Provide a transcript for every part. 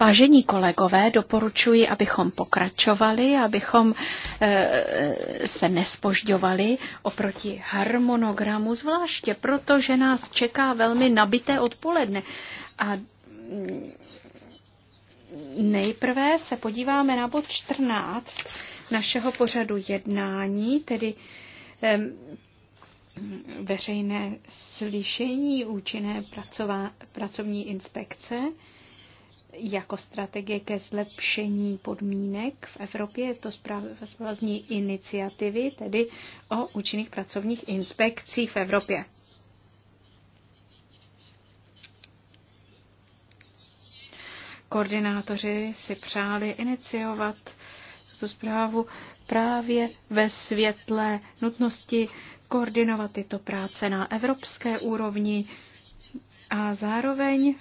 Vážení kolegové, doporučuji, abychom pokračovali, abychom eh, se nespožďovali oproti harmonogramu, zvláště protože nás čeká velmi nabité odpoledne. A mm, nejprve se podíváme na bod 14 našeho pořadu jednání, tedy veřejné slyšení účinné pracová, pracovní inspekce jako strategie ke zlepšení podmínek v Evropě. Je to zpráva z iniciativy, tedy o účinných pracovních inspekcích v Evropě. Koordinátoři si přáli iniciovat tuto zprávu právě ve světle nutnosti koordinovat tyto práce na evropské úrovni a zároveň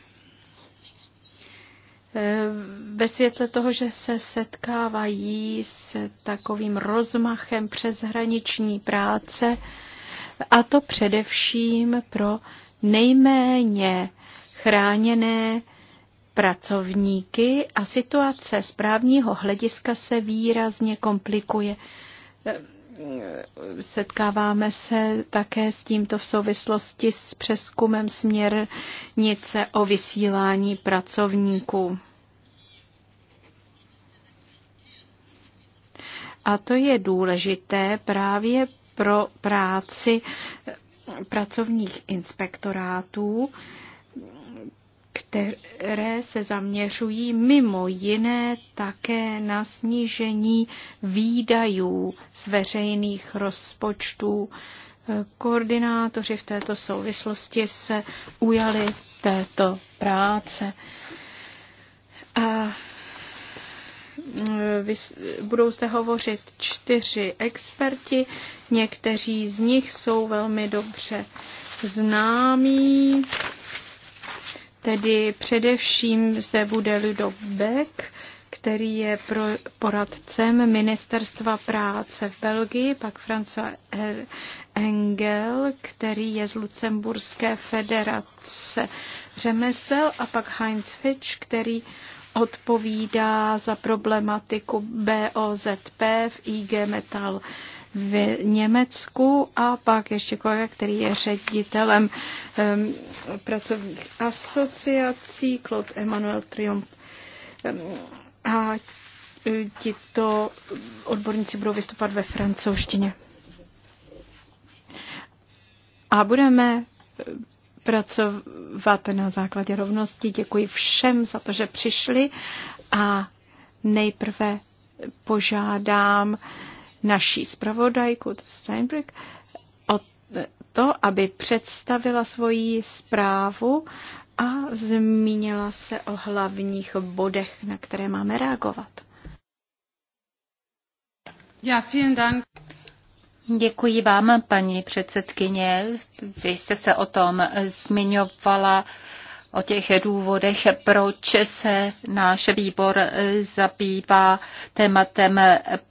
eh, ve světle toho, že se setkávají s takovým rozmachem přeshraniční práce, a to především pro nejméně chráněné pracovníky a situace z právního hlediska se výrazně komplikuje. Eh, setkáváme se také s tímto v souvislosti s přeskumem směrnice o vysílání pracovníků. A to je důležité právě pro práci pracovních inspektorátů, které se zaměřují mimo jiné také na snížení výdajů z veřejných rozpočtů. Koordinátoři v této souvislosti se ujali této práce. A mm, budou zde hovořit čtyři experti, někteří z nich jsou velmi dobře známí Tedy především zde bude Ludo Beck, který je pro, poradcem Ministerstva práce v Belgii, pak François Engel, který je z Lucemburské federace řemesel a pak Heinz Fitch, který odpovídá za problematiku BOZP v IG Metal v Německu a pak ještě kolega, který je ředitelem um, pracovních asociací, Claude Emmanuel Triumph. Um, a e, tito odborníci budou vystupovat ve francouzštině. A budeme e, pracovat na základě rovnosti. Děkuji všem za to, že přišli a nejprve požádám naší zpravodajku Steinbrück o to, aby představila svoji zprávu a zmínila se o hlavních bodech, na které máme reagovat. Ja, vielen Dank. Děkuji vám, paní předsedkyně. Vy jste se o tom zmiňovala o těch důvodech, proč se náš výbor zabývá tématem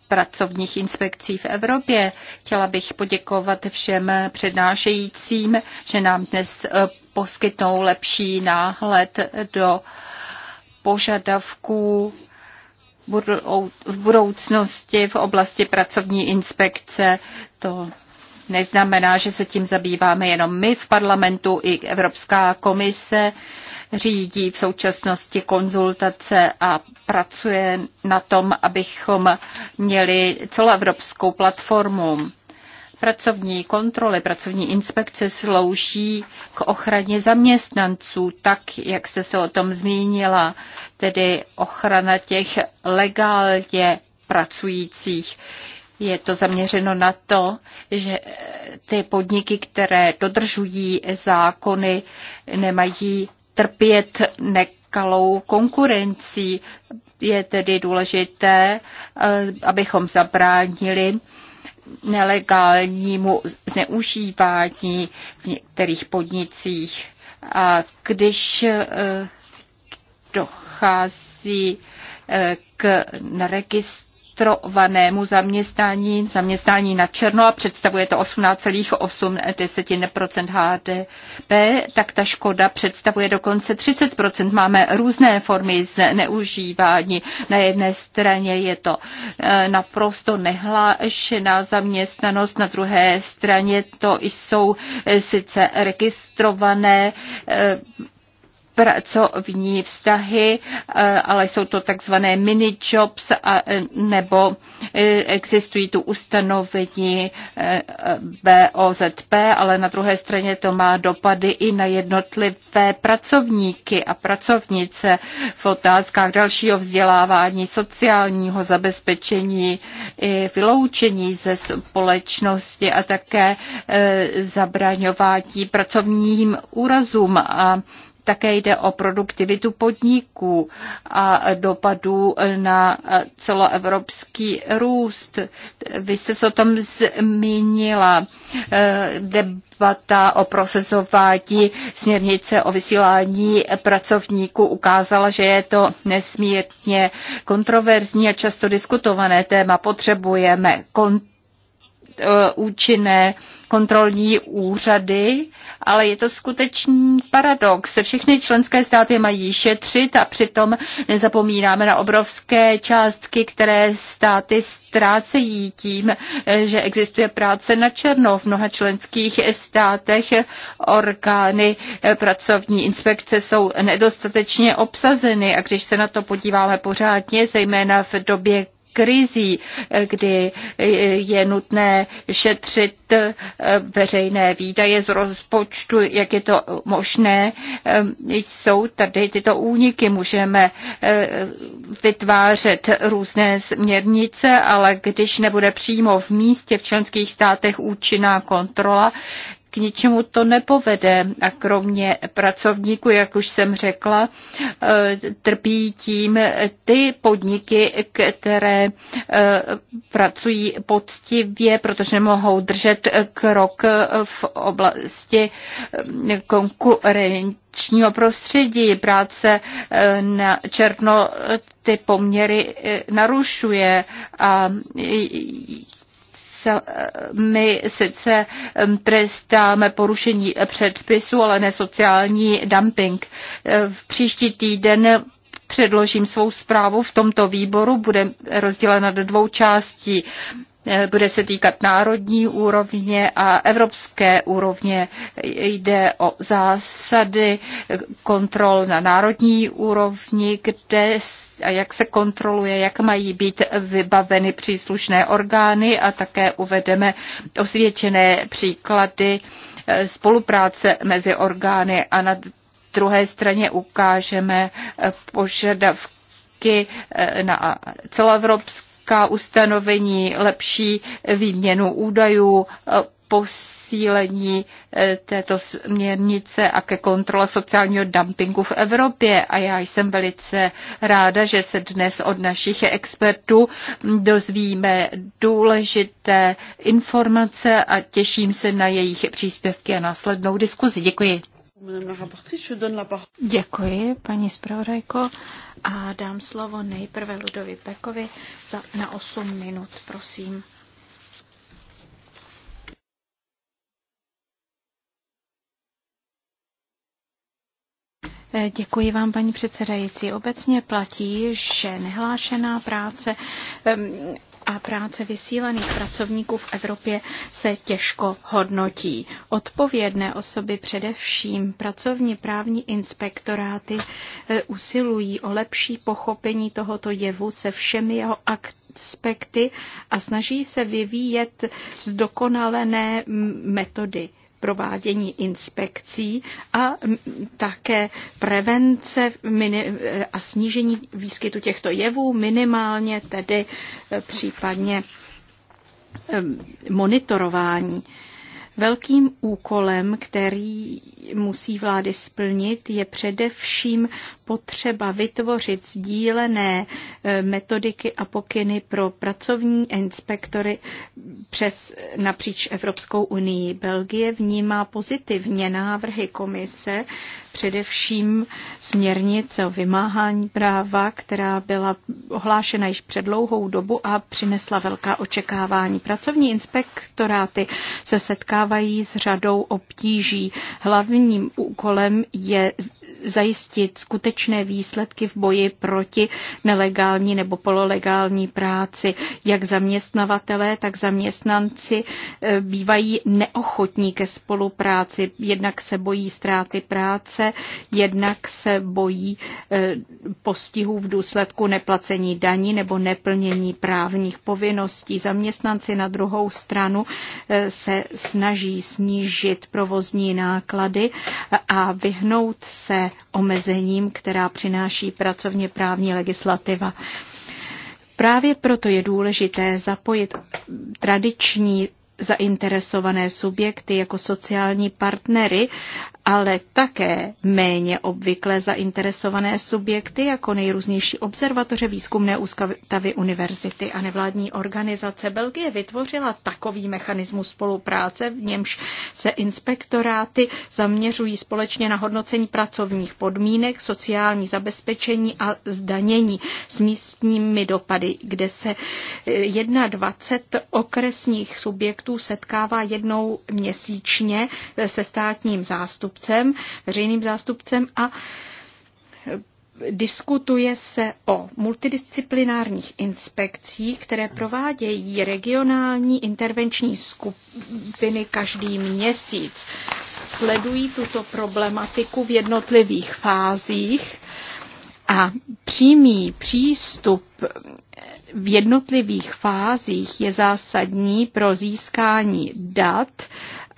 pracovních inspekcí v Evropě. Chtěla bych poděkovat všem přednášejícím, že nám dnes poskytnou lepší náhled do požadavků v budoucnosti v oblasti pracovní inspekce. To neznamená, že se tím zabýváme jenom my v parlamentu, i Evropská komise řídí v současnosti konzultace a pracuje na tom, abychom měli celoevropskou platformu. Pracovní kontroly, pracovní inspekce slouží k ochraně zaměstnanců, tak, jak jste se o tom zmínila, tedy ochrana těch legálně pracujících. Je to zaměřeno na to, že ty podniky, které dodržují zákony, nemají trpět nekalou konkurencí. Je tedy důležité, eh, abychom zabránili nelegálnímu zneužívání v některých podnicích. A když eh, dochází eh, k neregistraci, registrovanému zaměstnání, zaměstnání na černo a představuje to 18,8% HDP, tak ta škoda představuje dokonce 30%. Máme různé formy zneužívání. Na jedné straně je to e, naprosto nehlášená zaměstnanost, na druhé straně to jsou e, sice registrované e, pracovní vztahy, eh, ale jsou to takzvané mini jobs eh, nebo eh, existují tu ustanovení BOZP, ale na druhé straně to má dopady i na jednotlivé pracovníky a pracovnice v otázkách dalšího vzdělávání, sociálního zabezpečení, i vyloučení ze společnosti a také zabraňování pracovním úrazům a také jde o produktivitu podniků a dopadů na celoevropský růst. Vy jste se o tom zmínila. Eh, debata o procesování směrnice o vysílání pracovníků ukázala, že je to nesmírně kontroverzní a často diskutované téma. Potřebujeme kontrolu E, účinné kontrolní úřady, ale je to skutečný paradox. Všechny členské státy mají šetřit a přitom nezapomínáme na obrovské částky, které státy ztrácejí tím, e, že existuje práce na černo. V mnoha členských státech orgány e, pracovní inspekce jsou nedostatečně obsazeny a když se na to podíváme pořádně, zejména v době krizí, eh, kdy eh, je nutné šetřit eh, veřejné výdaje z rozpočtu, jak je to možné. Jsou tady tyto úniky, můžeme vytvářet různé směrnice, ale když nebude přímo v místě v členských státech účinná kontrola, ničemu to nepovede. A kromě pracovníků, jak už jsem řekla, eh, trpí tím ty podniky, které eh, pracují poctivě, protože nemohou držet krok v oblasti eh, konkurence prostředí, práce na černo ty poměry narušuje a my sice trestáme porušení předpisu, ale ne sociální dumping. E, v příští týden předložím svou zprávu v tomto výboru, bude rozdělena do dvou částí bude se týkat národní úrovně a evropské úrovně. Jde o zásady kontrol na národní úrovni, kde a jak se kontroluje, jak mají být vybaveny příslušné orgány a také uvedeme osvědčené příklady eh, spolupráce mezi orgány a na druhé straně ukážeme požadavky eh, na celoevropské etická ustanovení, lepší výměnu údajů, posílení eh, této směrnice a ke kontrole sociálního dumpingu v Evropě. A já jsem velice ráda, že se dnes od našich expertů dozvíme důležité informace a těším se na jejich příspěvky a následnou diskuzi. Děkuji. Děkuji, paní zpravodajko, a dám slovo nejprve Ludovi Pekovi za, na 8 minut, prosím. Eh, děkuji vám, paní předsedající. Obecně platí, že nehlášená práce a práce vysílaných pracovníků v Evropě se těžko hodnotí. Odpovědné osoby, především pracovní právní inspektoráty, e, usilují o lepší pochopení tohoto jevu se všemi jeho aspekty a snaží se vyvíjet zdokonalené metody provádění inspekcí a také prevence a snížení výskytu těchto jevů, minimálně tedy e, případně e, monitorování Velkým úkolem, který musí vlády splnit, je především potřeba vytvořit sdílené e, metodiky a pokyny pro pracovní inspektory přes napříč Evropskou unii. Belgie vnímá pozitivně návrhy komise, především směrnice o vymáhání práva, která byla ohlášena již před dlouhou dobu a přinesla velká očekávání. Pracovní inspektoráty se setkávají setkávají s řadou obtíží. Hlavním úkolem je zajistit skutečné výsledky v boji proti nelegální nebo pololegální práci. Jak zaměstnavatelé, tak zaměstnanci eh, bývají neochotní ke spolupráci. Jednak se bojí ztráty práce, jednak se bojí eh, postihů v důsledku neplacení daní nebo neplnění právních povinností. Zaměstnanci na druhou stranu eh, se snaží snaží snížit provozní náklady a vyhnout se omezením, která přináší pracovně právní legislativa. Právě proto je důležité zapojit tradiční zainteresované subjekty jako sociální partnery ale také méně obvykle zainteresované subjekty, jako nejrůznější observatoře, výzkumné ústavy univerzity a nevládní organizace. Belgie vytvořila takový mechanismus spolupráce, v němž se inspektoráty zaměřují společně na hodnocení pracovních podmínek, sociální zabezpečení a zdanění s místními dopady, kde se 21 eh, okresních subjektů setkává jednou měsíčně eh, se státním zástupcem zástupcem, veřejným zástupcem a eh, diskutuje se o multidisciplinárních inspekcích, které provádějí regionální intervenční skupiny každý měsíc. Sledují tuto problematiku v jednotlivých fázích a přímý přístup v jednotlivých fázích je zásadní pro získání dat,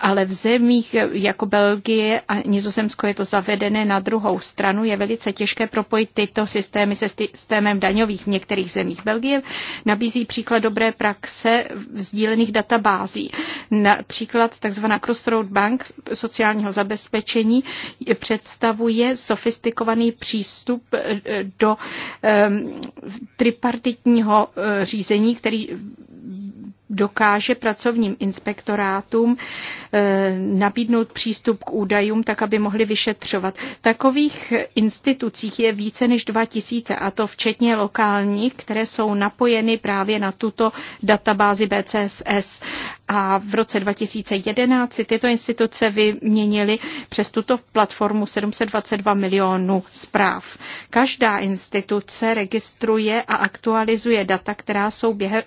ale v zemích jako Belgie a Nizozemsko je to zavedené na druhou stranu, je velice těžké propojit tyto systémy se systémem daňových v některých zemích. Belgie nabízí příklad dobré praxe sdílených databází. Například tzv. Crossroad Bank sociálního zabezpečení představuje sofistikovaný přístup eh, do eh, tripartitního eh, řízení, který dokáže pracovním inspektorátům eh, nabídnout přístup k údajům, tak aby mohli vyšetřovat. Takových institucích je více než 2000, a to včetně lokálních, které jsou napojeny právě na tuto databázi BCSS a v roce 2011 si tyto instituce vyměnily přes tuto platformu 722 milionů zpráv. Každá instituce registruje a aktualizuje data, která jsou běhe,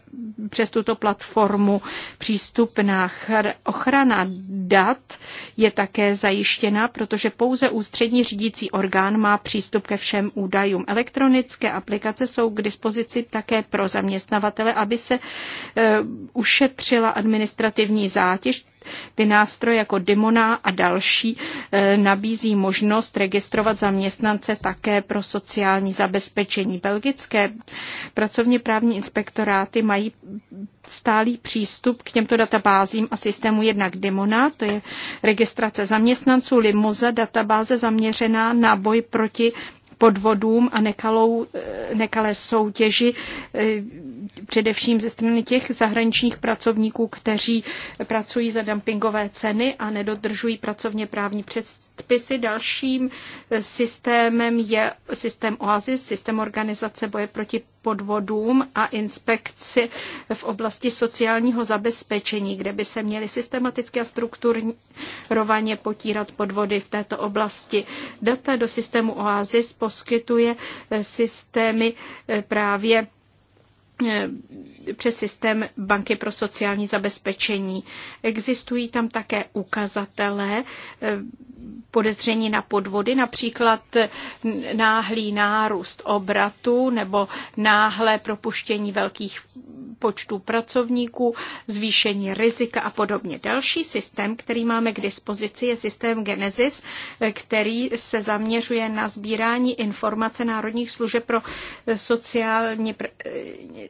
přes tuto platformu přístupná. Ochrana dat je také zajištěna, protože pouze ústřední řídící orgán má přístup ke všem údajům. Elektronické aplikace jsou k dispozici také pro zaměstnavatele, aby se eh, ušetřila administrativní administrativní zátěž, ty nástroje jako Dimona a další eh, nabízí možnost registrovat zaměstnance také pro sociální zabezpečení. Belgické pracovně právní inspektoráty mají stálý přístup k těmto databázím a systému jednak Dimona, to je registrace zaměstnanců, Limoza, databáze zaměřená na boj proti podvodům a nekalou, eh, nekalé soutěži, eh, především ze strany těch zahraničních pracovníků, kteří pracují za dumpingové ceny a nedodržují pracovně právní předpisy. Dalším eh, systémem je systém OASIS, systém organizace boje proti podvodům a inspekci v oblasti sociálního zabezpečení, kde by se měly systematicky a strukturovaně potírat podvody v této oblasti. Data do systému OASIS poskytuje eh, systémy eh, právě Eh, přes systém Banky pro sociální zabezpečení. Existují tam také ukazatele eh, podezření na podvody, například náhlý nárůst obratu nebo náhlé propuštění velkých počtů pracovníků, zvýšení rizika a podobně. Další systém, který máme k dispozici, je systém Genesis, eh, který se zaměřuje na sbírání informace Národních služeb pro sociální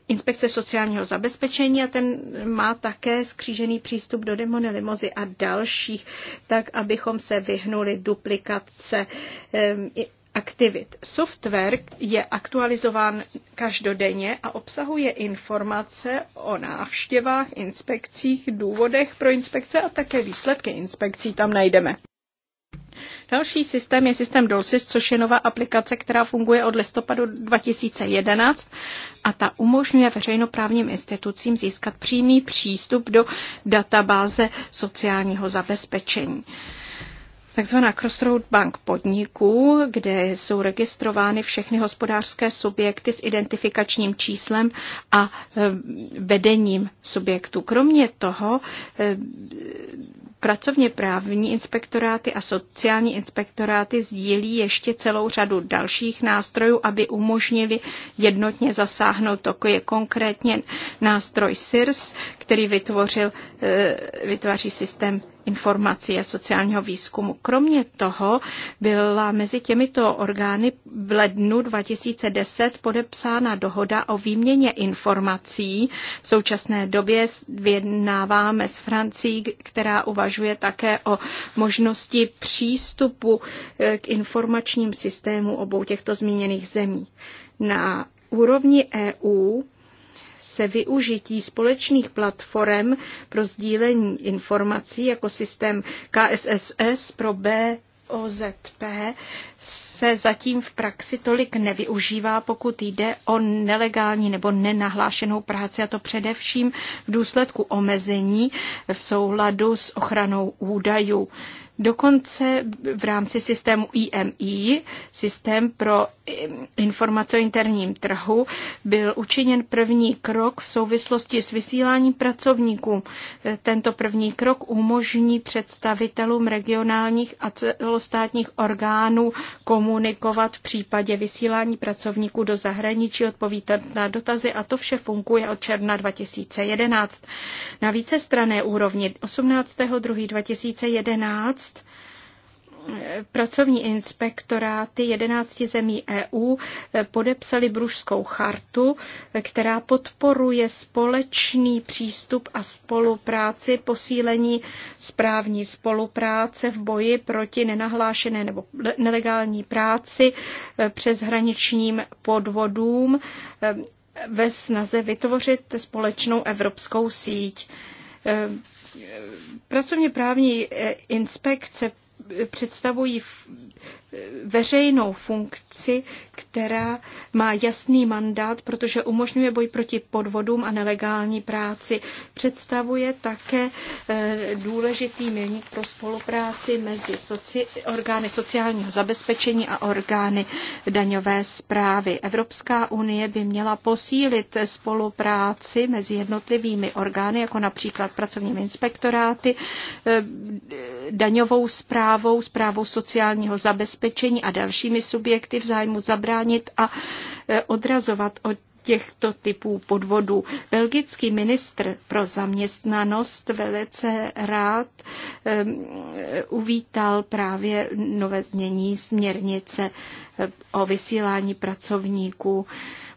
inspekce sociálního zabezpečení a ten má také skřížený přístup do demony limozy a dalších, tak abychom se vyhnuli duplikace aktivit. Software je aktualizován každodenně a obsahuje informace o návštěvách, inspekcích, důvodech pro inspekce a také výsledky inspekcí tam najdeme. Další systém je systém DOLSIS, což je nová aplikace, která funguje od listopadu 2011 a ta umožňuje veřejnoprávním institucím získat přímý přístup do databáze sociálního zabezpečení takzvaná Crossroad Bank podniků, kde jsou registrovány všechny hospodářské subjekty s identifikačním číslem a e, vedením subjektu. Kromě toho e, Pracovně právní inspektoráty a sociální inspektoráty sdílí ještě celou řadu dalších nástrojů, aby umožnili jednotně zasáhnout. To jako je konkrétně nástroj SIRS, který vytvořil, eh, vytváří systém informací a sociálního výzkumu. Kromě toho byla mezi těmito orgány v lednu 2010 podepsána dohoda o výměně informací. V současné době vyjednáváme s Francií, která uvažuje uvažuje také o možnosti přístupu eh, k informačním systému obou těchto zmíněných zemí. Na úrovni EU se využití společných platform pro sdílení informací jako systém KSSS pro BOZP se zatím v praxi tolik nevyužívá, pokud jde o nelegální nebo nenahlášenou práci, a to především v důsledku omezení v souladu s ochranou údajů. Dokonce v rámci systému IMI, e e, systém pro informace o interním trhu, byl učiněn první krok v souvislosti s vysíláním pracovníků. Tento první krok umožní představitelům regionálních a celostátních orgánů komunikovat v případě vysílání pracovníků do zahraničí, odpovídat na dotazy a to vše funguje od června 2011. Na strané úrovni 18.2.2011 pracovní inspektoráty 11 zemí EU podepsali Bružskou chartu, která podporuje společný přístup a spolupráci, posílení správní spolupráce v boji proti nenahlášené nebo nelegální práci eh, přes hraničním podvodům eh, ve snaze vytvořit společnou evropskou síť eh, pracovně právní inspekce představují veřejnou funkci, která má jasný mandát, protože umožňuje boj proti podvodům a nelegální práci. Představuje také eh, důležitý milník pro spolupráci mezi soci- orgány sociálního zabezpečení a orgány daňové zprávy. Evropská unie by měla posílit spolupráci mezi jednotlivými orgány, jako například pracovními inspektoráty, eh, daňovou zprávou, zprávou sociálního zabezpečení, zabezpečení a dalšími subjekty v zájmu zabránit a e, odrazovat od těchto typů podvodů. Belgický ministr pro zaměstnanost velice rád um, uvítal právě nové změní směrnice e, o vysílání pracovníků.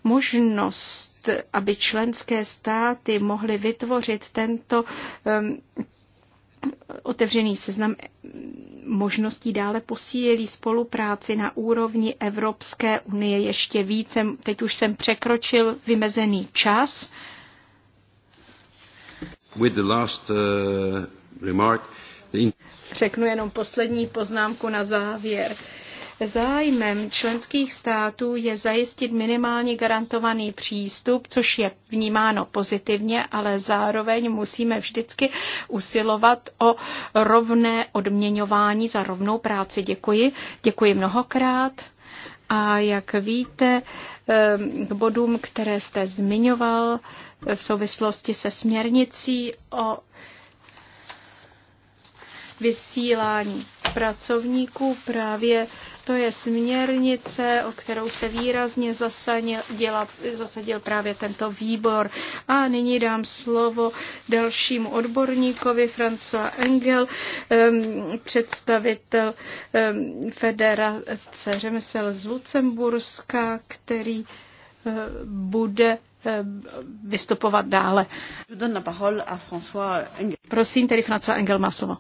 Možnost, aby členské státy mohly vytvořit tento um, otevřený seznam možností dále posílí spolupráci na úrovni Evropské unie ještě více. Teď už jsem překročil vymezený čas. With the last, uh, remark, the... Řeknu jenom poslední poznámku na závěr. Uh, Zájmem členských států je zajistit minimálně garantovaný přístup, což je vnímáno pozitivně, ale zároveň musíme vždycky usilovat o rovné odměňování za rovnou práci. Děkuji. Děkuji mnohokrát. A jak víte, ehm, k bodům, které jste zmiňoval v souvislosti se směrnicí o vysílání pracovníků právě to je směrnice, o kterou se výrazně zasadil, děla, zasadil právě tento výbor. A nyní dám slovo dalšímu odborníkovi, Franca Engel, představitel Federace řemesel z Lucemburska, který eh, bude vystupovat dále. Prosím, tedy François Engel má slovo.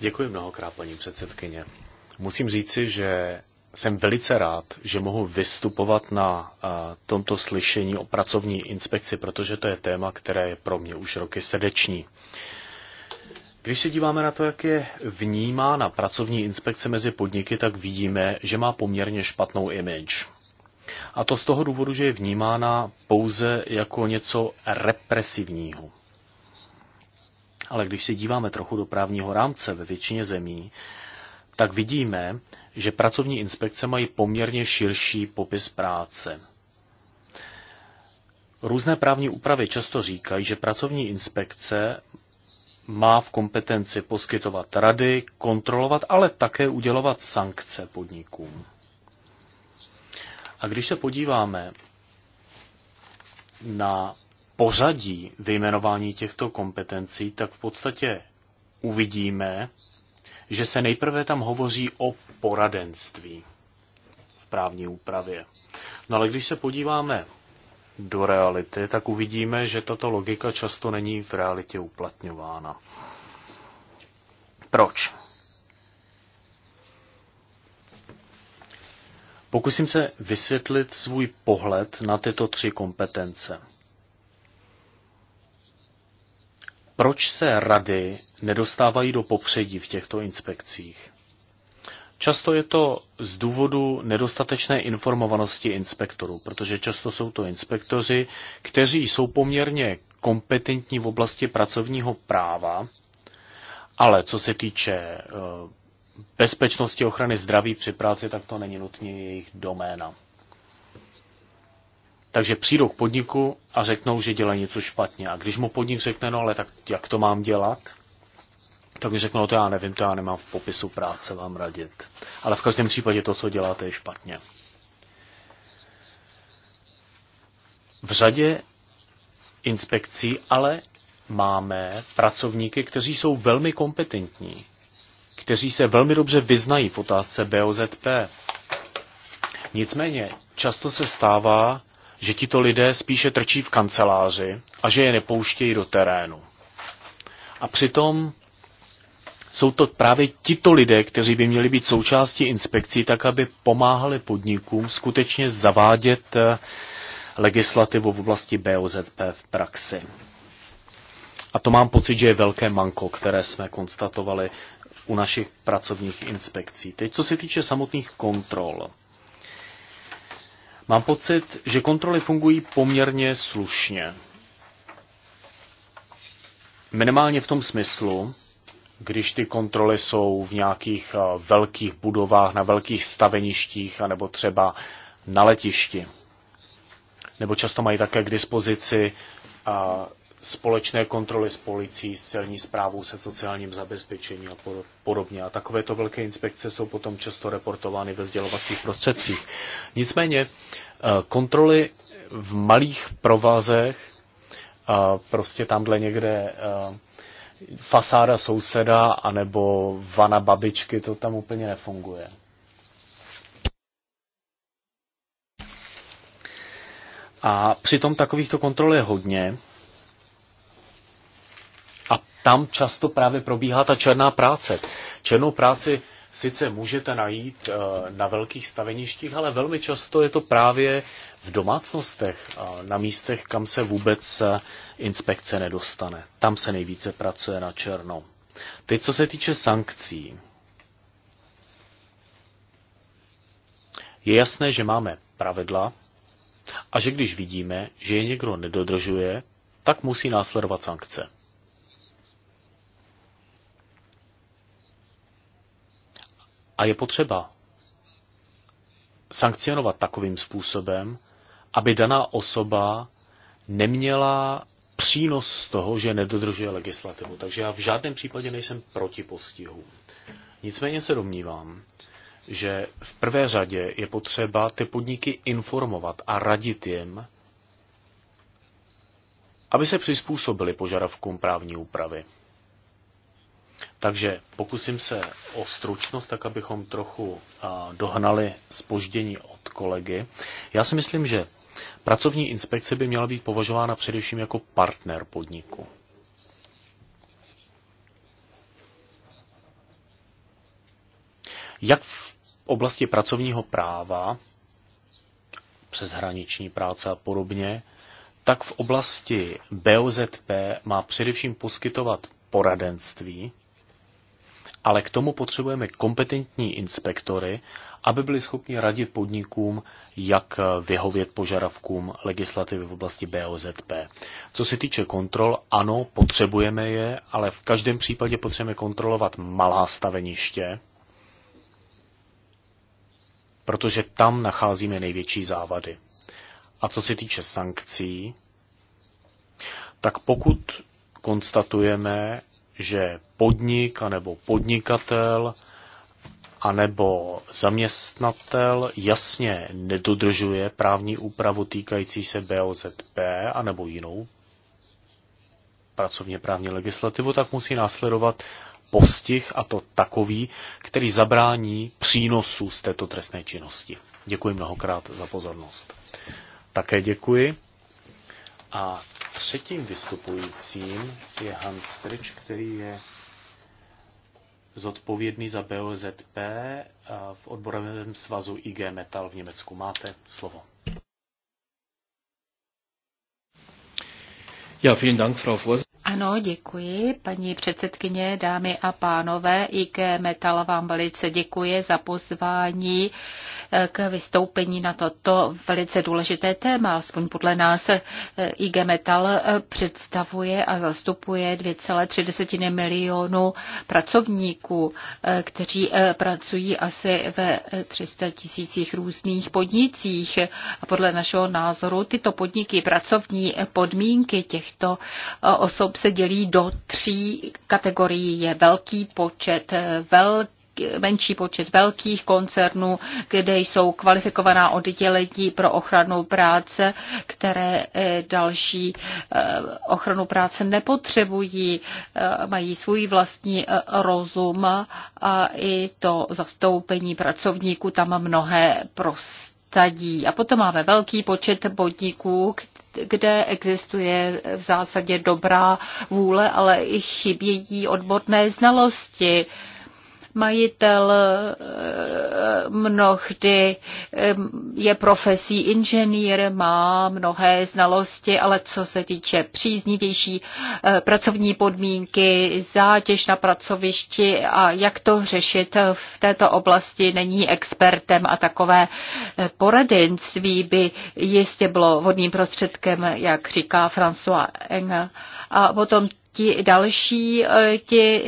Děkuji mnohokrát, paní předsedkyně. Musím říci, že jsem velice rád, že mohu vystupovat na eh, tomto slyšení o pracovní inspekci, protože to je téma, které je pro mě už roky srdeční. Když se díváme na to, jak je vnímána pracovní inspekce mezi podniky, tak vidíme, že má poměrně špatnou image. A to z toho důvodu, že je vnímána pouze jako něco represivního ale když se díváme trochu do právního rámce ve většině zemí, tak vidíme, že pracovní inspekce mají poměrně širší popis práce. Různé právní úpravy často říkají, že pracovní inspekce má v kompetenci poskytovat rady, kontrolovat, ale také udělovat sankce podnikům. A když se podíváme na pořadí vyjmenování těchto kompetencí, tak v podstatě uvidíme, že se nejprve tam hovoří o poradenství v právní úpravě. No ale když se podíváme do reality, tak uvidíme, že tato logika často není v realitě uplatňována. Proč? Pokusím se vysvětlit svůj pohled na tyto tři kompetence. proč se rady nedostávají do popředí v těchto inspekcích. Často je to z důvodu nedostatečné informovanosti inspektorů, protože často jsou to inspektoři, kteří jsou poměrně kompetentní v oblasti pracovního práva, ale co se týče eh, bezpečnosti ochrany zdraví při práci, tak to není nutně jejich doména. Takže přijdou k podniku a řeknou, že dělají něco špatně. A když mu podnik řekne, no ale tak jak to mám dělat, tak mi řeknou, no to já nevím, to já nemám v popisu práce vám radit. Ale v každém případě to, co děláte, je špatně. V řadě inspekcí ale máme pracovníky, kteří jsou velmi kompetentní, kteří se velmi dobře vyznají v otázce BOZP. Nicméně často se stává, že tito lidé spíše trčí v kanceláři a že je nepouštějí do terénu. A přitom jsou to právě tito lidé, kteří by měli být součástí inspekcí, tak aby pomáhali podnikům skutečně zavádět eh, legislativu v oblasti BOZP v praxi. A to mám pocit, že je velké manko, které jsme konstatovali u našich pracovních inspekcí. Teď co se týče samotných kontrol. Mám pocit, že kontroly fungují poměrně slušně. Minimálně v tom smyslu, když ty kontroly jsou v nějakých eh, velkých budovách, na velkých staveništích, anebo třeba na letišti. Nebo často mají také k dispozici eh, společné kontroly s policií, s celní zprávou, se sociálním zabezpečením a podobně. A takovéto velké inspekce jsou potom často reportovány ve sdělovacích prostředcích. Nicméně eh, kontroly v malých provazech, eh, prostě tamhle někde eh, fasáda souseda anebo vana babičky, to tam úplně nefunguje. A přitom takovýchto kontrol je hodně tam často právě probíhá ta černá práce. Černou práci sice můžete najít eh, na velkých staveništích, ale velmi často je to právě v domácnostech, na místech, kam se vůbec eh, inspekce nedostane. Tam se nejvíce pracuje na černo. Teď, co se týče sankcí. Je jasné, že máme pravidla a že když vidíme, že je někdo nedodržuje, tak musí následovat sankce. A je potřeba sankcionovat takovým způsobem, aby daná osoba neměla přínos z toho, že nedodržuje legislativu. Takže já v žádném případě nejsem proti postihu. Nicméně se domnívám, že v prvé řadě je potřeba ty podniky informovat a radit jim, aby se přizpůsobili požadavkům právní úpravy. Takže pokusím se o stručnost, tak abychom trochu dohnali spoždění od kolegy. Já si myslím, že pracovní inspekce by měla být považována především jako partner podniku. Jak v oblasti pracovního práva, přeshraniční práce a podobně, tak v oblasti BOZP má především poskytovat poradenství, ale k tomu potřebujeme kompetentní inspektory, aby byli schopni radit podnikům, jak vyhovět požadavkům legislativy v oblasti BOZP. Co se týče kontrol, ano, potřebujeme je, ale v každém případě potřebujeme kontrolovat malá staveniště, protože tam nacházíme největší závady. A co se týče sankcí, tak pokud konstatujeme, že podnik anebo podnikatel anebo zaměstnatel jasně nedodržuje právní úpravu týkající se BOZP anebo jinou pracovně právní legislativu, tak musí následovat postih a to takový, který zabrání přínosu z této trestné činnosti. Děkuji mnohokrát za pozornost. Také děkuji. A Třetím vystupujícím je Hans Trič, který je zodpovědný za BOZP v odborovém svazu IG Metal v Německu. Máte slovo. Ja, vielen Dank, Frau Vos. Ano, děkuji, paní předsedkyně, dámy a pánové. IG Metal vám velice děkuje za pozvání eh, k vystoupení na toto velice důležité téma. Aspoň podle nás eh, IG Metal eh, představuje a zastupuje 2,3 milionu pracovníků, kteří pracují asi ve 300 tisících různých podnicích. A podle našeho názoru tyto podniky, pracovní podmínky těch těchto eh, osob se dělí do tří kategorií. Je velký počet, eh, velký menší počet velkých koncernů, kde jsou kvalifikovaná oddělení pro ochranu práce, které eh, další ochranu práce nepotřebují, mají svůj vlastní rozum a i to zastoupení pracovníků tam mnohé prostě stadí. A potom máme velký počet podniků, kde existuje v zásadě dobrá vůle, ale i chybějí odborné znalosti Majitel eh, mnohdy eh, je profesí inženýr, má mnohé znalosti, ale co se týče příznivější eh, pracovní podmínky, zátěž na pracovišti a jak to řešit v této oblasti, není expertem a takové poradenství by jistě bylo vodním prostředkem, jak říká François Engel. A potom ti další, ti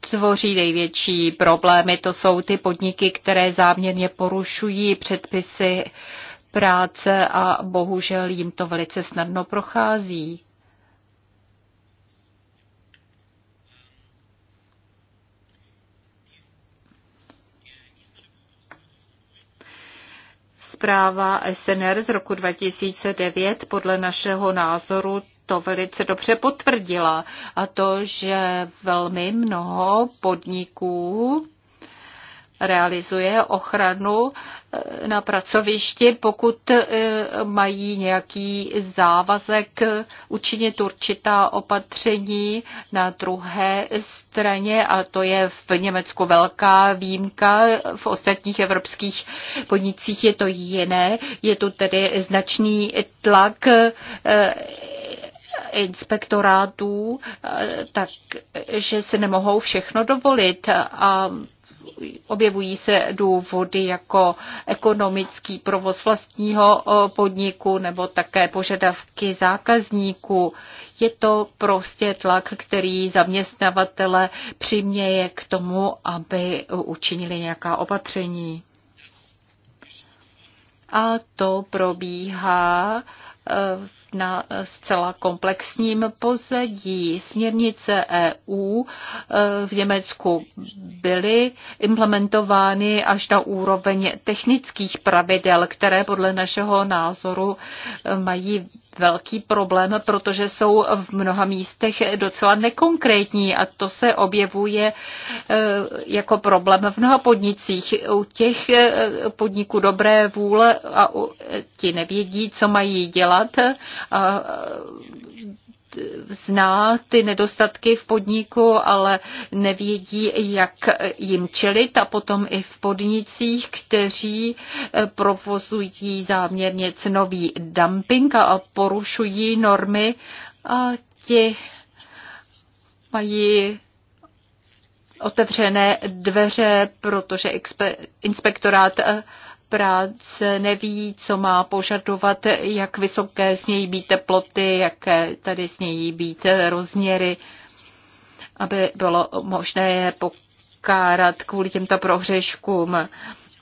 tvoří největší problémy. To jsou ty podniky, které záměrně porušují předpisy práce a bohužel jim to velice snadno prochází. Zpráva SNR z roku 2009 podle našeho názoru to velice dobře potvrdila. A to, že velmi mnoho podniků realizuje ochranu eh, na pracovišti, pokud eh, mají nějaký závazek učinit určitá opatření na druhé straně, a to je v Německu velká výjimka, v ostatních evropských podnicích je to jiné, je tu tedy značný tlak eh, inspektorátů, tak že si nemohou všechno dovolit a objevují se důvody jako ekonomický provoz vlastního podniku nebo také požadavky zákazníků. Je to prostě tlak, který zaměstnavatele přiměje k tomu, aby učinili nějaká opatření. A to probíhá v e, na zcela komplexním pozadí. Směrnice EU eh, v Německu byly implementovány až na úroveň technických pravidel, které podle našeho názoru eh, mají velký problém, protože jsou v mnoha místech docela nekonkrétní a to se objevuje eh, jako problém v mnoha podnicích. U těch podniků dobré vůle a ti nevědí, co mají dělat a e, zná ty nedostatky v podniku, ale nevědí, jak jim čelit a potom i v podnicích, kteří e, provozují záměrně cenový dumping a porušují normy a ti mají otevřené dveře, protože inspektorát e, práce neví, co má požadovat, jak vysoké smějí být teploty, jaké tady smějí být rozměry, aby bylo možné je pokárat kvůli těmto prohřeškům.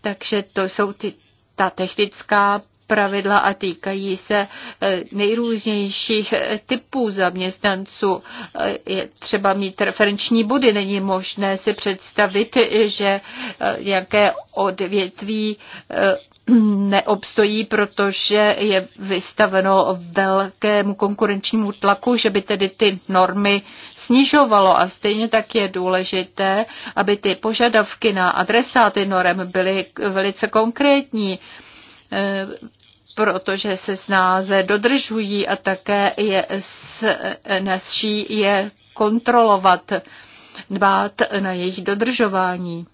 Takže to jsou ty, ta technická pravidla a týkají se eh, nejrůznějších eh, typů zaměstnanců. Eh, je třeba mít referenční body. Není možné si představit, že nějaké odvětví neobstojí, protože je vystaveno velkému konkurenčnímu tlaku, že by tedy ty normy snižovalo. A stejně tak je důležité, aby ty požadavky na adresáty norem byly velice konkrétní protože se snáze dodržují a také je snazší je kontrolovat, dbát na jejich dodržování.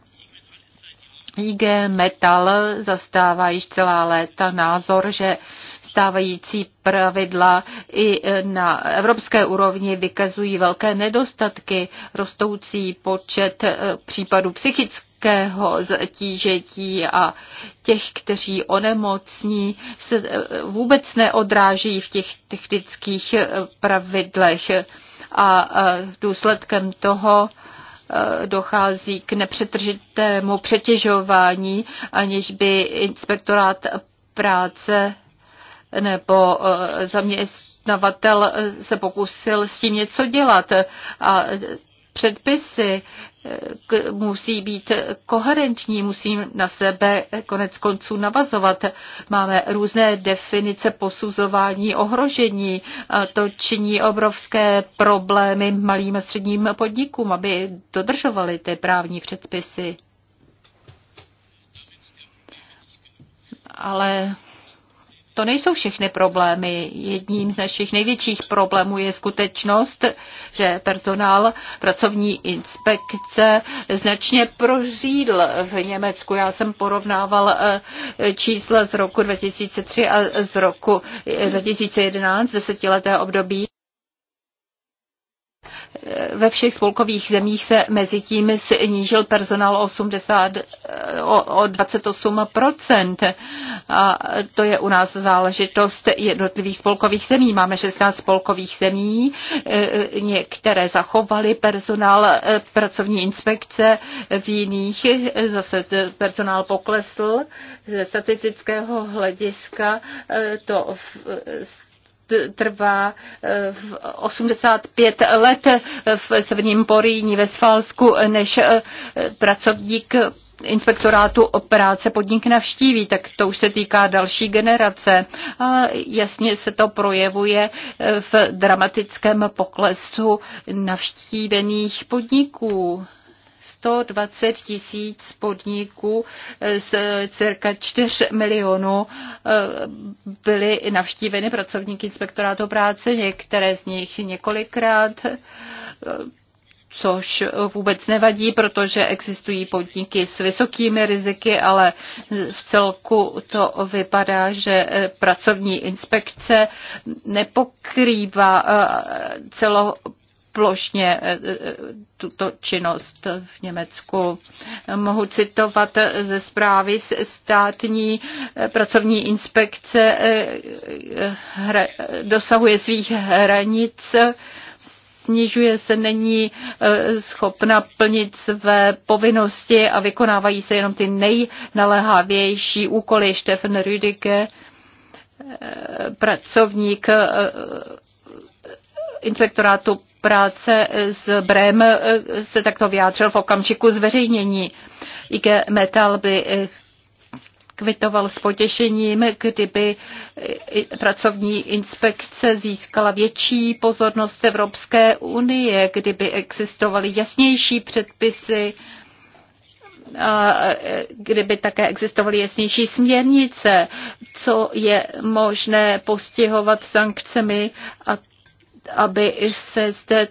IG Metal zastává již celá léta názor, že stávající pravidla i na evropské úrovni vykazují velké nedostatky, rostoucí počet případů psychických lehkého zatížetí a těch, kteří onemocní, se eh, vůbec neodráží v těch technických eh, pravidlech a eh, důsledkem toho dochází k nepřetržitému přetěžování, aniž by inspektorát práce nebo zaměstnavatel se pokusil s tím něco dělat. A předpisy eh, musí být koherentní, musí na sebe konec konců navazovat. Máme různé definice posuzování ohrožení. To činí obrovské problémy malým a středním podnikům, aby dodržovali ty právní předpisy. Ale to nejsou všechny problémy. Jedním z našich největších problémů je skutečnost, že personál pracovní inspekce značně prořídl v Německu. Já jsem porovnával eh, čísla z roku 2003 a z roku eh, 2011, desetileté období. Ve všech spolkových zemích se mezi tím snížil personál 80, o, o 28%. A to je u nás záležitost jednotlivých spolkových zemí. Máme 16 spolkových zemí, e, některé zachovaly personál e, pracovní inspekce, v jiných zase personál poklesl. Ze statistického hlediska e, to v, trvá 85 eh, let v severním Poríní ve Svalsku, než eh, pracovník inspektorátu práce podnik navštíví, tak to už se týká další generace. A jasně se to projevuje eh, v dramatickém poklesu navštívených podniků. 120 tisíc podniků z cirka 4 milionů eh, byly navštíveny pracovníky inspektorátu práce, některé z nich několikrát eh, což vůbec nevadí, protože existují podniky s vysokými riziky, ale v celku to vypadá, že eh, pracovní inspekce nepokrývá celo plošně eh, eh, tuto činnost v Německu. Mohu citovat ze zprávy státní eh, pracovní inspekce dosahuje svých hranic snižuje se, není schopna plnit své povinnosti a vykonávají se jenom ty nejnaléhavější úkoly. Stefan Rüdike, pracovník inspektorátu práce eh, s Brem eh, se takto vyjádřil v okamžiku zveřejnění. IG Metal by eh, kvitoval s potěšením, kdyby pracovní inspekce získala větší pozornost Evropské unie, kdyby existovaly jasnější předpisy, kdyby také existovaly jasnější směrnice, co je možné postihovat sankcemi a aby se zde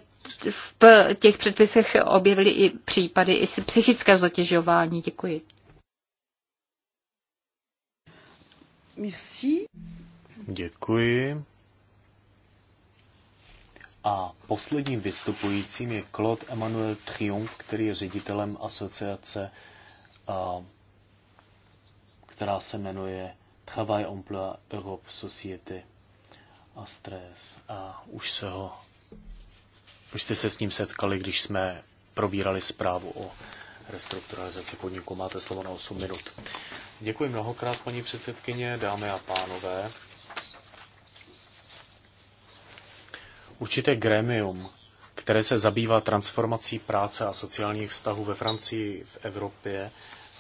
v těch předpisech objevily i případy i psychické zatěžování. Děkuji. Merci. Děkuji. A posledním vystupujícím je Claude Emmanuel Triumph, který je ředitelem asociace, která se jmenuje Travail Emploi Europe Société a stres a už se ho už jste se s ním setkali, když jsme probírali zprávu o restrukturalizaci podniku. Máte slovo na 8 minut. Děkuji mnohokrát, paní předsedkyně, dámy a pánové. Určité grémium, které se zabývá transformací práce a sociálních vztahů ve Francii, v Evropě,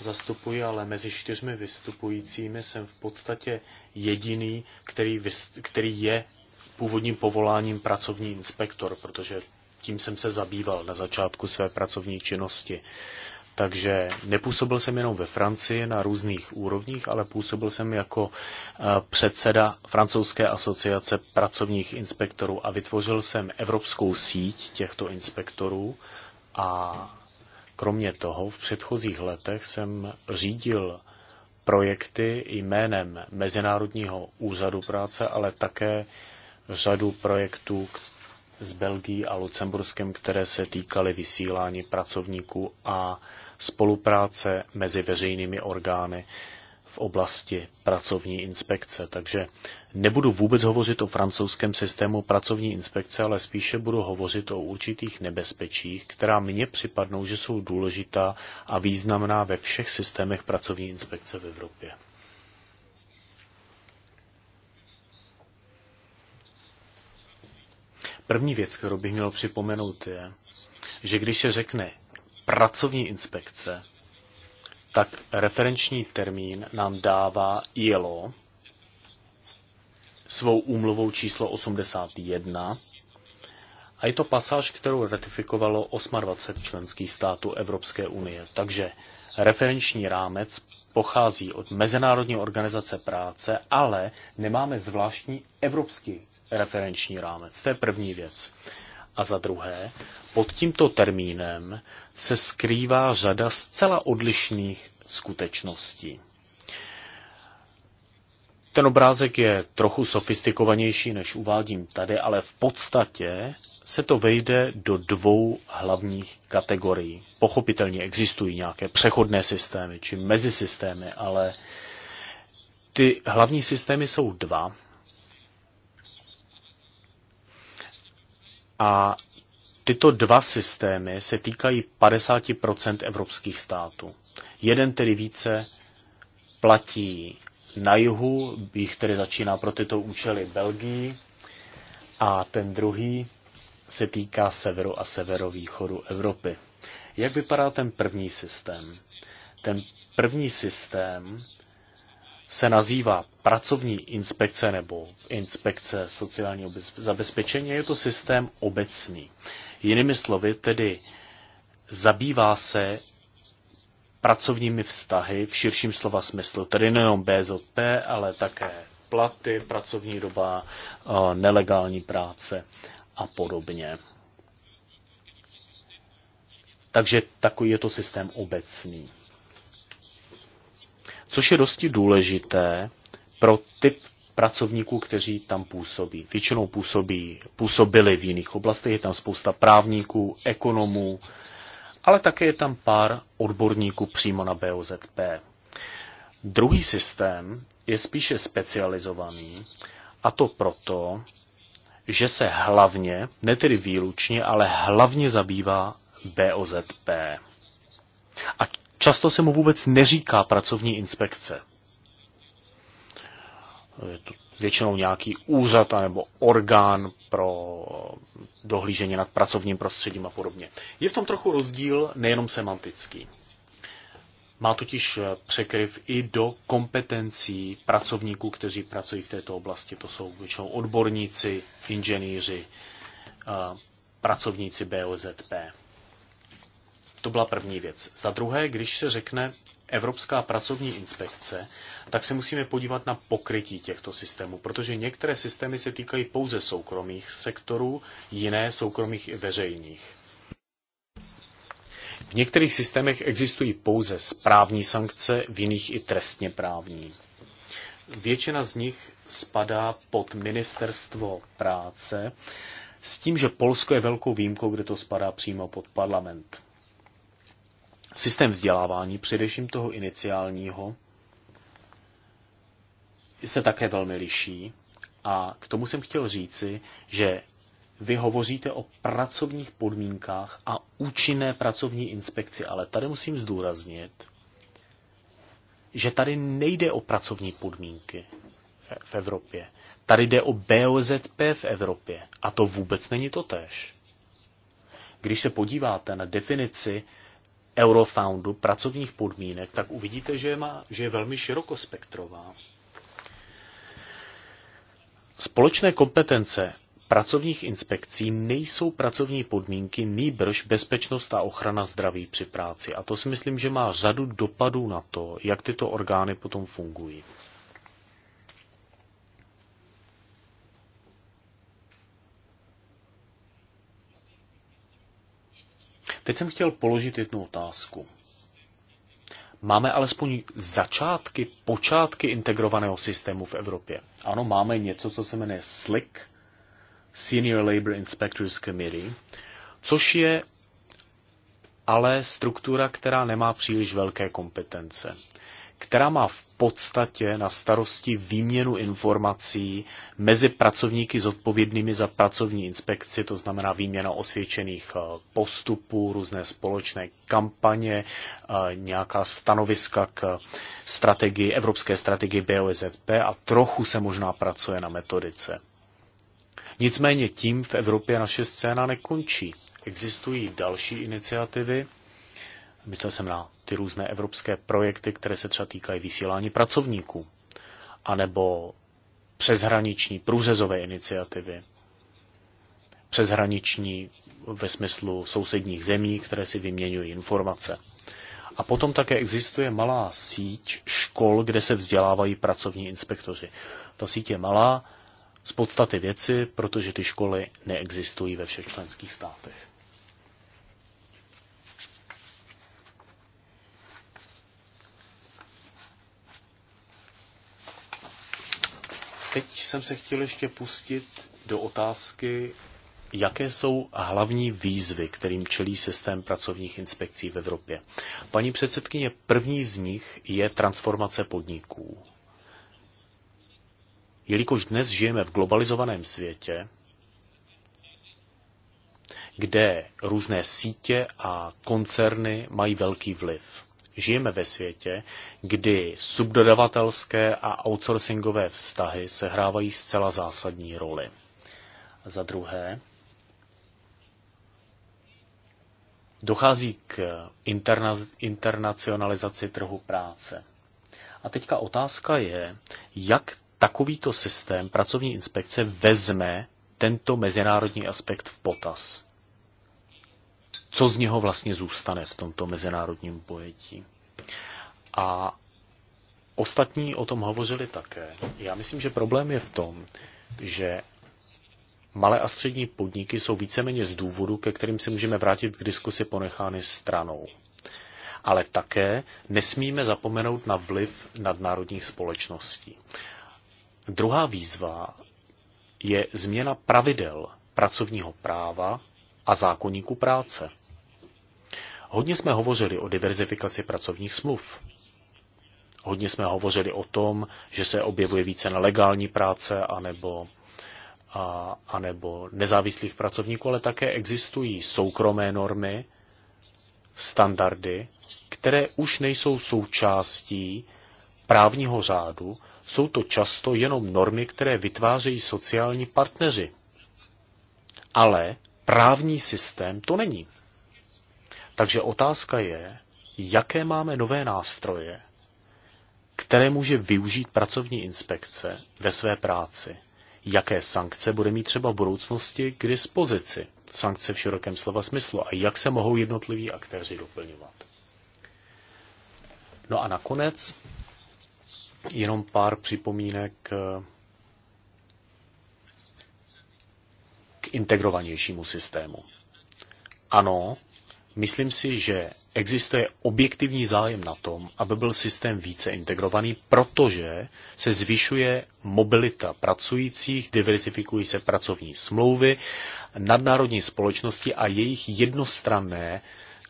zastupuji, ale mezi čtyřmi vystupujícími jsem v podstatě jediný, který, který je původním povoláním pracovní inspektor, protože tím jsem se zabýval na začátku své pracovní činnosti. Takže nepůsobil jsem jenom ve Francii na různých úrovních, ale působil jsem jako eh, předseda francouzské asociace pracovních inspektorů a vytvořil jsem evropskou síť těchto inspektorů a Kromě toho v předchozích letech jsem řídil projekty jménem Mezinárodního úřadu práce, ale také řadu projektů s Belgií a Lucemburskem, které se týkaly vysílání pracovníků a spolupráce mezi veřejnými orgány v oblasti pracovní inspekce. Takže nebudu vůbec hovořit o francouzském systému pracovní inspekce, ale spíše budu hovořit o určitých nebezpečích, která mně připadnou, že jsou důležitá a významná ve všech systémech pracovní inspekce v Evropě. První věc, kterou bych měl připomenout, je, že když se řekne pracovní inspekce, tak referenční termín nám dává ILO svou úmluvou číslo 81 a je to pasáž, kterou ratifikovalo 28 členských států Evropské unie. Takže referenční rámec pochází od Mezinárodní organizace práce, ale nemáme zvláštní evropský referenční rámec. To je první věc. A za druhé, pod tímto termínem se skrývá řada zcela odlišných skutečností. Ten obrázek je trochu sofistikovanější, než uvádím tady, ale v podstatě se to vejde do dvou hlavních kategorií. Pochopitelně existují nějaké přechodné systémy či mezisystémy, ale ty hlavní systémy jsou dva A tyto dva systémy se týkají 50% evropských států. Jeden tedy více platí na jihu, jich tedy začíná pro tyto účely Belgii, a ten druhý se týká severu a severovýchodu Evropy. Jak vypadá ten první systém? Ten první systém se nazývá pracovní inspekce nebo inspekce sociálního zabezpečení, je to systém obecný. Jinými slovy, tedy zabývá se pracovními vztahy v širším slova smyslu, tedy nejenom BZP, ale také platy, pracovní doba, eh, nelegální práce a podobně. Takže takový je to systém obecný což je dosti důležité pro typ pracovníků, kteří tam působí. Většinou působí, působili v jiných oblastech, je tam spousta právníků, ekonomů, ale také je tam pár odborníků přímo na BOZP. Druhý systém je spíše specializovaný, a to proto, že se hlavně, ne tedy výlučně, ale hlavně zabývá BOZP. A Často se mu vůbec neříká pracovní inspekce. Je to většinou nějaký úřad nebo orgán pro dohlížení nad pracovním prostředím a podobně. Je v tom trochu rozdíl nejenom semantický. Má totiž překryv i do kompetencí pracovníků, kteří pracují v této oblasti. To jsou většinou odborníci, inženýři, pracovníci BOZP. To byla první věc. Za druhé, když se řekne Evropská pracovní inspekce, tak se musíme podívat na pokrytí těchto systémů, protože některé systémy se týkají pouze soukromých sektorů, jiné soukromých i veřejných. V některých systémech existují pouze správní sankce, v jiných i trestně právní. Většina z nich spadá pod ministerstvo práce, s tím, že Polsko je velkou výjimkou, kde to spadá přímo pod parlament systém vzdělávání, především toho iniciálního, se také velmi liší. A k tomu jsem chtěl říci, že vy hovoříte o pracovních podmínkách a účinné pracovní inspekci, ale tady musím zdůraznit, že tady nejde o pracovní podmínky v Evropě. Tady jde o BOZP v Evropě. A to vůbec není to tež. Když se podíváte na definici Eurofoundu pracovních podmínek, tak uvidíte, že je, má, že je velmi širokospektrová. Společné kompetence pracovních inspekcí nejsou pracovní podmínky, nýbrž bezpečnost a ochrana zdraví při práci. A to si myslím, že má řadu dopadů na to, jak tyto orgány potom fungují. Teď jsem chtěl položit jednu otázku. Máme alespoň začátky, počátky integrovaného systému v Evropě. Ano, máme něco, co se jmenuje SLIC, Senior Labour Inspectors Committee, což je ale struktura, která nemá příliš velké kompetence která má v podstatě na starosti výměnu informací mezi pracovníky zodpovědnými za pracovní inspekci, to znamená výměna osvědčených eh, postupů, různé společné kampaně, eh, nějaká stanoviska k strategii, evropské strategii BOZP a trochu se možná pracuje na metodice. Nicméně tím v Evropě naše scéna nekončí. Existují další iniciativy, myslel jsem na ty různé evropské projekty, které se třeba týkají vysílání pracovníků, anebo přeshraniční průřezové iniciativy, přeshraniční ve smyslu sousedních zemí, které si vyměňují informace. A potom také existuje malá síť škol, kde se vzdělávají pracovní inspektoři. Ta síť je malá z podstaty věci, protože ty školy neexistují ve všech členských státech. teď jsem se chtěl ještě pustit do otázky, jaké jsou hlavní výzvy, kterým čelí systém pracovních inspekcí v Evropě. Paní předsedkyně, první z nich je transformace podniků. Jelikož dnes žijeme v globalizovaném světě, kde různé sítě a koncerny mají velký vliv. Žijeme ve světě, kdy subdodavatelské a outsourcingové vztahy sehrávají zcela zásadní roli. Za druhé, dochází k interna- internacionalizaci trhu práce. A teďka otázka je, jak takovýto systém pracovní inspekce vezme tento mezinárodní aspekt v potaz co z něho vlastně zůstane v tomto mezinárodním pojetí. A ostatní o tom hovořili také. Já myslím, že problém je v tom, že malé a střední podniky jsou víceméně z důvodu, ke kterým se můžeme vrátit k diskusi ponechány stranou. Ale také nesmíme zapomenout na vliv nadnárodních společností. Druhá výzva je změna pravidel pracovního práva a zákonníku práce. Hodně jsme hovořili o diverzifikaci pracovních smluv. Hodně jsme hovořili o tom, že se objevuje více na legální práce anebo, a, anebo nezávislých pracovníků, ale také existují soukromé normy, standardy, které už nejsou součástí právního řádu, jsou to často jenom normy, které vytvářejí sociální partneři. Ale právní systém to není. Takže otázka je, jaké máme nové nástroje, které může využít pracovní inspekce ve své práci. Jaké sankce bude mít třeba v budoucnosti k dispozici? Sankce v širokém slova smyslu a jak se mohou jednotliví aktéři doplňovat? No a nakonec jenom pár připomínek eh, k integrovanějšímu systému. Ano, Myslím si, že existuje objektivní zájem na tom, aby byl systém více integrovaný, protože se zvyšuje mobilita pracujících, diversifikují se pracovní smlouvy, nadnárodní společnosti a jejich jednostranné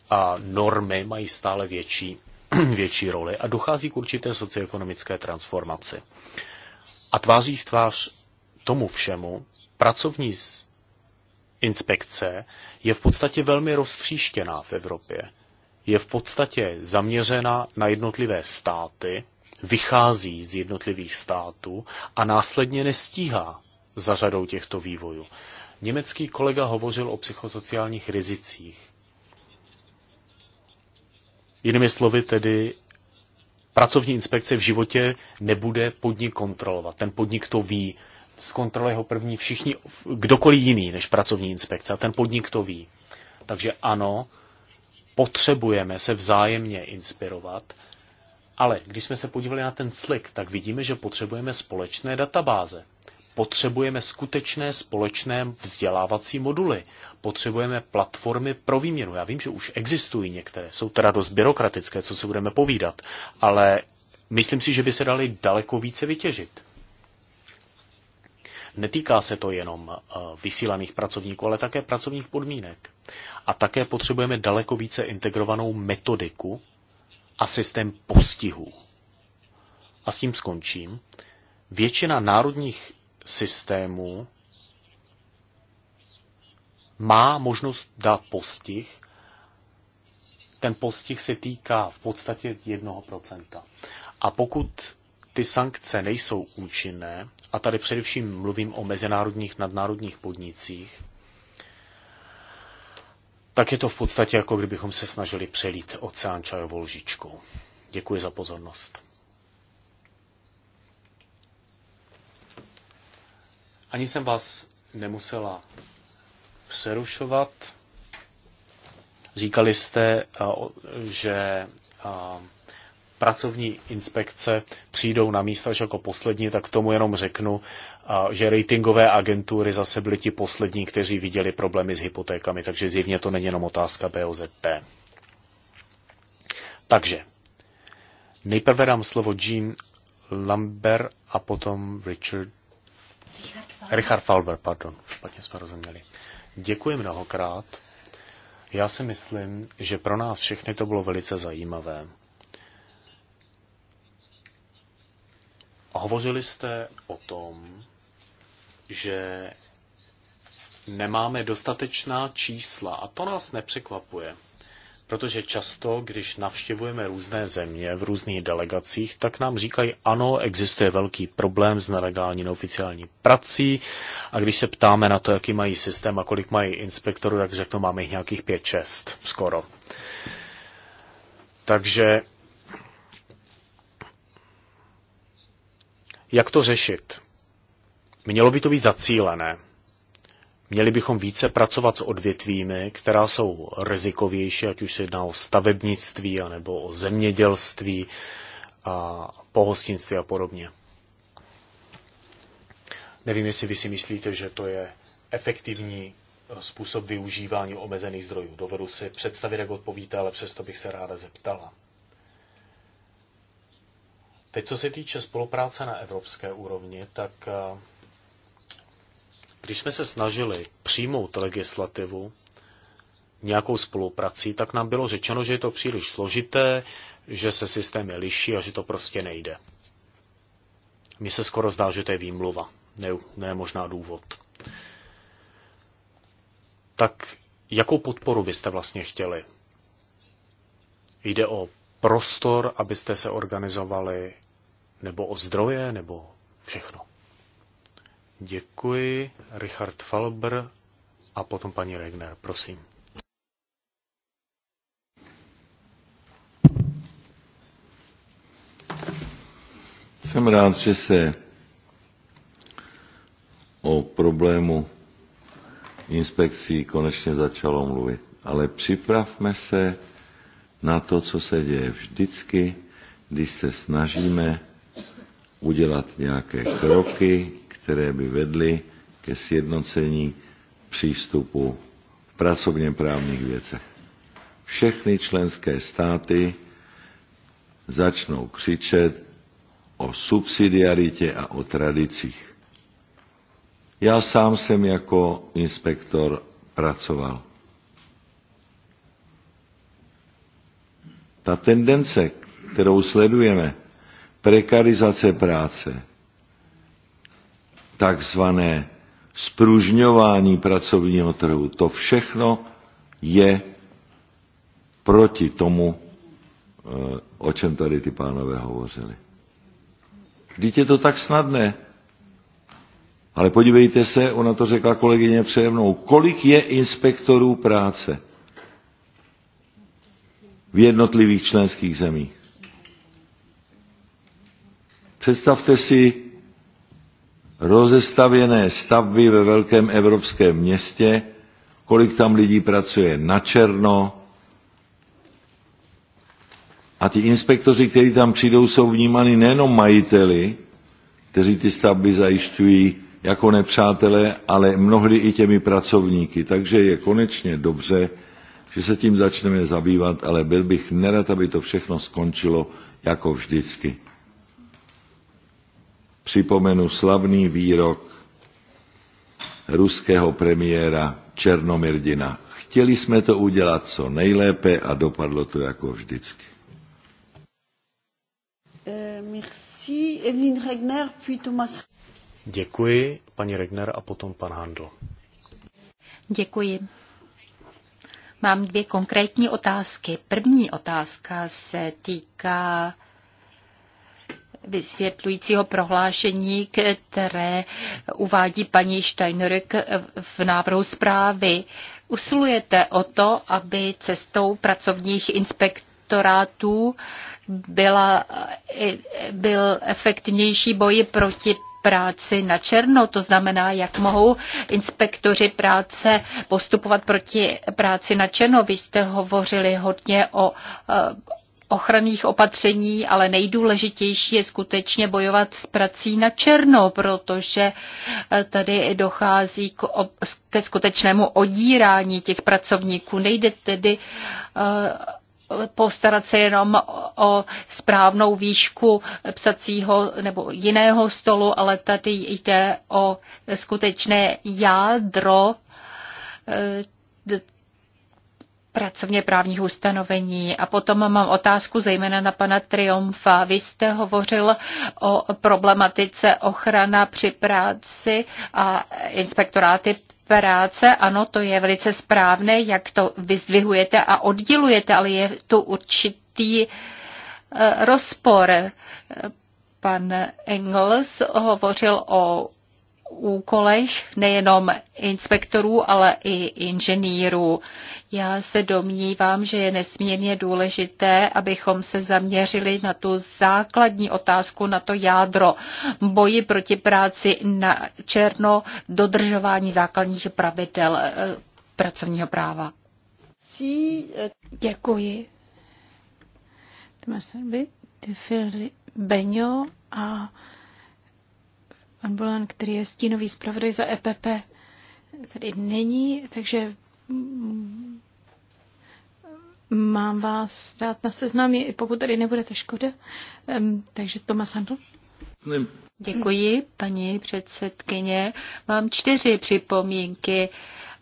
a normy mají stále větší, větší roli a dochází k určité socioekonomické transformaci. A tváří v tvář tomu všemu pracovní inspekce je v podstatě velmi roztříštěná v Evropě. Je v podstatě zaměřena na jednotlivé státy, vychází z jednotlivých států a následně nestíhá za řadou těchto vývojů. Německý kolega hovořil o psychosociálních rizicích. Jinými slovy tedy, pracovní inspekce v životě nebude podnik kontrolovat. Ten podnik to ví, zkontroluje ho první všichni, kdokoliv jiný než pracovní inspekce. A ten podnik to ví. Takže ano, potřebujeme se vzájemně inspirovat, ale když jsme se podívali na ten slik, tak vidíme, že potřebujeme společné databáze. Potřebujeme skutečné společné vzdělávací moduly. Potřebujeme platformy pro výměnu. Já vím, že už existují některé, jsou teda dost byrokratické, co si budeme povídat, ale myslím si, že by se dali daleko více vytěžit. Netýká se to jenom eh, vysílaných pracovníků, ale také pracovních podmínek. A také potřebujeme daleko více integrovanou metodiku a systém postihů. A s tím skončím. Většina národních systémů má možnost dát postih. Ten postih se týká v podstatě jednoho procenta. A pokud ty sankce nejsou účinné, a tady především mluvím o mezinárodních nadnárodních podnicích, tak je to v podstatě jako kdybychom se snažili přelít oceán čajovou lžičkou. Děkuji za pozornost. Ani jsem vás nemusela přerušovat. Říkali jste, eh, že eh, pracovní inspekce přijdou na místo až jako poslední, tak tomu jenom řeknu, že ratingové agentury zase byly ti poslední, kteří viděli problémy s hypotékami, takže zjevně to není jenom otázka BOZP. Takže, nejprve dám slovo Jean Lambert a potom Richard Richard Falber, pardon, špatně jsme rozuměli. Děkuji mnohokrát. Já si myslím, že pro nás všechny to bylo velice zajímavé. Hovořili jste o tom, že nemáme dostatečná čísla a to nás nepřekvapuje. Protože často, když navštěvujeme různé země v různých delegacích, tak nám říkají, ano, existuje velký problém s nelegální neoficiální prací a když se ptáme na to, jaký mají systém a kolik mají inspektorů, tak řeknou, máme jich nějakých 5-6 skoro. Takže Jak to řešit? Mělo by to být zacílené. Měli bychom více pracovat s odvětvími, která jsou rizikovější, ať už se jedná o stavebnictví, nebo o zemědělství, a pohostinství a podobně. Nevím, jestli vy si myslíte, že to je efektivní eh, způsob využívání omezených zdrojů. Dovedu si představit, jak odpovíte, ale přesto bych se ráda zeptala. Teď, co se týče spolupráce na evropské úrovni, tak eh, když jsme se snažili přijmout legislativu nějakou spoluprací, tak nám bylo řečeno, že je to příliš složité, že se systémy liší a že to prostě nejde. Mně se skoro zdá, že to je výmluva, ne, ne možná důvod. Tak jakou podporu byste vlastně chtěli? Jde o prostor, abyste se organizovali nebo o zdroje, nebo všechno. Děkuji, Richard Falber a potom paní Regner, prosím. Jsem rád, že se o problému inspekcí konečně začalo mluvit. Ale připravme se na to, co se děje vždycky, když se snažíme udělat nějaké kroky, které by vedly ke sjednocení přístupu v pracovně právních věcech. Všechny členské státy začnou křičet o subsidiaritě a o tradicích. Já sám jsem jako inspektor pracoval ta tendence, kterou sledujeme, prekarizace práce, takzvané spružňování pracovního trhu, to všechno je proti tomu, eh, o čem tady ty pánové hovořili. Vždyť je to tak snadné. Ale podívejte se, ona to řekla kolegyně přejemnou, kolik je inspektorů práce? v jednotlivých členských zemích. Představte si rozestavěné stavby ve velkém evropském městě, kolik tam lidí pracuje na černo. A ti inspektoři, kteří tam přijdou, jsou vnímány nejenom majiteli, kteří ty stavby zajišťují jako nepřátelé, ale mnohdy i těmi pracovníky. Takže je konečně dobře, že se tím začneme zabývat, ale byl bych nerad, aby to všechno skončilo jako vždycky. Připomenu slavný výrok ruského premiéra Černomirdina. Chtěli jsme to udělat co nejlépe a dopadlo to jako vždycky. Eh, Děkuji, paní Regner a potom pan Handl. Děkuji. Mám dvě konkrétní otázky. První otázka se týká vysvětlujícího prohlášení, které uvádí paní Steinrück v návrhu zprávy. Usilujete o to, aby cestou pracovních inspektorátů byla, byl efektivnější boj proti práci na černo, to znamená, jak mohou inspektoři práce postupovat proti práci na černo. Vy jste hovořili hodně o eh, ochranných opatření, ale nejdůležitější je skutečně bojovat s prací na černo, protože eh, tady dochází k, ke skutečnému odírání těch pracovníků. Nejde tedy eh, postarat se jenom o správnou výšku psacího nebo jiného stolu, ale tady jde o skutečné jádro eh, pracovně právních ustanovení. A potom mám otázku zejména na pana Triumfa. Vy jste hovořil o problematice ochrana při práci a inspektoráty práce, ano, to je velice správné, jak to vyzdvihujete a oddělujete, ale je tu určitý eh, rozpor. Pan Engels hovořil o úkolech nejenom inspektorů, ale i inženýrů. Já se domnívám, že je nesmírně důležité, abychom se zaměřili na tu základní otázku, na to jádro boji proti práci na černo, dodržování základních pravidel eh, pracovního práva. Eh. Děkuji. Tomáš Beňo a pan Bolan, který je stínový zpravodaj za EPP, tady není, takže mm, mám vás dát na seznam, pokud tady nebudete škoda. Takže Tomas Handl. Děkuji, paní předsedkyně. Mám čtyři připomínky.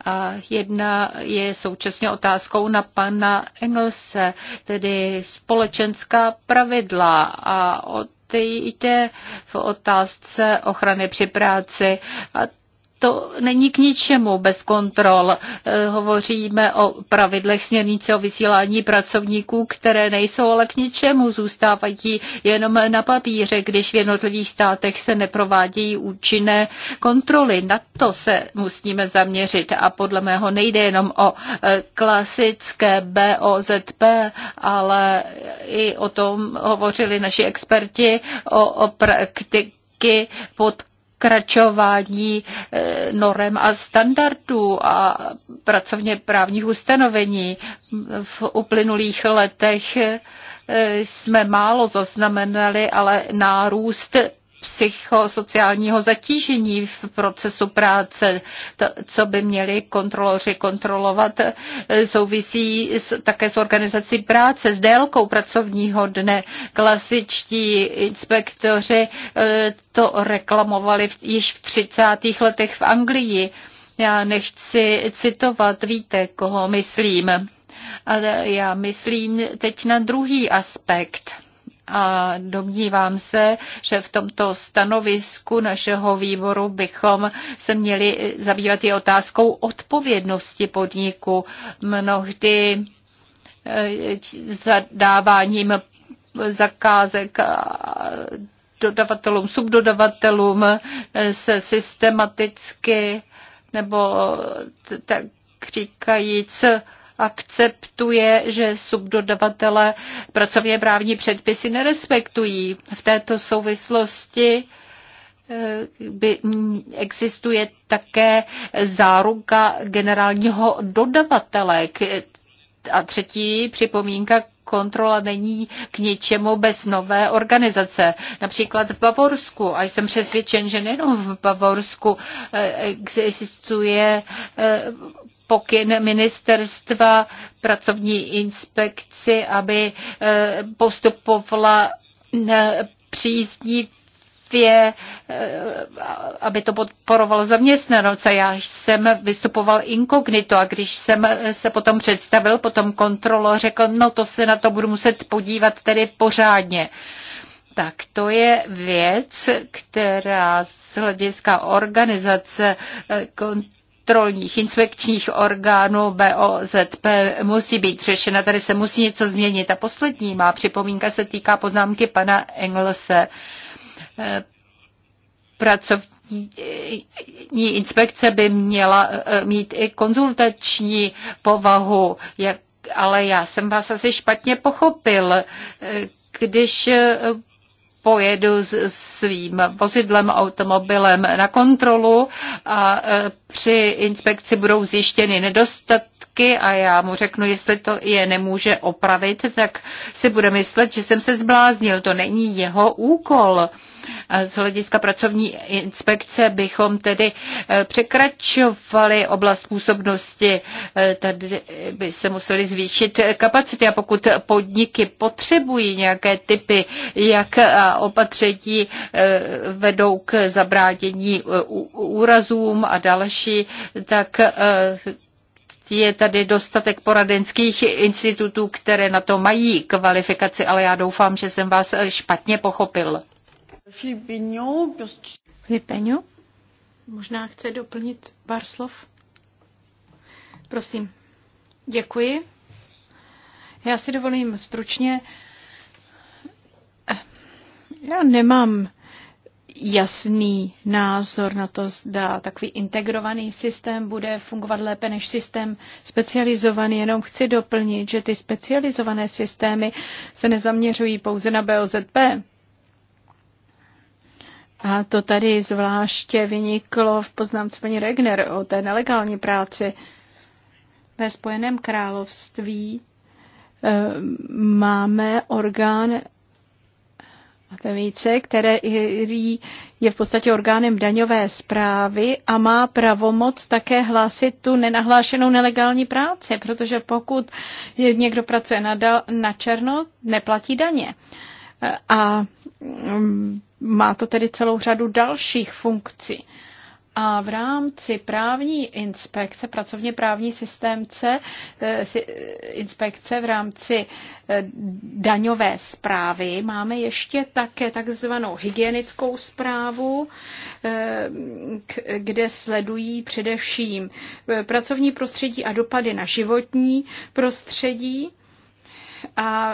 A jedna je současně otázkou na pana Engelse, tedy společenská pravidla a od jde v otázce ochrany při práci. A to není k ničemu bez kontrol. Eh, hovoříme o pravidlech směrnice o vysílání pracovníků, které nejsou ale k ničemu, zůstávají jenom na papíře, když v jednotlivých státech se neprovádějí účinné kontroly. Na to se musíme zaměřit a podle mého nejde jenom o eh, klasické BOZP, ale i o tom hovořili naši experti o, o praktik pod pokračování eh, norem a standardů a pracovně právních ustanovení. V uplynulých letech eh, jsme málo zaznamenali, ale nárůst psychosociálního zatížení v procesu práce. To, co by měli kontroloři kontrolovat, souvisí s, také s organizací práce, s délkou pracovního dne. Klasičtí inspektoři eh, to reklamovali v, již v 30. letech v Anglii. Já nechci citovat, víte, koho myslím. Ale já myslím teď na druhý aspekt a domnívám se, že v tomto stanovisku našeho výboru bychom se měli zabývat i otázkou odpovědnosti podniku. Mnohdy eh, zadáváním zakázek dodavatelům, subdodavatelům eh, se systematicky nebo tak říkajíc akceptuje, že subdodavatele pracovně právní předpisy nerespektují. V této souvislosti eh, by existuje také záruka generálního dodavatele. A třetí připomínka kontrola není k ničemu bez nové organizace. Například v Bavorsku, a jsem přesvědčen, že nejenom v Bavorsku eh, existuje eh, pokyn ministerstva pracovní inspekci, aby eh, postupovala eh, příznivě eh, aby to podporovalo A Já jsem vystupoval inkognito a když jsem se potom představil, potom kontrolo řekl, no to se na to budu muset podívat tedy pořádně. Tak to je věc, která z hlediska organizace kont- kontrolních inspekčních orgánů BOZP musí být řešena. Tady se musí něco změnit. A poslední má připomínka se týká poznámky pana Engelse. Eh, pracovní inspekce by měla eh, mít i konzultační povahu, jak ale já jsem vás asi špatně pochopil. Eh, když pojedu s svým vozidlem, automobilem na kontrolu a e, při inspekci budou zjištěny nedostatky a já mu řeknu, jestli to je nemůže opravit, tak si bude myslet, že jsem se zbláznil. To není jeho úkol z hlediska pracovní inspekce bychom tedy eh, překračovali oblast působnosti. Eh, tady by se museli zvýšit kapacity a pokud podniky potřebují nějaké typy, jak eh, opatření vedou k zabránění úrazům a další, tak je tady dostatek poradenských institutů, které na to mají kvalifikaci, ale já doufám, že jsem vás špatně pochopil. Filipeňo, možná chce doplnit pár slov? Prosím. Děkuji. Já si dovolím stručně. Já nemám jasný názor na to, zda takový integrovaný systém bude fungovat lépe než systém specializovaný. Jenom chci doplnit, že ty specializované systémy se nezaměřují pouze na BOZP, a to tady zvláště vyniklo v poznámce paní Regner o té nelegální práci. Ve Spojeném království e, máme orgán a to více, který je v podstatě orgánem daňové zprávy a má pravomoc také hlásit tu nenahlášenou nelegální práci, protože pokud někdo pracuje na, na černo, neplatí daně. E, a má to tedy celou řadu dalších funkcí. A v rámci právní inspekce, pracovně právní systémce, eh, inspekce v rámci eh, daňové zprávy máme ještě také takzvanou hygienickou zprávu, eh, kde sledují především pracovní prostředí a dopady na životní prostředí a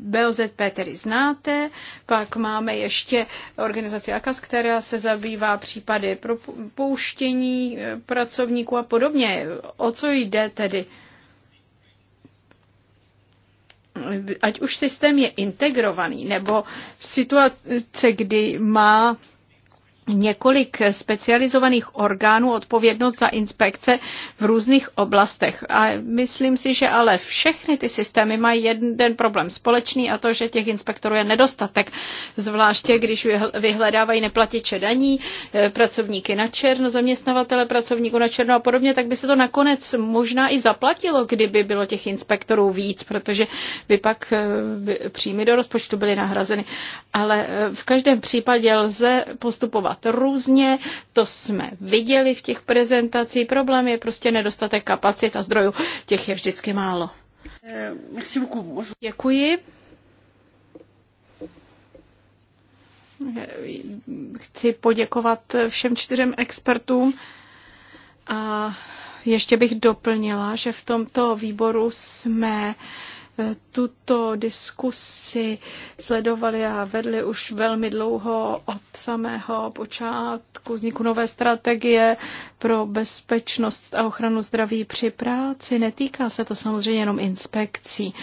BOZP tedy znáte, pak máme ještě organizaci AKAS, která se zabývá případy pouštění eh, pracovníků a podobně. O co jde tedy? Ať už systém je integrovaný, nebo situace, kdy má několik specializovaných orgánů odpovědnost za inspekce v různých oblastech. A myslím si, že ale všechny ty systémy mají jeden problém společný a to, že těch inspektorů je nedostatek, zvláště když vyhledávají neplatiče daní, e, pracovníky na černo, zaměstnavatele pracovníků na černo a podobně, tak by se to nakonec možná i zaplatilo, kdyby bylo těch inspektorů víc, protože by pak e, příjmy do rozpočtu byly nahrazeny. Ale e, v každém případě lze postupovat dělat různě, to jsme viděli v těch prezentacích. Problém je prostě nedostatek kapacit a zdrojů, těch je vždycky málo. Eh, Děkuji. Chci poděkovat všem čtyřem expertům a ještě bych doplnila, že v tomto výboru jsme uh, tuto diskusi sledovali a vedli už velmi dlouho od samého počátku vzniku nové strategie pro bezpečnost a ochranu zdraví při práci. Netýká se to samozřejmě jenom inspekcí,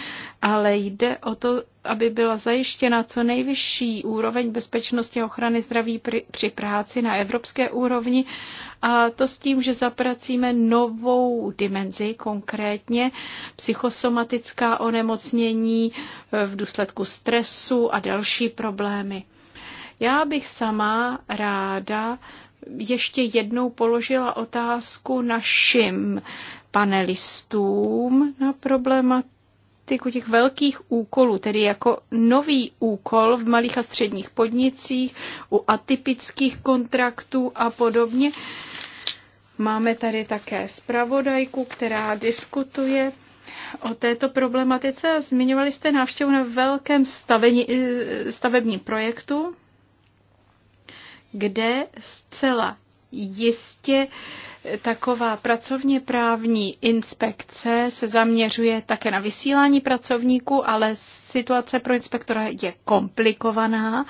ale jde o to aby byla zajištěna co nejvyšší úroveň bezpečnosti a ochrany zdraví při práci na evropské úrovni a to s tím, že zapracíme novou dimenzi, konkrétně psychosomatická onemocnění e, v důsledku stresu a další problémy. Já bych sama ráda ještě jednou položila otázku našim panelistům na problémat problematiku těch velkých úkolů, tedy jako nový úkol v malých a středních podnicích, u atypických kontraktů a podobně. Máme tady také zpravodajku, která diskutuje o této problematice. Zmiňovali jste návštěvu na velkém stavení, eh, stavebním projektu, kde zcela jistě uh, Taková pracovně právní inspekce se zaměřuje také na vysílání pracovníků, ale situace pro inspektora je komplikovaná,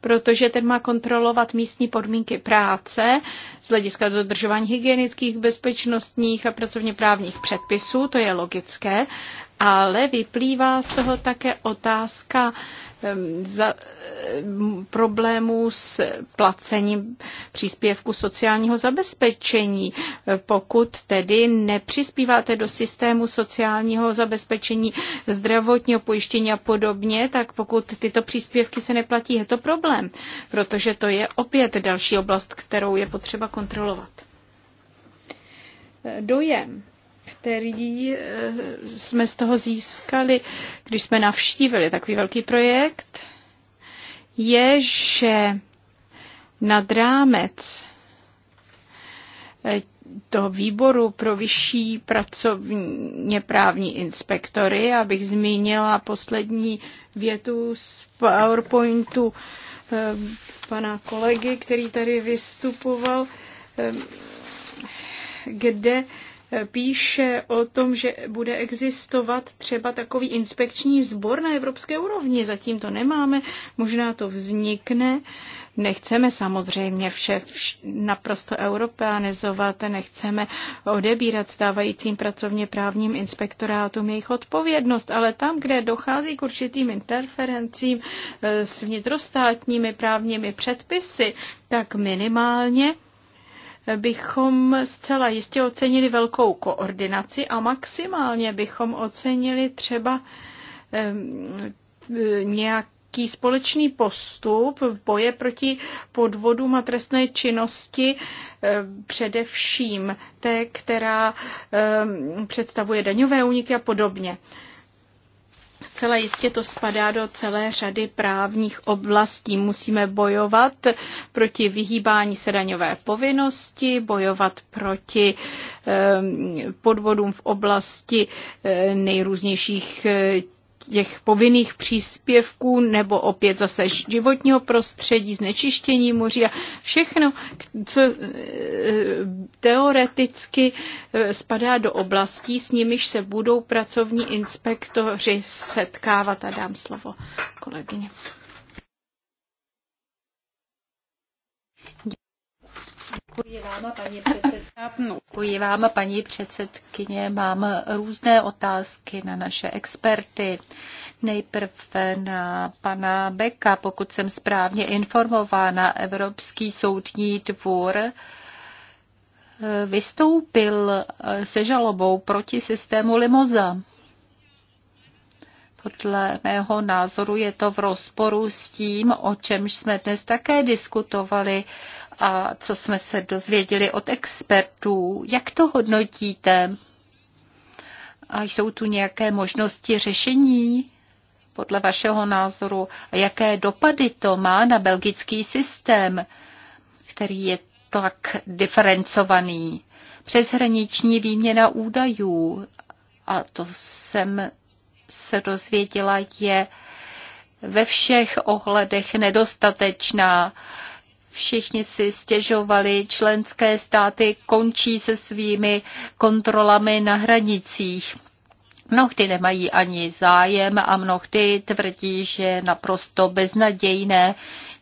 protože ten má kontrolovat místní podmínky práce z hlediska dodržování hygienických, bezpečnostních a pracovně právních předpisů, to je logické, ale vyplývá z toho také otázka za, problémů s placením příspěvku sociálního zabezpečení. Pokud tedy nepřispíváte do systému sociálního zabezpečení, zdravotního pojištění a podobně, tak pokud tyto příspěvky se neplatí, je to problém, protože to je opět další oblast, kterou je potřeba kontrolovat. Dojem který eh, jsme z toho získali, když jsme navštívili takový velký projekt, je, že nad rámec eh, toho výboru pro vyšší pracovně právní inspektory, abych zmínila poslední větu z PowerPointu eh, pana kolegy, který tady vystupoval, kde píše o tom, že bude existovat třeba takový inspekční sbor na evropské úrovni. Zatím to nemáme, možná to vznikne. Nechceme samozřejmě vše, vš, naprosto europeanizovat, nechceme odebírat stávajícím pracovně právním inspektorátům jejich odpovědnost, ale tam, kde dochází k určitým interferencím eh, s vnitrostátními právními předpisy, tak minimálně bychom zcela jistě ocenili velkou koordinaci a maximálně bychom ocenili třeba nějak nějaký společný postup v boje proti podvodům a trestné činnosti, především té, která představuje daňové úniky a podobně. Zcela jistě to spadá do celé řady právních oblastí. Musíme bojovat proti vyhýbání se daňové povinnosti, bojovat proti ehm, podvodům v oblasti eh, nejrůznějších eh, těch povinných příspěvků nebo opět zase životního prostředí, znečištění moří a všechno, co e, teoreticky e, spadá do oblastí, s nimiž se budou pracovní inspektoři setkávat. A dám slovo kolegyně. Děkuji vám, paní předsedkyně. Mám různé otázky na naše experty. Nejprve na pana Beka, pokud jsem správně informována, Evropský soudní dvůr eh, vystoupil eh, se žalobou proti systému Limoza. Podle mého názoru je to v rozporu s tím, o čemž jsme dnes také diskutovali a co jsme se dozvěděli od expertů. Jak to hodnotíte? A jsou tu nějaké možnosti řešení podle vašeho názoru? A jaké dopady to má na belgický systém, který je tak diferencovaný? Přeshraniční výměna údajů. A to jsem se dozvěděla, je ve všech ohledech nedostatečná. Všichni si stěžovali, členské státy končí se svými kontrolami na hranicích. Mnohdy nemají ani zájem a mnohdy tvrdí, že je naprosto beznadějné,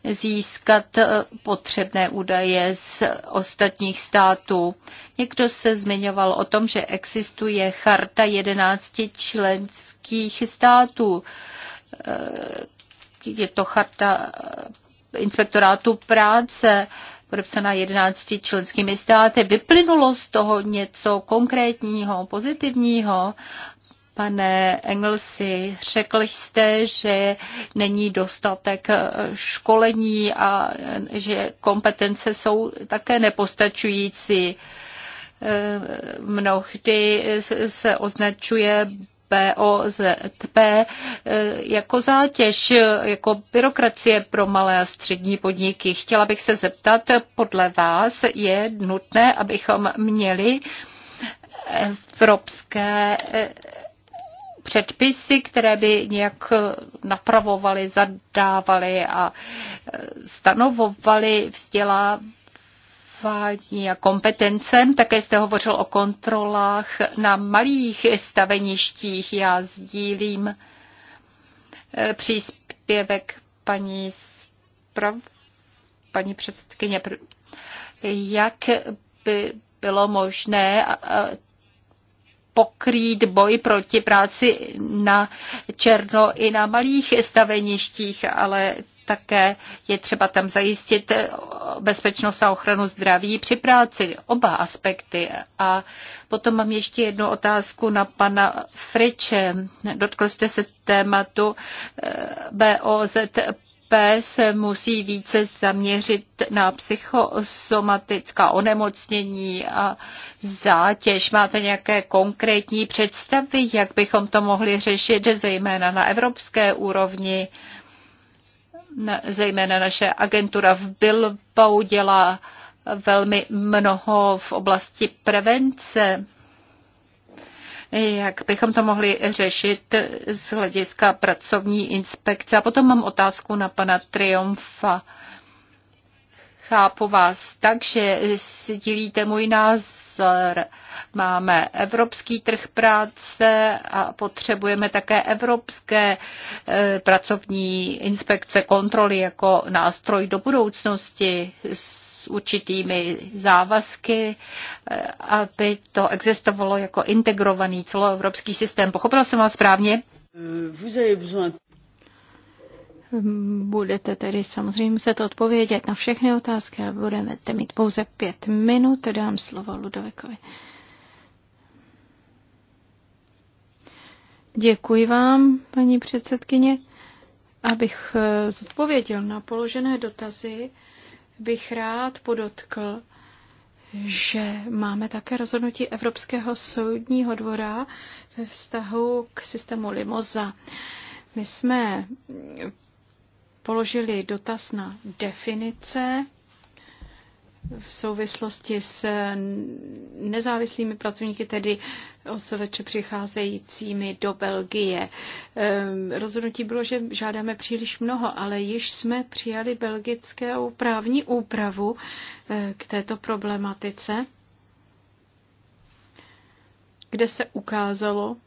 získat eh, potřebné údaje z ostatních států. Někdo se zmiňoval o tom, že existuje charta 11 členských států. Eh, je to charta eh, inspektorátu práce, podepsaná 11 členskými státy. Vyplynulo z toho něco konkrétního, pozitivního? Pane Engelsi, řekl jste, že není dostatek eh, školení a eh, že kompetence jsou také nepostačující. Eh, mnohdy se označuje BOZP jako zátěž, jako byrokracie pro malé a střední podniky. Chtěla bych se zeptat, podle vás je nutné, abychom měli evropské předpisy, které by nějak napravovaly, zadávaly a e, stanovovaly vzdělávání a kompetence. Také jste hovořil o kontrolách na malých staveništích. Já sdílím e, příspěvek paní sprav, paní předsedkyně, jak by bylo možné pokrýt boj proti práci na černo i na malých staveništích, ale také je třeba tam zajistit bezpečnost a ochranu zdraví při práci, oba aspekty. A potom mám ještě jednu otázku na pana Friče. Dotkl jste se tématu eh, BOZ se musí více zaměřit na psychosomatická onemocnění a zátěž. Máte nějaké konkrétní představy, jak bychom to mohli řešit, zejména na evropské úrovni? Zejména naše agentura v Bilbao dělá velmi mnoho v oblasti prevence jak bychom to mohli řešit z hlediska pracovní inspekce. A potom mám otázku na pana Triumfa. Chápu vás tak, že sdílíte můj názor. Máme evropský trh práce a potřebujeme také evropské eh, pracovní inspekce kontroly jako nástroj do budoucnosti s určitými závazky, eh, aby to existovalo jako integrovaný celoevropský systém. Pochopila jsem vás správně? Budete tedy samozřejmě muset odpovědět na všechny otázky, ale budete mít pouze pět minut. Dám slovo Ludovekovi. Děkuji vám, paní předsedkyně. Abych eh, zodpověděl na položené dotazy, bych rád podotkl, že máme také rozhodnutí Evropského soudního dvora ve vztahu k systému Limoza. My jsme položili dotaz na definice v souvislosti s nezávislými pracovníky, tedy osoveče přicházejícími do Belgie. Ehm, rozhodnutí bylo, že žádáme příliš mnoho, ale již jsme přijali belgické právní úpravu eh, k této problematice, kde se ukázalo,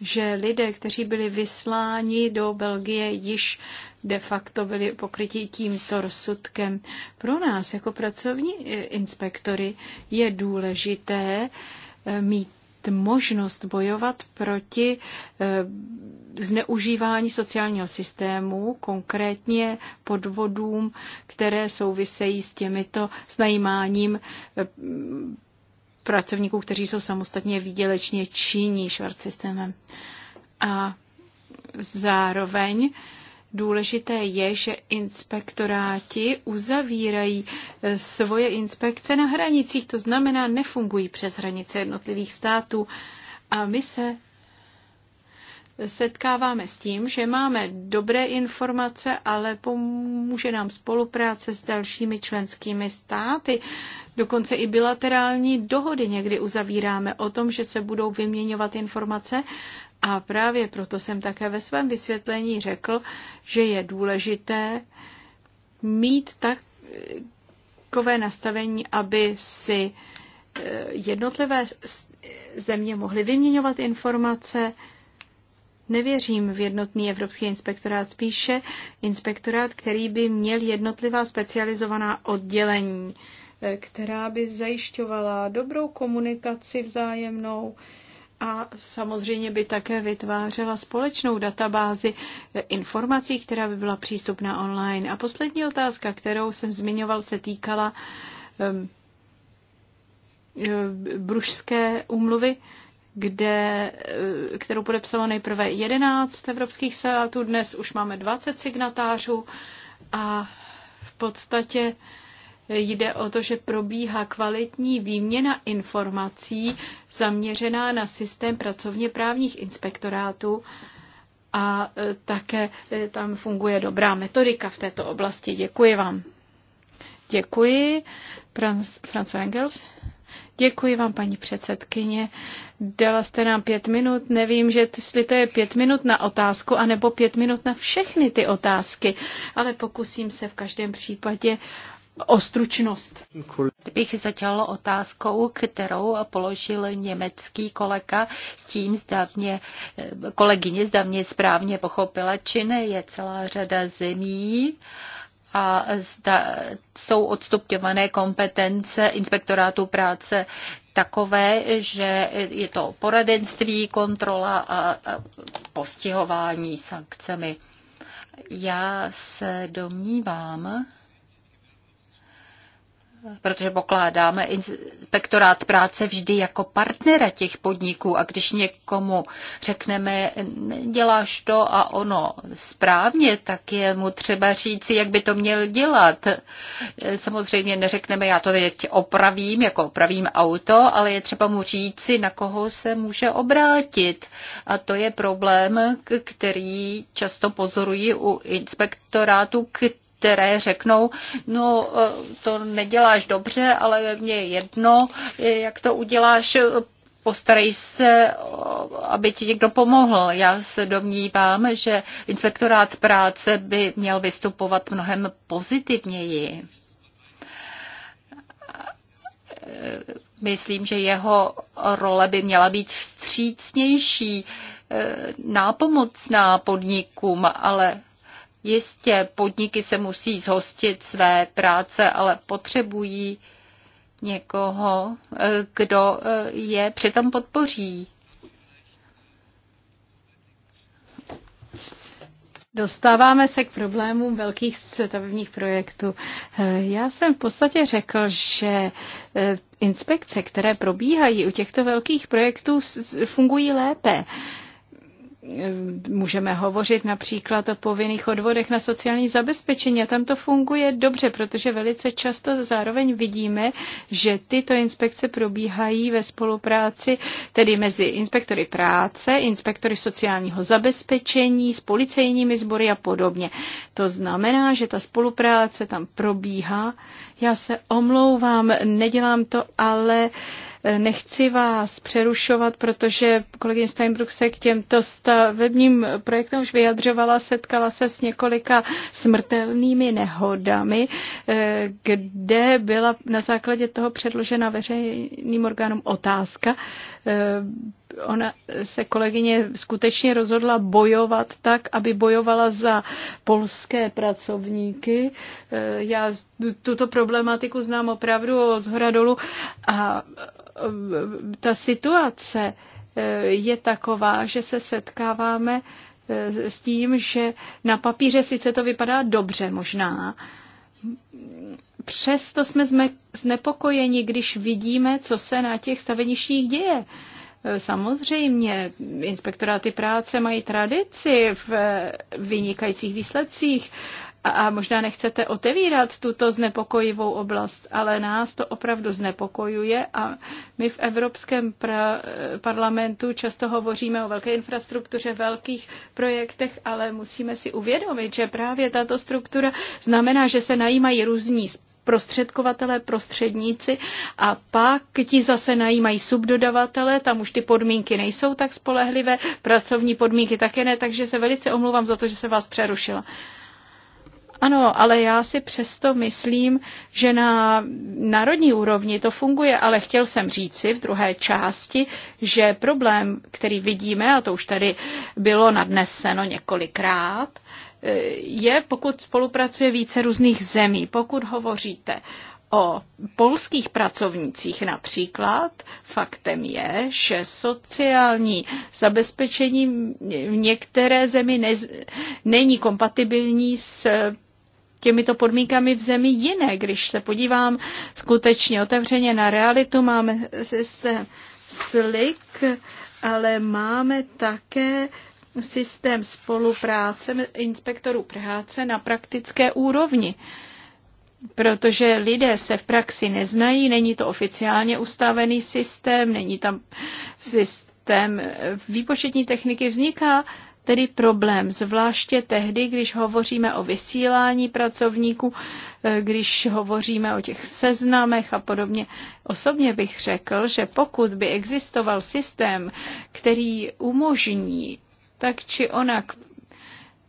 že lidé, kteří byli vysláni do Belgie, již de facto byli pokrytí tímto rozsudkem. Pro nás jako pracovní e, inspektory je důležité e, mít možnost bojovat proti e, zneužívání sociálního systému, konkrétně podvodům, které souvisejí s těmito s najímáním pracovníků, kteří jsou samostatně výdělečně činní švart systémem. A zároveň důležité je, že inspektoráti uzavírají eh, svoje inspekce na hranicích, to znamená, nefungují přes hranice jednotlivých států. A my se setkáváme s tím, že máme dobré informace, ale pomůže nám spolupráce s dalšími členskými státy. Dokonce i bilaterální dohody někdy uzavíráme o tom, že se budou vyměňovat informace. A právě proto jsem také ve svém vysvětlení řekl, že je důležité mít takové nastavení, aby si eh, jednotlivé země mohly vyměňovat informace, Nevěřím v jednotný evropský inspektorát, spíše inspektorát, který by měl jednotlivá specializovaná oddělení, eh, která by zajišťovala dobrou komunikaci vzájemnou, a samozřejmě by také vytvářela společnou databázi eh, informací, která by byla přístupná online. A poslední otázka, kterou jsem zmiňoval, se týkala um, bružské úmluvy kde, eh, kterou podepsalo nejprve 11 evropských států, dnes už máme 20 signatářů a v podstatě jde o to, že probíhá kvalitní výměna informací zaměřená na systém pracovně právních inspektorátů a eh, také eh, tam funguje dobrá metodika v této oblasti. Děkuji vám. Děkuji. Franco Franz Engels. Děkuji vám, paní předsedkyně. Dala jste nám pět minut. Nevím, že jestli to je pět minut na otázku, anebo pět minut na všechny ty otázky, ale pokusím se v každém případě o stručnost. Bych začala otázkou, kterou položil německý kolega s tím, zda mě, kolegyně zda mě správně pochopila, či ne, je celá řada zemí, a zda jsou odstupňované kompetence inspektorátu práce takové, že je to poradenství, kontrola a postihování sankcemi. Já se domnívám, protože pokládáme inspektorát práce vždy jako partnera těch podniků a když někomu řekneme, děláš to a ono správně, tak je mu třeba říct, jak by to měl dělat. Samozřejmě neřekneme, já to teď opravím, jako opravím auto, ale je třeba mu říci, na koho se může obrátit. A to je problém, který často pozoruji u inspektorátů, který které řeknou, no e, to neděláš dobře, ale mně je jedno, e, jak to uděláš, e, postarej se, aby ti někdo pomohl. Já se domnívám, že inspektorát práce by měl vystupovat mnohem pozitivněji. Myslím, že jeho role by měla být vstřícnější, nápomocná podnikům, ale Jistě podniky se musí zhostit své práce, ale potřebují někoho, eh, kdo eh, je přitom podpoří. Dostáváme se k problémům velkých stavebních projektů. Eh, já jsem v podstatě řekl, že inspekce, které probíhají u těchto velkých projektů, fungují lépe můžeme hovořit například o povinných odvodech na sociální zabezpečení. A tam to funguje dobře, protože velice často zároveň vidíme, že tyto inspekce probíhají ve spolupráci tedy mezi inspektory práce, inspektory sociálního zabezpečení, s policejními sbory a podobně. To znamená, že ta spolupráce tam probíhá. Já se omlouvám, nedělám to, ale Nechci vás přerušovat, protože kolegyně Steinbruch se k těmto stavebním projektům už vyjadřovala, setkala se s několika smrtelnými nehodami, eh, kde byla na základě toho předložena veřejným orgánům otázka. Eh, ona se kolegyně skutečně rozhodla bojovat tak, aby bojovala za polské pracovníky. Eh, já tuto problematiku znám opravdu z hora dolů a ta situace eh, je taková, že se setkáváme eh, s tím, že na papíře sice to vypadá dobře možná, přesto jsme znepokojeni, když vidíme, co se na těch staveništích děje. Eh, samozřejmě, inspektoráty práce mají tradici v vynikajících výsledcích a možná nechcete otevírat tuto znepokojivou oblast, ale nás to opravdu znepokojuje a my v Evropském parlamentu často hovoříme o velké infrastruktuře, velkých projektech, ale musíme si uvědomit, že právě tato struktura znamená, že se najímají různí prostředkovatelé, prostředníci a pak ti zase najímají subdodavatele, tam už ty podmínky nejsou tak spolehlivé, pracovní podmínky také ne, takže se velice omluvám za to, že se vás přerušila. Ano, ale já si přesto myslím, že na národní úrovni to funguje, ale chtěl jsem říci v druhé části, že problém, který vidíme, a to už tady bylo nadneseno několikrát, je, pokud spolupracuje více různých zemí. Pokud hovoříte o polských pracovnících například, faktem je, že sociální zabezpečení v některé zemi ne, není kompatibilní s těmito podmínkami v zemi jiné. Když se podívám skutečně otevřeně na realitu, máme systém SLIK, ale máme také systém spolupráce inspektorů práce na praktické úrovni. Protože lidé se v praxi neznají, není to oficiálně ustavený systém, není tam systém výpočetní techniky, vzniká tedy problém, zvláště tehdy, když hovoříme o vysílání pracovníků, eh, když hovoříme o těch seznamech a podobně. Osobně bych řekl, že pokud by existoval systém, který umožní tak či onak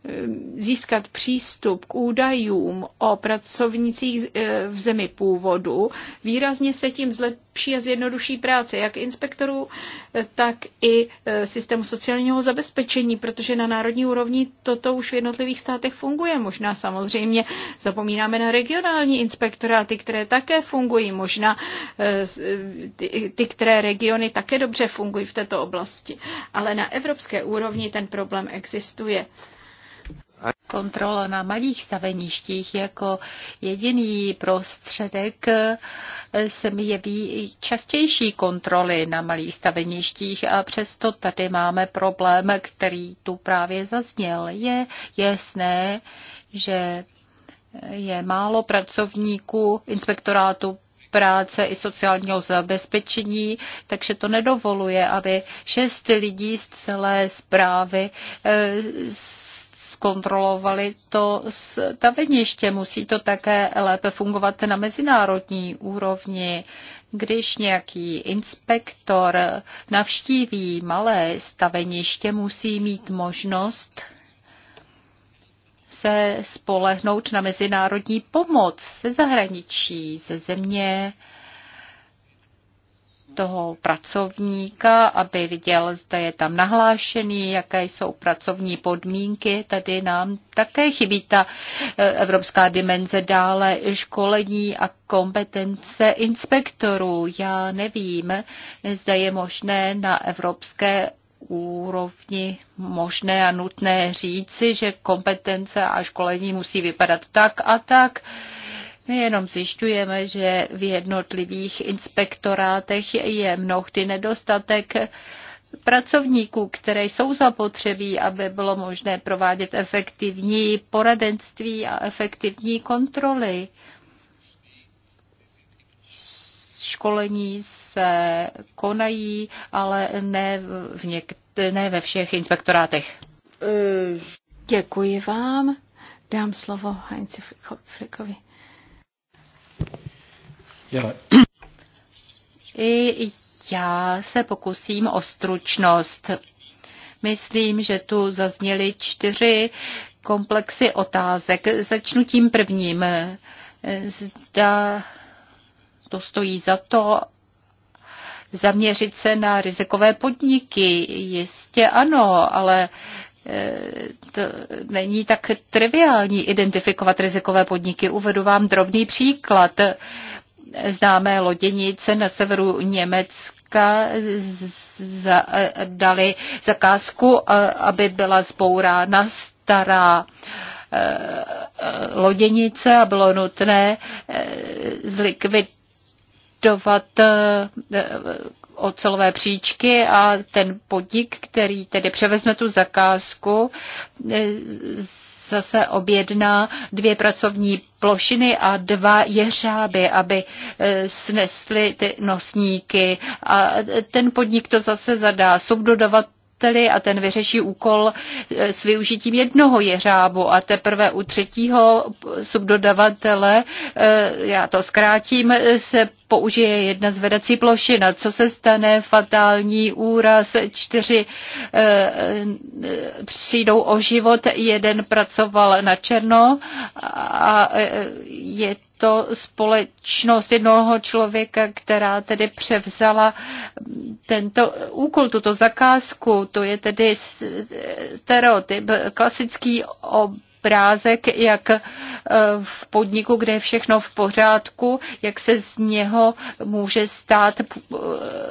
Eh, získat přístup k údajům o pracovnicích eh, v zemi původu, výrazně se tím zlepší a zjednoduší práce jak inspektorů, eh, tak i systému sociálního zabezpečení, protože na národní úrovni toto už v jednotlivých státech funguje. Možná samozřejmě zapomínáme na regionální inspektoráty, které také fungují, možná ty, které regiony také dobře fungují v této oblasti. Ale na evropské úrovni ten problém existuje. Kontrola na malých staveništích jako jediný prostředek se mi jeví častější kontroly na malých staveništích a přesto tady máme problém, který tu právě zazněl. Je jasné, že je málo pracovníků inspektorátu práce i sociálního zabezpečení, takže to nedovoluje, aby šest lidí z celé zprávy eh, zkontrolovali to staveniště. Musí to také lépe fungovat na mezinárodní úrovni. Když nějaký inspektor navštíví malé staveniště, musí mít možnost se spolehnout na mezinárodní pomoc ze zahraničí, ze země, toho pracovníka, aby viděl, zda je tam nahlášený, jaké jsou pracovní podmínky. Tady nám také chybí ta e, evropská dimenze dále školení a kompetence inspektorů. Já nevím, zda je možné na evropské úrovni možné a nutné říci, že kompetence a školení musí vypadat tak a tak. My jenom zjišťujeme, že v jednotlivých inspektorátech je mnohdy nedostatek pracovníků, které jsou zapotřebí, aby bylo možné provádět efektivní poradenství a efektivní kontroly. Školení se konají, ale ne, v něk- ne ve všech inspektorátech. Děkuji vám. Dám slovo Heinzi Flikovi. Já. I já se pokusím o stručnost. Myslím, že tu zazněly čtyři komplexy otázek. Začnu tím prvním. Zda to stojí za to zaměřit se na rizikové podniky. Jistě ano, ale e, to není tak triviální identifikovat rizikové podniky. Uvedu vám drobný příklad známé loděnice na severu Německa dali zakázku, aby byla zbourána stará e, e, loděnice a bylo nutné e, zlikvidovat ocelové příčky a ten podnik, který tedy převezme tu zakázku, e, zase objedná dvě pracovní plošiny a dva jeřáby, aby e, snesly ty nosníky. A ten podnik to zase zadá subdodavat jeřábateli a ten vyřeší úkol eh, s využitím jednoho jeřábu a teprve u třetího subdodavatele, eh, já to zkrátím, se použije jedna zvedací plošina. Co se stane? Fatální úraz, čtyři e, přijdou o život, jeden pracoval na černo a je to společnost jednoho člověka, která tedy převzala tento úkol, tuto zakázku. To je tedy stereotyp, klasický obrázek, jak eh, v podniku, kde je všechno v pořádku, jak se z něho může stát eh,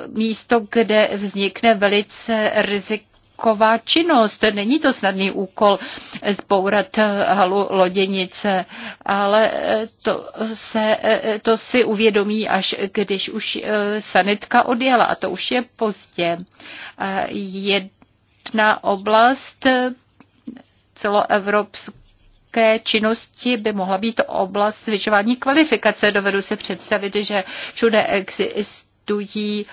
místo, kde vznikne velice rizik taková činnost. Není to snadný úkol zbourat eh, halu loděnice, ale eh, to, se, eh, to si uvědomí, až když už sanitka odjela a to už je pozdě. Jedna oblast celoevropské ke činnosti by mohla být oblast zvyšování kvalifikace. Dovedu si představit, že všude existují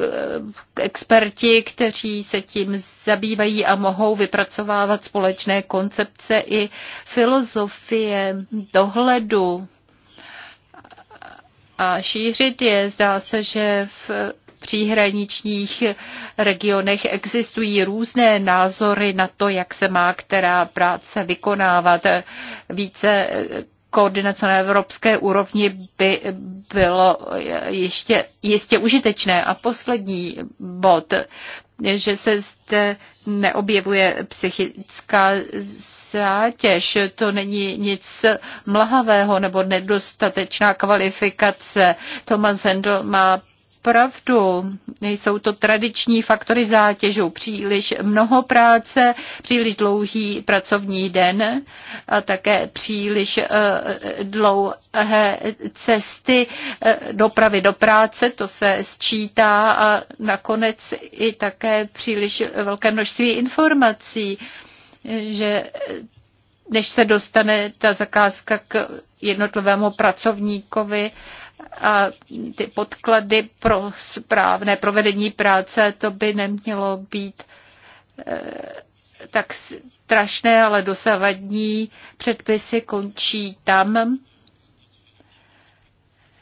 Eh, experti, kteří se tím zabývají a mohou vypracovávat společné koncepce i filozofie dohledu a šířit je. Zdá se, že v příhraničních regionech existují různé názory na to, jak se má která práce vykonávat. Více koordinace na evropské úrovni by bylo ještě ještě užitečné. A poslední bod, že se zde neobjevuje psychická zátěž. To není nic mlhavého nebo nedostatečná kvalifikace. Thomas Hendel má pravdu. Jsou to tradiční faktory zátěžu, příliš mnoho práce, příliš dlouhý pracovní den a také příliš eh, dlouhé cesty eh, dopravy do práce, to se sčítá a nakonec i také příliš velké množství informací, že než se dostane ta zakázka k jednotlivému pracovníkovi a ty podklady pro správné provedení práce, to by nemělo být eh, tak strašné, ale dosavadní předpisy končí tam,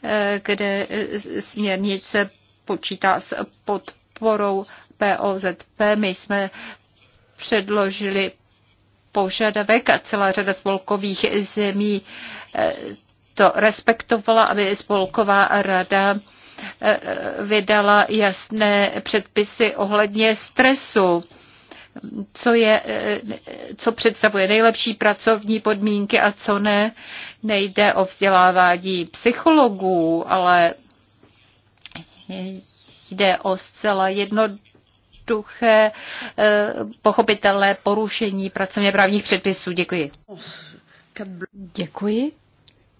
eh, kde eh, směrnice počítá s podporou POZP. My jsme předložili požadavek a celá řada spolkových zemí to respektovala, aby spolková rada e, e, vydala jasné předpisy ohledně stresu co, je, e, co představuje nejlepší pracovní podmínky a co ne. Nejde o vzdělávání psychologů, ale jde o zcela jednoduché, pochopitelné porušení pracovně právních předpisů. Děkuji. Děkuji.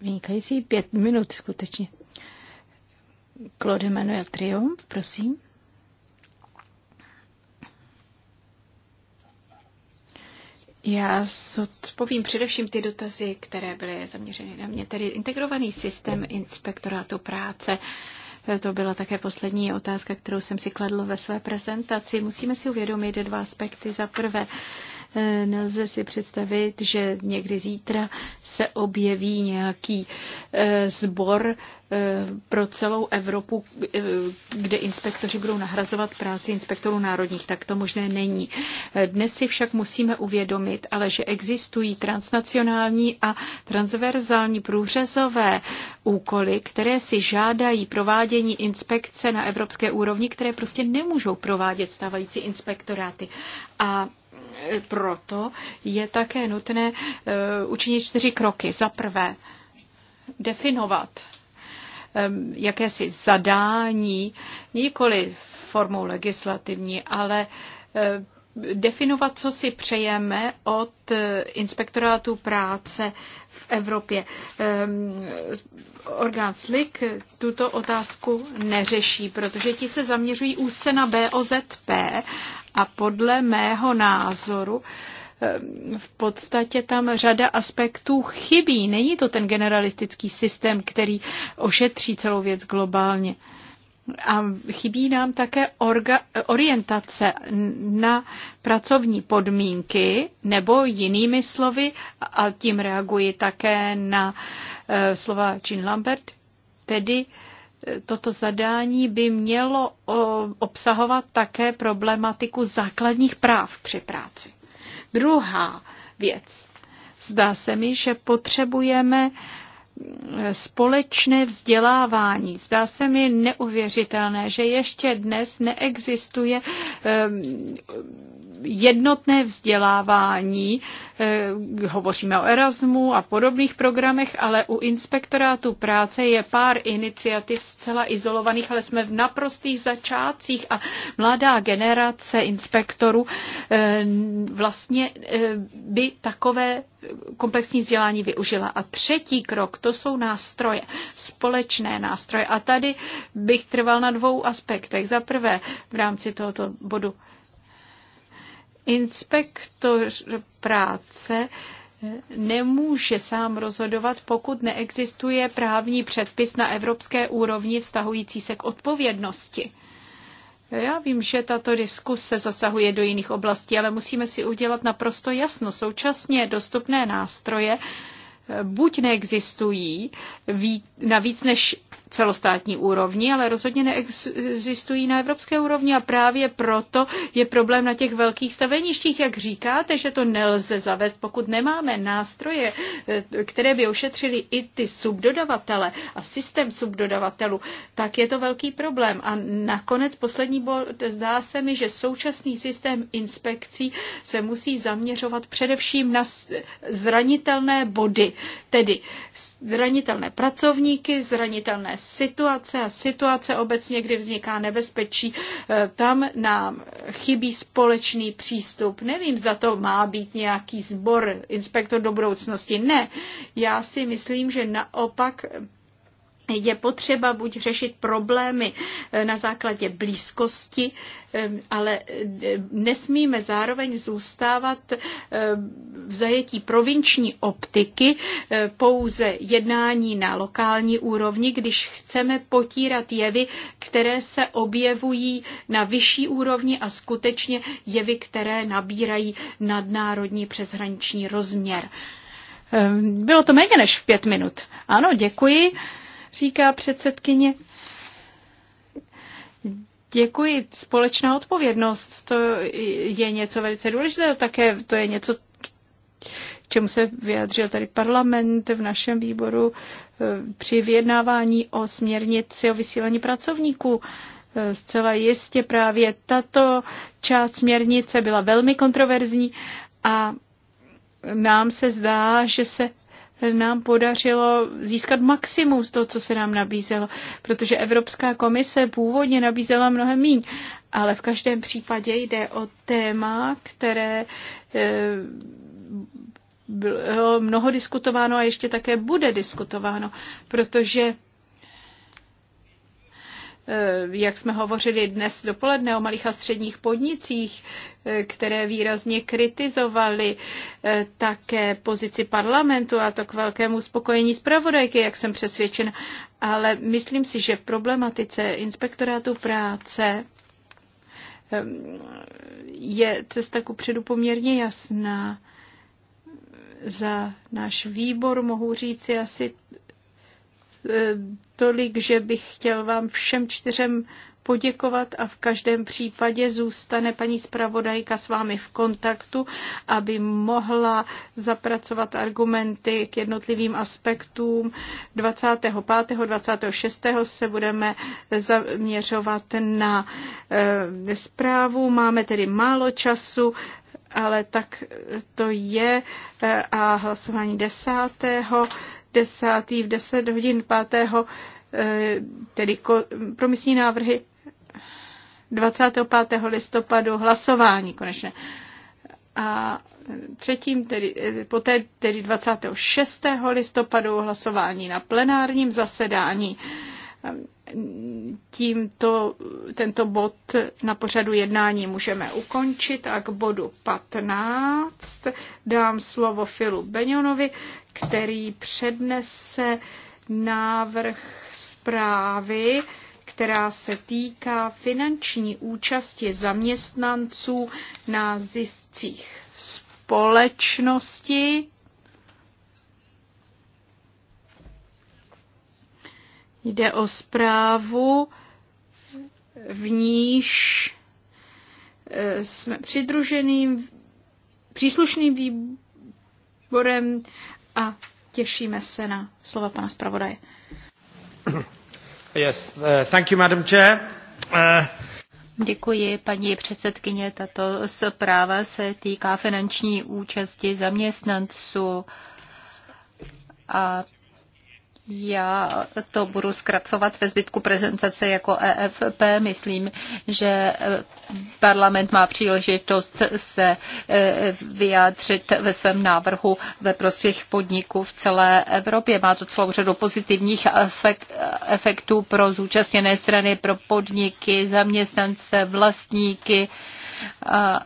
Vynikající pět minut, skutečně. Claude Manuel Triumph, prosím. Já odpovím především ty dotazy, které byly zaměřeny na mě, tedy integrovaný systém inspektorátu práce. To byla také poslední otázka, kterou jsem si kladl ve své prezentaci. Musíme si uvědomit dva aspekty. Za prvé, Eh, nelze si představit, že někdy zítra se objeví nějaký eh, sbor eh, pro celou Evropu, kde inspektoři budou nahrazovat práci inspektorů národních. Tak to možné není. Dnes si však musíme uvědomit, ale že existují transnacionální a transverzální průřezové úkoly, které si žádají provádění inspekce na evropské úrovni, které prostě nemůžou provádět stávající inspektoráty. A proto je také nutné eh, učinit čtyři kroky. Za prvé, definovat eh, jakési zadání, nikoli formou legislativní, ale eh, definovat, co si přejeme od eh, inspektorátu práce v Evropě. Ehm, orgán SLIK tuto otázku neřeší, protože ti se zaměřují úzce na BOZP a podle mého názoru ehm, v podstatě tam řada aspektů chybí. Není to ten generalistický systém, který ošetří celou věc globálně. A chybí nám také orga, orientace na pracovní podmínky, nebo jinými slovy, a tím reaguji také na e, slova Jean Lambert, tedy e, toto zadání by mělo o, obsahovat také problematiku základních práv při práci. Druhá věc. Zdá se mi, že potřebujeme e, společné vzdělávání. Zdá se mi neuvěřitelné, že ještě dnes neexistuje jednotné vzdělávání, eh, hovoříme o Erasmu a podobných programech, ale u inspektorátu práce je pár iniciativ zcela izolovaných, ale jsme v naprostých začátcích a mladá generace inspektorů eh, vlastně eh, by takové komplexní vzdělání využila. A třetí krok, to jsou nástroje, společné nástroje. A tady bych trval na dvou aspektech. Za prvé, v rámci tohoto bodu Inspektor práce eh, nemůže sám rozhodovat, pokud neexistuje právní předpis na evropské úrovni vztahující se k odpovědnosti. Já vím, že tato diskuse zasahuje do jiných oblastí, ale musíme si udělat naprosto jasno. Současně dostupné nástroje eh, buď neexistují na víc než celostátní úrovni, ale rozhodně neexistují na evropské úrovni a právě proto je problém na těch velkých staveništích, jak říkáte, že to nelze zavést, pokud nemáme nástroje, eh, které by ošetřili i ty subdodavatele a systém subdodavatelů, tak je to velký problém. A nakonec poslední bod, zdá se mi, že současný systém inspekcí se musí zaměřovat především na eh, zranitelné body, tedy zranitelné pracovníky, zranitelné situace a situace obecně, kdy vzniká nebezpečí, eh, tam nám chybí společný přístup. Nevím, zda to má být nějaký sbor, inspektor do budoucnosti. Ne, já si myslím, že naopak je potřeba buď řešit problémy eh, na základě blízkosti, eh, ale eh, nesmíme zároveň zůstávat v zajetí provinční optiky pouze jednání na lokální úrovni, když chceme potírat jevy, které se objevují na vyšší úrovni a skutečně jevy, které nabírají nadnárodní přeshraniční rozměr. Bylo to méně než pět minut. Ano, děkuji říká předsedkyně. Děkuji. Společná odpovědnost, to je něco velice důležitého, také to je něco, k čemu se vyjadřil tady parlament v našem výboru eh, při vyjednávání o směrnici o vysílání pracovníků. Eh, zcela jistě právě tato část směrnice byla velmi kontroverzní a nám se zdá, že se nám podařilo získat maximum z toho, co se nám nabízelo, protože Evropská komise původně nabízela mnohem míň, ale v každém případě jde o téma, které eh, bylo mnoho diskutováno a ještě také bude diskutováno, protože Eh, jak jsme hovořili dnes dopoledne o malých a středních podnicích, eh, které výrazně kritizovaly eh, také pozici parlamentu a to k velkému spokojení zpravodajky, jak jsem přesvědčen. Ale myslím si, že v problematice inspektorátu práce je cesta ku předu poměrně jasná. Za náš výbor mohu říci asi Eh, tolik, že bych chtěl vám všem čtyřem poděkovat a v každém případě zůstane paní zpravodajka s vámi v kontaktu, aby mohla zapracovat argumenty k jednotlivým aspektům. 25. 26. se budeme zaměřovat na e, zprávu. Máme tedy málo času, ale tak to je eh, a hlasování 10 10. v 10 hodin 5. Eh, tedy promisní návrhy 25. listopadu hlasování konečně. A třetím, tedy, eh, poté tedy 26. listopadu hlasování na plenárním zasedání. Tímto tento bod na pořadu jednání můžeme ukončit a k bodu 15 dám slovo Filu Benionovi, který přednese návrh zprávy, která se týká finanční účasti zaměstnanců na ziscích společnosti. Jde o zprávu, v níž e, jsme přidruženým příslušným výborem a těšíme se na slova pana zpravodaje. Yes, uh, thank you, Madam Chair. Uh... Děkuji, paní předsedkyně. Tato zpráva se týká finanční účasti zaměstnanců a já to budu zkracovat ve zbytku prezentace jako EFP. Myslím, že parlament má příležitost se e, vyjádřit ve svém návrhu ve prospěch podniků v celé Evropě. Má to celou řadu pozitivních efektů pro zúčastněné strany, pro podniky, zaměstnance, vlastníky. A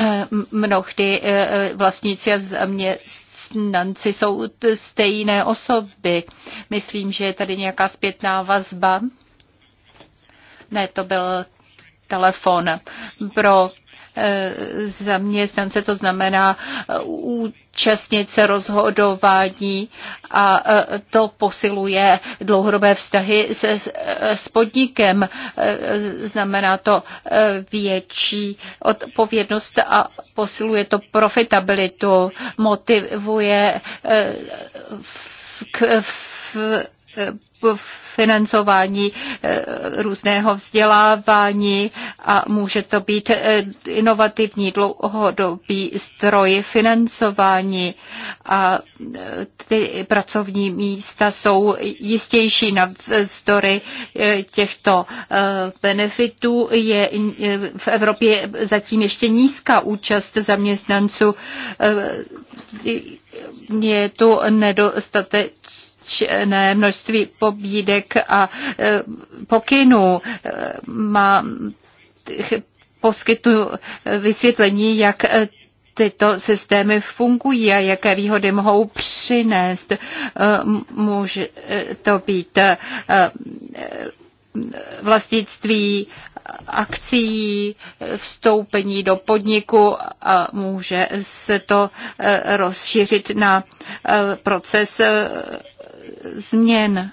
e, mnohdy e, vlastníci a zaměstnanci zaměstnanci jsou stejné osoby. Myslím, že je tady nějaká zpětná vazba. Ne, to byl telefon. Pro zaměstnance, to znamená účastnit se rozhodování a e, to posiluje dlouhodobé vztahy se, s e, podnikem. E, znamená to větší odpovědnost a posiluje to profitabilitu, motivuje k v Eh, financování eh, různého vzdělávání a může to být eh, inovativní dlouhodobý stroj financování a ty pracovní místa jsou jistější na vzdory těchto benefitů. Je v Evropě zatím ještě nízká účast zaměstnanců je tu nedostatek značné množství pobídek a e, pokynů. E, Má, poskytnu e, vysvětlení, jak tyto systémy fungují a jaké výhody mohou přinést. Může to být vlastnictví akcí, vstoupení do podniku a může se to rozšířit na proces změn.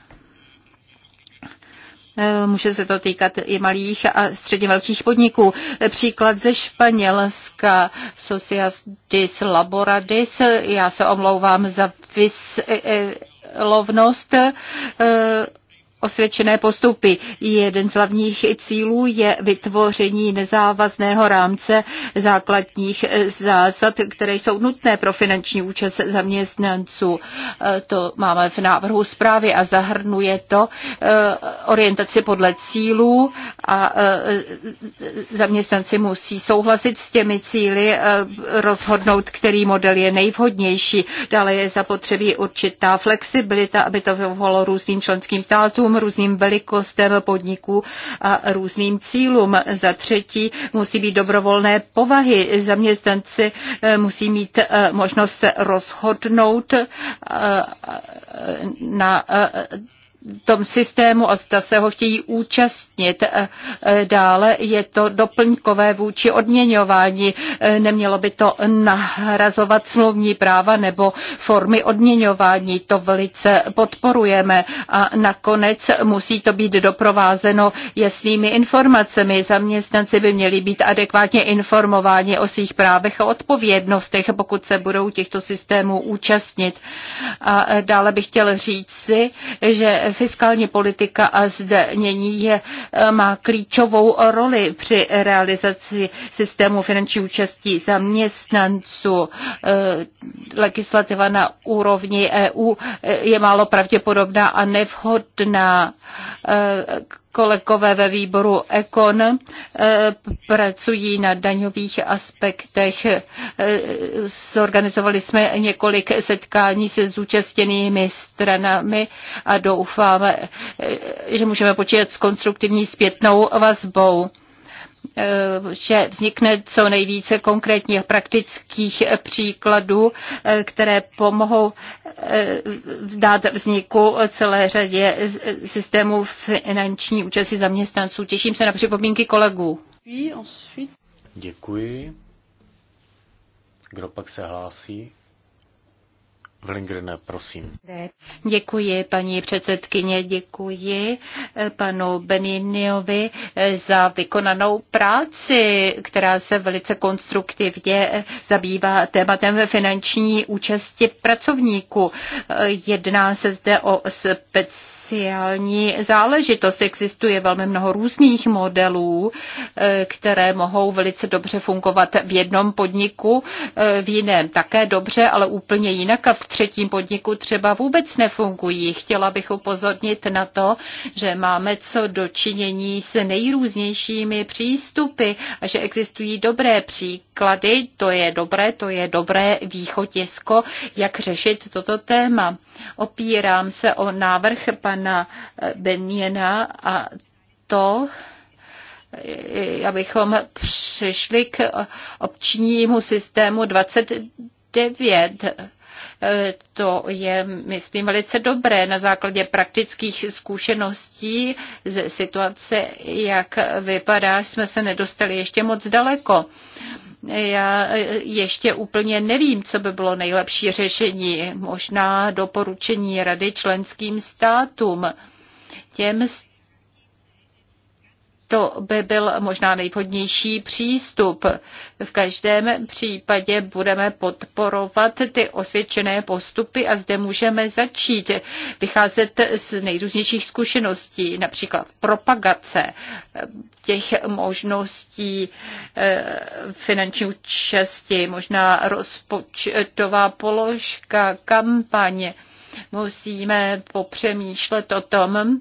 Eh, může se to týkat i malých a středně velkých podniků. Příklad ze Španělska, Socias dis Laboradis, já se omlouvám za vyslovnost, eh, osvědčené postupy. Jeden z hlavních cílů je vytvoření nezávazného rámce základních zásad, které jsou nutné pro finanční účast zaměstnanců. To máme v návrhu zprávy a zahrnuje to eh, orientaci podle cílů a eh, zaměstnanci musí souhlasit s těmi cíly, eh, rozhodnout, který model je nejvhodnější. Dále je zapotřebí určitá flexibilita, aby to vyvolalo různým členským státům podnikům, různým velikostem podniků a různým cílům. Za třetí musí být dobrovolné povahy. Zaměstnanci eh, musí mít eh, možnost se rozhodnout eh, na tom systému a zda se ho chtějí účastnit. E, e, dále je to doplňkové vůči odměňování. E, nemělo by to nahrazovat smluvní práva nebo formy odměňování. To velice podporujeme. A nakonec musí to být doprovázeno jasnými informacemi. Zaměstnanci by měli být adekvátně informováni o svých právech a odpovědnostech, pokud se budou těchto systémů účastnit. A dále bych chtěl říct si, že Fiskální politika a zdanění eh, má klíčovou roli při realizaci systému finanční účastí zaměstnanců. Eh, legislativa na úrovni EU eh, je málo pravděpodobná a nevhodná kolegové ve výboru Ekon eh, pracují na daňových aspektech. Eh, zorganizovali jsme několik setkání se zúčastněnými stranami a doufáme, eh, že můžeme počítat s konstruktivní zpětnou vazbou. Eh, že vznikne co nejvíce konkrétních praktických příkladů, eh, které pomohou eh, dát vzniku celé řadě systémů finanční účasti zaměstnanců. Těším se na připomínky kolegů. Děkuji. Kdo pak se hlásí? Vlingrine, prosím. Děkuji, paní předsedkyně, děkuji eh, panu Beniniovi eh, za vykonanou práci, která se velice konstruktivně eh, zabývá tématem finanční účasti pracovníků. Jedná se zde o speciální sociální záležitost. Existuje velmi mnoho různých modelů, eh, které mohou velice dobře fungovat v jednom podniku, eh, v jiném také dobře, ale úplně jinak a v třetím podniku třeba vůbec nefungují. Chtěla bych upozornit na to, že máme co dočinění s nejrůznějšími přístupy a že existují dobré příklady, to je dobré, to je dobré východisko, jak řešit toto téma. Opírám se o návrh pana pana Benjena a to, abychom přišli k občinnímu systému 29. To je, myslím, velice dobré na základě praktických zkušeností ze situace, jak vypadá, jsme se nedostali ještě moc daleko. Já e, ještě úplně nevím, co by bylo nejlepší řešení. Možná doporučení rady členským státům. Těm to by byl možná nejvhodnější přístup. V každém případě budeme podporovat ty osvědčené postupy a zde můžeme začít vycházet z nejrůznějších zkušeností, například propagace těch možností eh, finanční účasti, možná rozpočtová položka, kampaně. Musíme popřemýšlet o tom,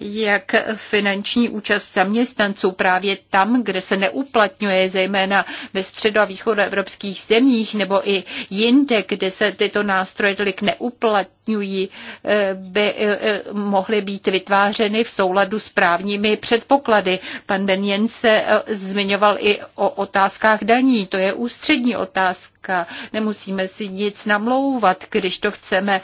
jak finanční účast zaměstnanců právě tam, kde se neuplatňuje, zejména ve středo- a východoevropských zemích nebo i jinde, kde se tyto nástroje tolik neuplatňují, eh, by eh, eh, mohly být vytvářeny v souladu s právními předpoklady. Pan Denjen se zmiňoval i o otázkách daní. To je ústřední otázka. Nemusíme si nic namlouvat, když to chceme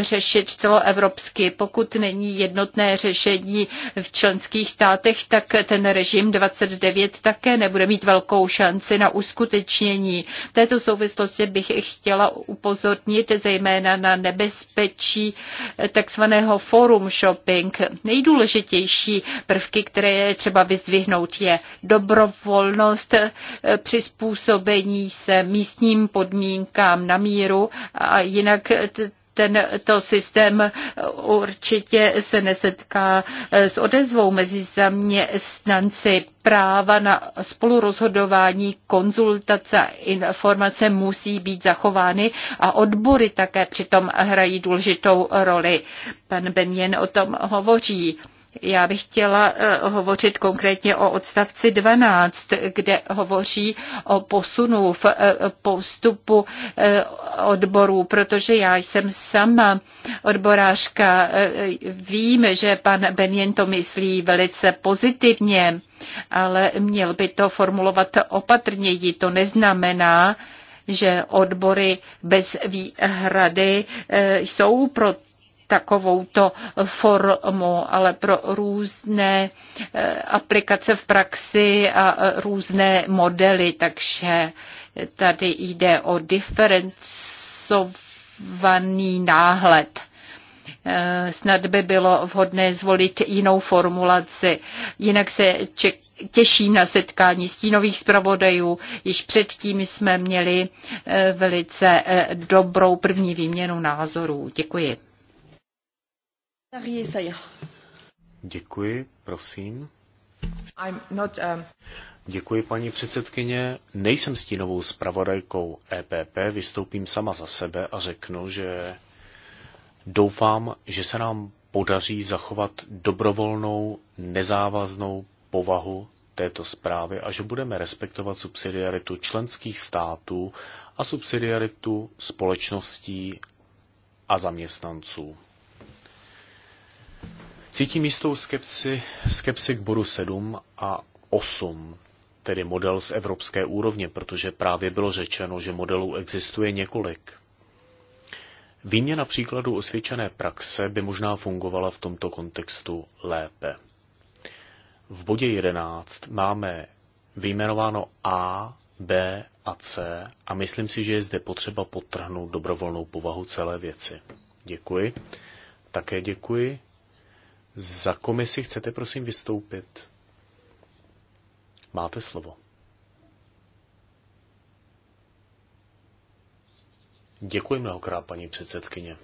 řešit celoevropsky, pokud není jednotné řešení v členských státech, tak ten režim 29 také nebude mít velkou šanci na uskutečnění. V této souvislosti bych chtěla upozornit zejména na nebezpečí takzvaného forum shopping. Nejdůležitější prvky, které je třeba vyzdvihnout, je dobrovolnost, eh, přizpůsobení se místním podmínkám na míru a jinak tento systém určitě se nesetká s odezvou mezi zaměstnanci práva na spolurozhodování, konzultace a informace musí být zachovány a odbory také přitom hrají důležitou roli. Pan Benjen o tom hovoří. Já bych chtěla eh, hovořit konkrétně o odstavci 12, kde hovoří o posunu v eh, postupu eh, odborů, protože já jsem sama odborářka. Vím, že pan Benjen to myslí velice pozitivně, ale měl by to formulovat opatrněji. To neznamená, že odbory bez výhrady jsou pro takovouto formu, ale pro různé eh, aplikace v praxi a eh, různé modely, takže tady jde o diferencovaný náhled eh, snad by bylo vhodné zvolit jinou formulaci. Jinak se ček, těším na setkání stínových zpravodajů. Již předtím jsme měli velice dobrou první výměnu názorů. Děkuji. Děkuji, prosím. I'm not, um... Děkuji, paní předsedkyně. Nejsem stínovou zpravodajkou EPP, vystoupím sama za sebe a řeknu, že doufám, že se nám podaří zachovat dobrovolnou, nezávaznou povahu této zprávy a že budeme respektovat subsidiaritu členských států a subsidiaritu společností a zaměstnanců. Cítím jistou skepsi, skepsi k bodu 7 a 8, tedy model z evropské úrovně, protože právě bylo řečeno, že modelů existuje několik. Výměna příkladů osvědčené praxe by možná fungovala v tomto kontextu lépe. V bodě 11 máme vyjmenováno A, B a C a myslím si, že je zde potřeba potrhnout dobrovolnou povahu celé věci. Děkuji. Také děkuji. Za komisi chcete prosím vystoupit? Máte slovo. Děkuji mnohokrát, paní předsedkyně.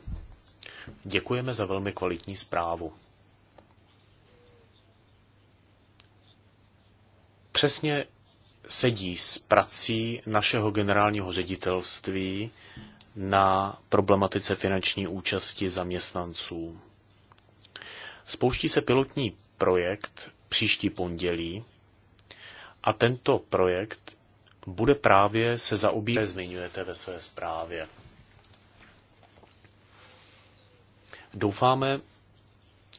Děkujeme za velmi kvalitní zprávu. Přesně sedí s prací našeho generálního ředitelství na problematice finanční účasti zaměstnanců. Spouští se pilotní projekt příští pondělí a tento projekt bude právě se zaobírat, zmiňujete ve své zprávě. Doufáme,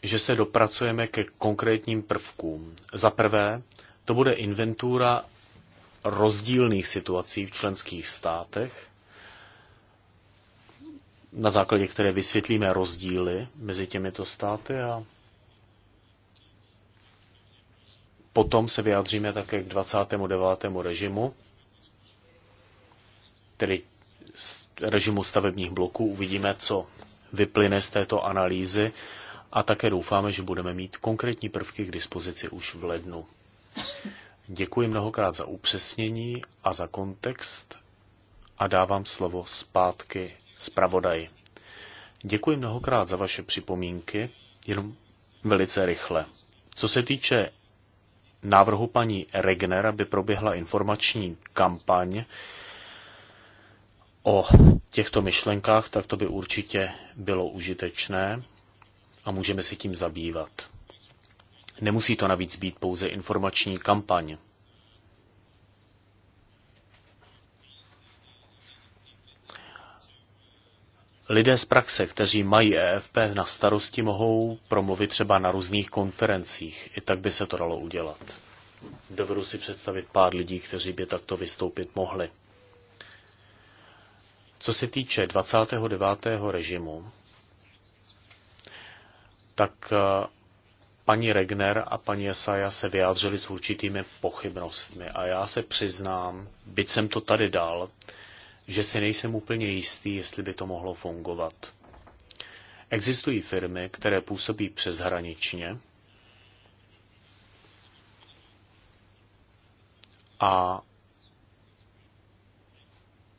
že se dopracujeme ke konkrétním prvkům. Za prvé, to bude inventura rozdílných situací v členských státech, na základě které vysvětlíme rozdíly mezi těmito státy a Potom se vyjádříme také k 29. režimu, tedy režimu stavebních bloků. Uvidíme, co vyplyne z této analýzy a také doufáme, že budeme mít konkrétní prvky k dispozici už v lednu. Děkuji mnohokrát za upřesnění a za kontext a dávám slovo zpátky zpravodaji. Děkuji mnohokrát za vaše připomínky, jenom velice rychle. Co se týče návrhu paní Regner, aby proběhla informační kampaň o těchto myšlenkách, tak to by určitě bylo užitečné a můžeme se tím zabývat. Nemusí to navíc být pouze informační kampaň. lidé z praxe, kteří mají EFP na starosti, mohou promluvit třeba na různých konferencích. I tak by se to dalo udělat. Dovedu si představit pár lidí, kteří by takto vystoupit mohli. Co se týče 29. režimu, tak eh, paní Regner a paní Esaja se vyjádřili s určitými pochybnostmi. A já se přiznám, byť jsem to tady dal, že si nejsem úplně jistý, jestli by to mohlo fungovat. Existují firmy, které působí přeshraničně a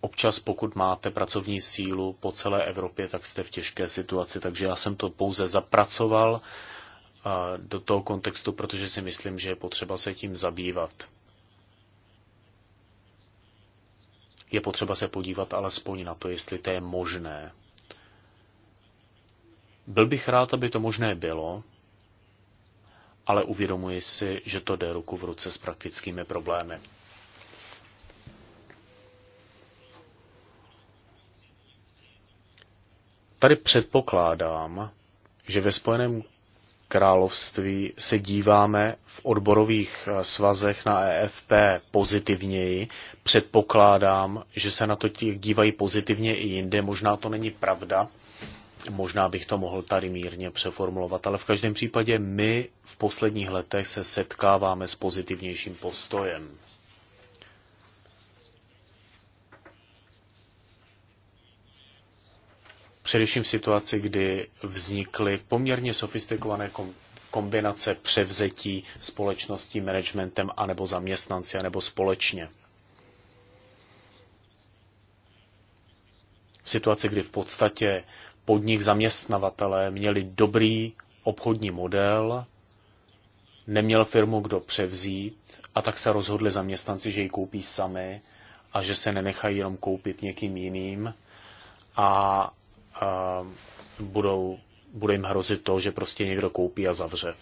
občas, pokud máte pracovní sílu po celé Evropě, tak jste v těžké situaci. Takže já jsem to pouze zapracoval eh, do toho kontextu, protože si myslím, že je potřeba se tím zabývat. je potřeba se podívat alespoň na to, jestli to je možné. Byl bych rád, aby to možné bylo, ale uvědomuji si, že to jde ruku v ruce s praktickými problémy. Tady předpokládám, že ve Spojeném království se díváme v odborových eh, svazech na EFP pozitivněji. Předpokládám, že se na to dívají pozitivně i jinde. Možná to není pravda, možná bych to mohl tady mírně přeformulovat, ale v každém případě my v posledních letech se setkáváme s pozitivnějším postojem. Především v situaci, kdy vznikly poměrně sofistikované kombinace převzetí společností, managementem, anebo zaměstnanci, anebo společně. V situaci, kdy v podstatě podnik zaměstnavatele měli dobrý obchodní model, neměl firmu kdo převzít a tak se rozhodli zaměstnanci, že ji koupí sami a že se nenechají jenom koupit někým jiným a a budou, bude jim hrozit to, že prostě někdo koupí a zavře.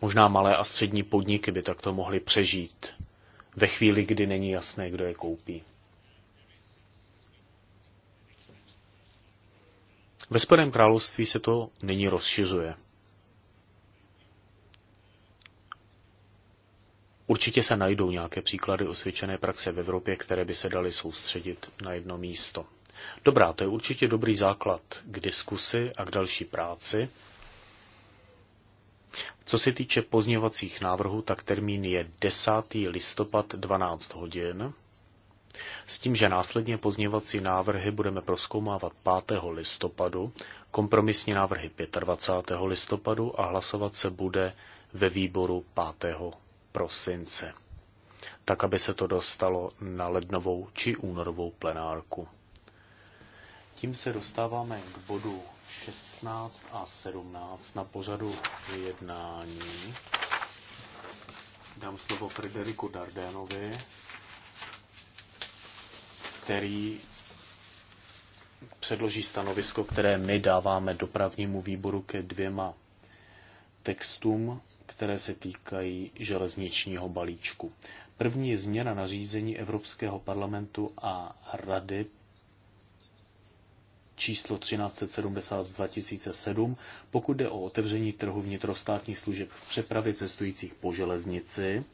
Možná malé a střední podniky by takto mohly přežít ve chvíli, kdy není jasné, kdo je koupí. Ve Spojeném království se to nyní rozšiřuje. Určitě se najdou nějaké příklady osvědčené praxe v Evropě, které by se daly soustředit na jedno místo. Dobrá, to je určitě dobrý základ k diskusi a k další práci. Co se týče pozněvacích návrhů, tak termín je 10. listopad 12 hodin, s tím, že následně pozněvací návrhy budeme proskoumávat 5. listopadu, kompromisní návrhy 25. listopadu a hlasovat se bude ve výboru 5. prosince, tak aby se to dostalo na lednovou či únorovou plenárku. Tím se dostáváme k bodu 16 a 17 na pořadu jednání. Dám slovo Frederiku Dardénovi, který předloží stanovisko, které my dáváme dopravnímu výboru ke dvěma textům, které se týkají železničního balíčku. První je změna nařízení Evropského parlamentu a Rady číslo 1370 z 2007, pokud jde o otevření trhu vnitrostátních služeb v přepravě cestujících po železnici.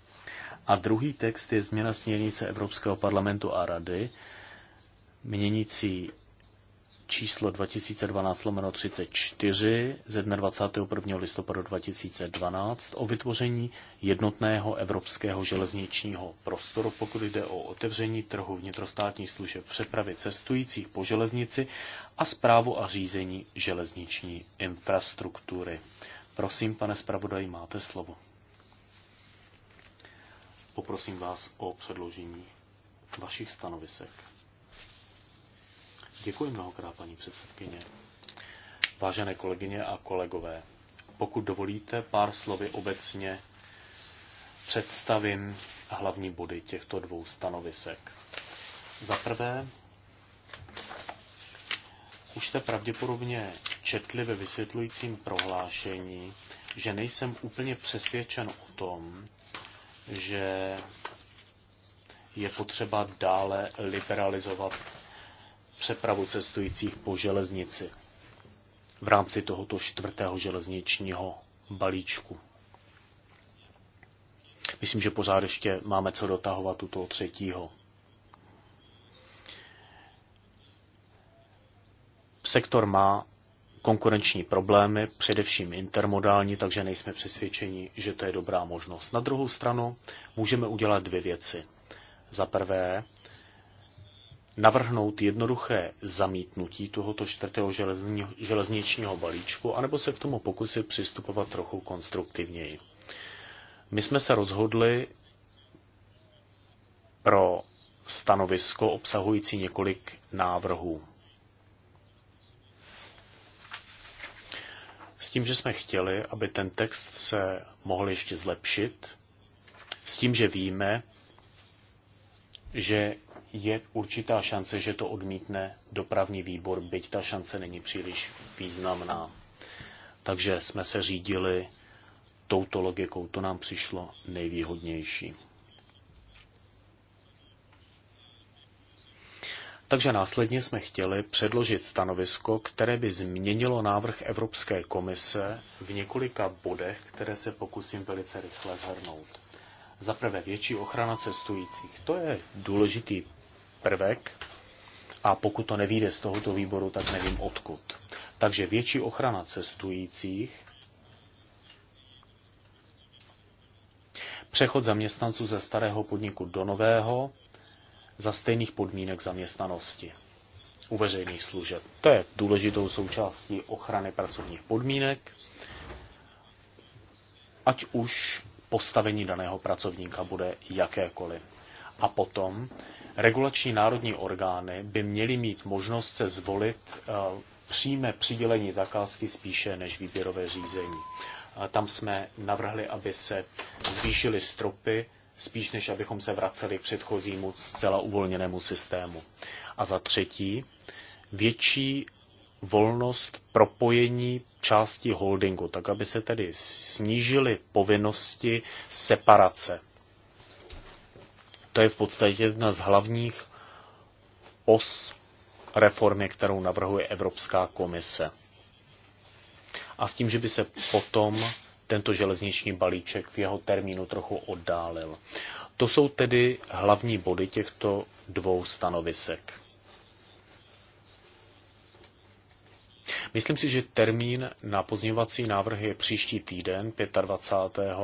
A druhý text je změna směrnice Evropského parlamentu a rady, měnící číslo 2012 lomeno 34 ze dne 21. listopadu 2012 o vytvoření jednotného evropského železničního prostoru, pokud jde o otevření trhu vnitrostátní služeb přepravy cestujících po železnici a zprávu a řízení železniční infrastruktury. Prosím, pane zpravodaj, máte slovo. Poprosím vás o předložení vašich stanovisek. Děkuji mnohokrát, paní předsedkyně. Vážené kolegyně a kolegové, pokud dovolíte, pár slovy obecně představím hlavní body těchto dvou stanovisek. Za prvé, už jste pravděpodobně četli ve vysvětlujícím prohlášení, že nejsem úplně přesvědčen o tom, že je potřeba dále liberalizovat přepravu cestujících po železnici v rámci tohoto čtvrtého železničního balíčku. Myslím, že pořád ještě máme co dotahovat u toho třetího. Sektor má konkurenční problémy, především intermodální, takže nejsme přesvědčeni, že to je dobrá možnost. Na druhou stranu můžeme udělat dvě věci. Za prvé, navrhnout jednoduché zamítnutí tohoto čtvrtého železničního balíčku, anebo se k tomu pokusit přistupovat trochu konstruktivněji. My jsme se rozhodli pro stanovisko obsahující několik návrhů. S tím, že jsme chtěli, aby ten text se mohl ještě zlepšit, s tím, že víme, že je určitá šance, že to odmítne dopravní výbor, byť ta šance není příliš významná. Takže jsme se řídili touto logikou, to nám přišlo nejvýhodnější. Takže následně jsme chtěli předložit stanovisko, které by změnilo návrh Evropské komise v několika bodech, které se pokusím velice rychle zhrnout. Za prvé větší ochrana cestujících. To je důležitý prvek a pokud to nevíde z tohoto výboru, tak nevím odkud. Takže větší ochrana cestujících, přechod zaměstnanců ze starého podniku do nového za stejných podmínek zaměstnanosti u veřejných služeb. To je důležitou součástí ochrany pracovních podmínek, ať už postavení daného pracovníka bude jakékoliv. A potom regulační národní orgány by měly mít možnost se zvolit eh, přímé přidělení zakázky spíše než výběrové řízení. Tam jsme navrhli, aby se zvýšily stropy, spíš než abychom se vraceli k předchozímu zcela uvolněnému systému. A za třetí, větší volnost propojení části holdingu, tak aby se tedy snížily povinnosti separace to je v podstatě jedna z hlavních os reformy, kterou navrhuje Evropská komise. A s tím, že by se potom tento železniční balíček v jeho termínu trochu oddálil. To jsou tedy hlavní body těchto dvou stanovisek. Myslím si, že termín na pozměňovací návrhy je příští týden, 25.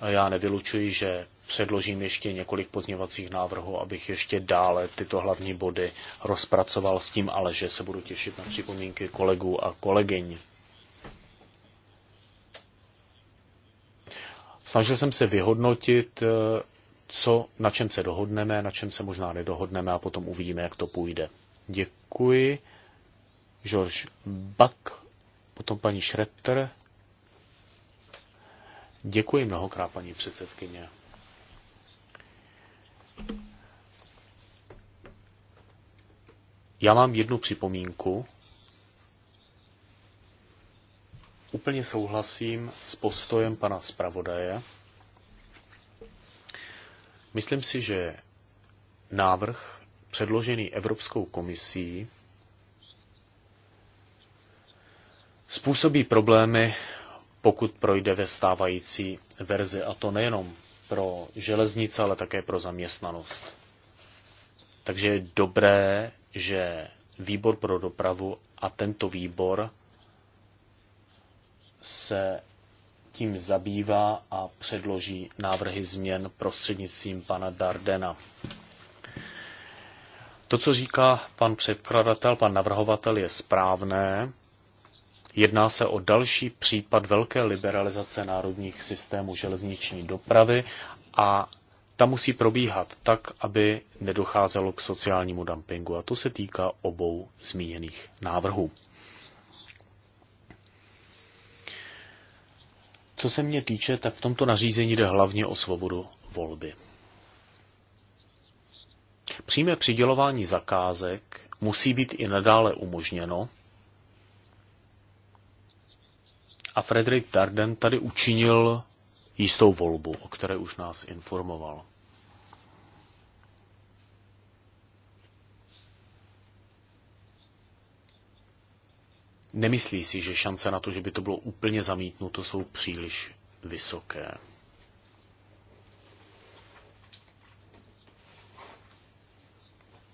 Já nevylučuji, že předložím ještě několik pozněvacích návrhů, abych ještě dále tyto hlavní body rozpracoval s tím, ale že se budu těšit na připomínky kolegů a kolegyň. Snažil jsem se vyhodnotit, eh, co, na čem se dohodneme, na čem se možná nedohodneme a potom uvidíme, jak to půjde. Děkuji. George Buck, potom paní Schretter. Děkuji mnohokrát, paní předsedkyně. Já mám jednu připomínku. Úplně souhlasím s postojem pana zpravodaje. Myslím si, že návrh předložený Evropskou komisí způsobí problémy, pokud projde ve stávající verzi, a to nejenom pro železnice, ale také pro zaměstnanost. Takže je dobré, že výbor pro dopravu a tento výbor se tím zabývá a předloží návrhy změn prostřednictvím pana Dardena. To, co říká pan předkladatel, pan navrhovatel, je správné. Jedná se o další případ velké liberalizace národních systémů železniční dopravy a ta musí probíhat tak, aby nedocházelo k sociálnímu dumpingu. A to se týká obou zmíněných návrhů. Co se mě týče, tak v tomto nařízení jde hlavně o svobodu volby. Přímé přidělování zakázek musí být i nadále umožněno, A Frederick Darden tady učinil jistou volbu, o které už nás informoval. Nemyslí si, že šance na to, že by to bylo úplně zamítnuto, jsou příliš vysoké.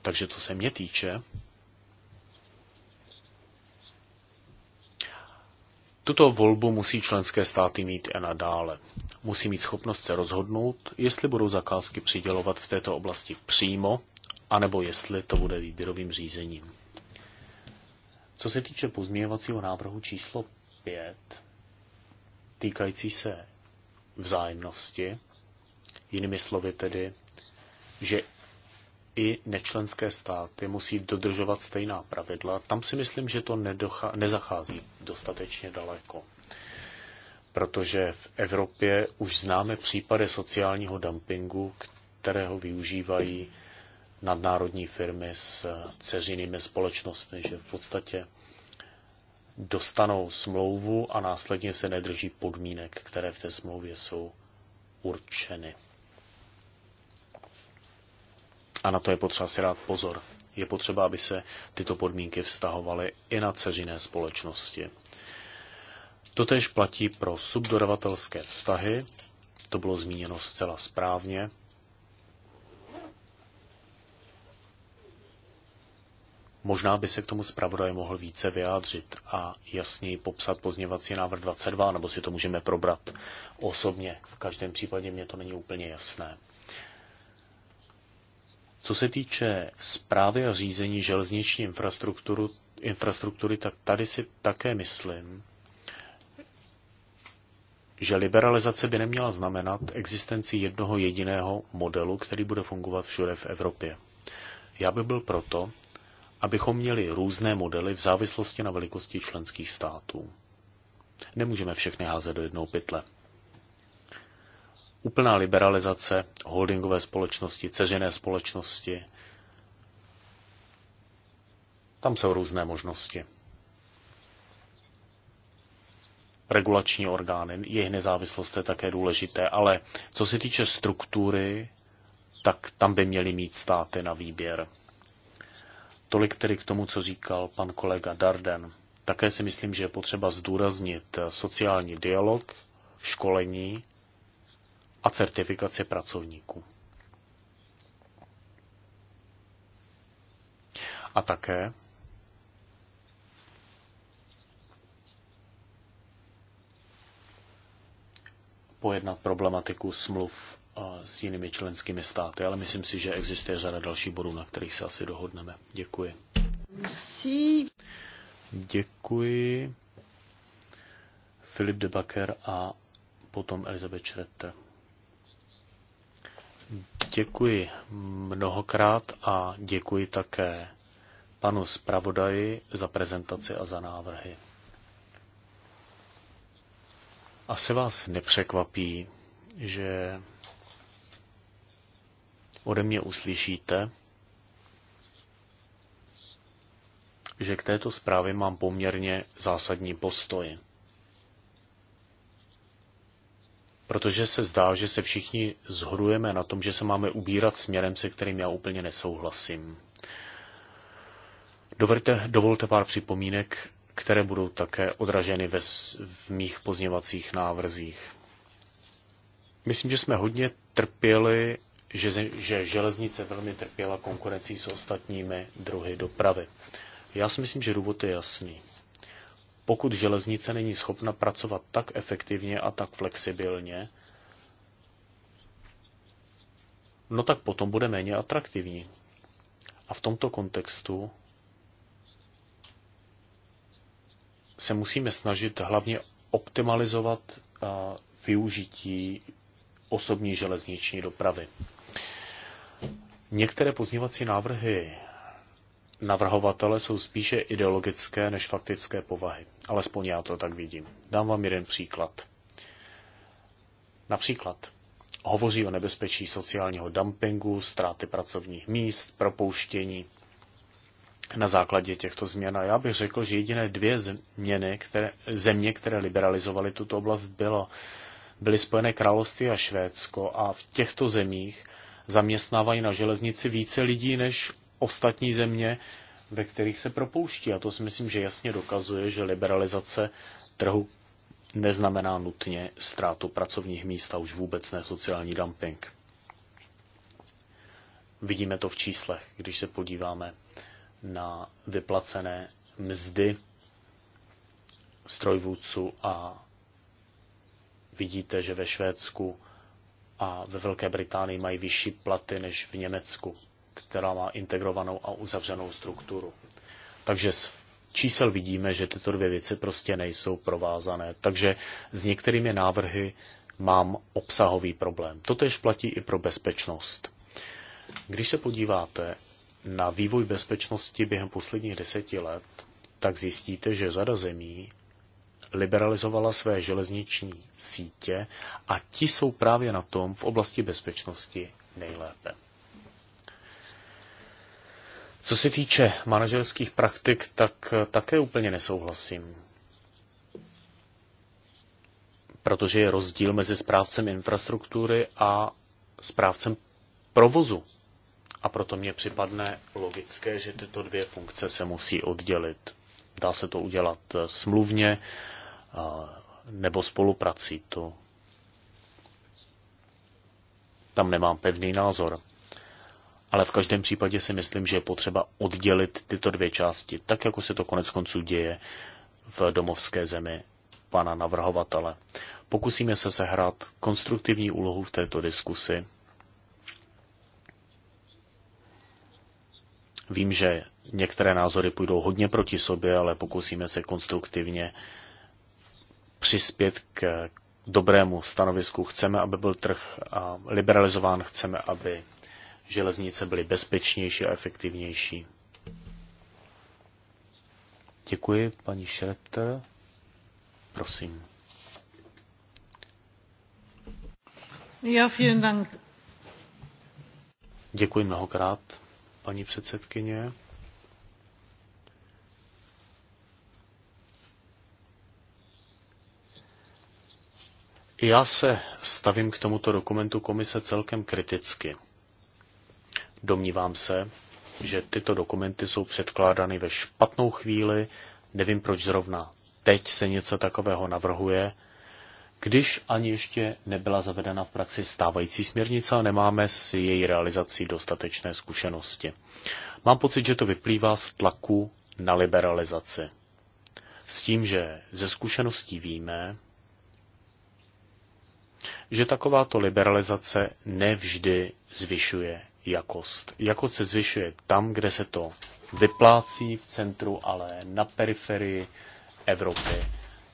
Takže co se mě týče, Tuto volbu musí členské státy mít i nadále. Musí mít schopnost se rozhodnout, jestli budou zakázky přidělovat v této oblasti přímo, anebo jestli to bude výběrovým řízením. Co se týče pozměňovacího návrhu číslo 5, týkající se vzájemnosti, jinými slovy tedy, že i nečlenské státy musí dodržovat stejná pravidla. Tam si myslím, že to nedocha- nezachází dostatečně daleko. Protože v Evropě už známe případy sociálního dumpingu, kterého využívají nadnárodní firmy s ceřinými společnostmi, že v podstatě dostanou smlouvu a následně se nedrží podmínek, které v té smlouvě jsou určeny. A na to je potřeba si dát pozor. Je potřeba, aby se tyto podmínky vztahovaly i na ceřiné společnosti. Totež platí pro subdodavatelské vztahy, to bylo zmíněno zcela správně. Možná by se k tomu zpravodaj mohl více vyjádřit a jasněji popsat pozněvací návrh 22, nebo si to můžeme probrat osobně. V každém případě mě to není úplně jasné. Co se týče zprávy a řízení železniční infrastrukturu, infrastruktury, tak tady si také myslím, že liberalizace by neměla znamenat existenci jednoho jediného modelu, který bude fungovat všude v Evropě. Já by byl proto, abychom měli různé modely v závislosti na velikosti členských států. Nemůžeme všechny házet do jednoho pytle úplná liberalizace holdingové společnosti, ceřené společnosti. Tam jsou různé možnosti. Regulační orgány, jejich nezávislost je také důležité, ale co se týče struktury, tak tam by měly mít státy na výběr. Tolik tedy k tomu, co říkal pan kolega Darden. Také si myslím, že je potřeba zdůraznit sociální dialog, školení, a certifikaci pracovníků. A také pojednat problematiku smluv eh, s jinými členskými státy, ale myslím si, že existuje řada dalších bodů, na kterých se asi dohodneme. Děkuji. Merci. Děkuji. Filip de Baker a potom Elizabeth Schretter. Děkuji mnohokrát a děkuji také panu zpravodaji za prezentaci a za návrhy. Asi vás nepřekvapí, že ode mě uslyšíte, že k této zprávě mám poměrně zásadní postoj. protože se zdá, že se všichni zhodujeme na tom, že se máme ubírat směrem, se kterým já úplně nesouhlasím. Dovolte, dovolte pár připomínek, které budou také odraženy ve, v mých pozněvacích návrzích. Myslím, že jsme hodně trpěli, že, že železnice velmi trpěla konkurencí s ostatními druhy dopravy. Já si myslím, že důvod je jasný pokud železnice není schopna pracovat tak efektivně a tak flexibilně, no tak potom bude méně atraktivní. A v tomto kontextu se musíme snažit hlavně optimalizovat využití osobní železniční dopravy. Některé pozměvací návrhy navrhovatele jsou spíše ideologické než faktické povahy. Alespoň já to tak vidím. Dám vám jeden příklad. Například hovoří o nebezpečí sociálního dumpingu, ztráty pracovních míst, propouštění na základě těchto změn. A já bych řekl, že jediné dvě změny, které, země, které liberalizovaly tuto oblast, bylo, byly Spojené království a Švédsko. A v těchto zemích zaměstnávají na železnici více lidí než ostatní země, ve kterých se propouští. A to si myslím, že jasně dokazuje, že liberalizace trhu neznamená nutně ztrátu pracovních míst a už vůbec ne sociální dumping. Vidíme to v číslech, když se podíváme na vyplacené mzdy strojvůdců a vidíte, že ve Švédsku a ve Velké Británii mají vyšší platy než v Německu která má integrovanou a uzavřenou strukturu. Takže z čísel vidíme, že tyto dvě věci prostě nejsou provázané. Takže s některými návrhy mám obsahový problém. Totež platí i pro bezpečnost. Když se podíváte na vývoj bezpečnosti během posledních deseti let, tak zjistíte, že řada zemí liberalizovala své železniční sítě a ti jsou právě na tom v oblasti bezpečnosti nejlépe. Co se týče manažerských praktik, tak eh, také úplně nesouhlasím. Protože je rozdíl mezi správcem infrastruktury a správcem provozu. A proto mně připadne logické, že tyto dvě funkce se musí oddělit. Dá se to udělat eh, smluvně eh, nebo spoluprací. To tam nemám pevný názor ale v každém případě si myslím, že je potřeba oddělit tyto dvě části, tak jako se to konec konců děje v domovské zemi pana navrhovatele. Pokusíme se sehrát konstruktivní úlohu v této diskusi. Vím, že některé názory půjdou hodně proti sobě, ale pokusíme se konstruktivně přispět k dobrému stanovisku. Chceme, aby byl trh liberalizován, chceme, aby železnice byly bezpečnější a efektivnější. Děkuji, paní Schroeter. Prosím. Já vielen Dank. Děkuji mnohokrát, paní předsedkyně. Já se stavím k tomuto dokumentu komise celkem kriticky. Domnívám se, že tyto dokumenty jsou předkládány ve špatnou chvíli, nevím proč zrovna teď se něco takového navrhuje, když ani ještě nebyla zavedena v praxi stávající směrnice a nemáme s její realizací dostatečné zkušenosti. Mám pocit, že to vyplývá z tlaku na liberalizaci. S tím, že ze zkušeností víme, že takováto liberalizace nevždy zvyšuje jakost. Jakost se zvyšuje tam, kde se to vyplácí v centru, ale na periferii Evropy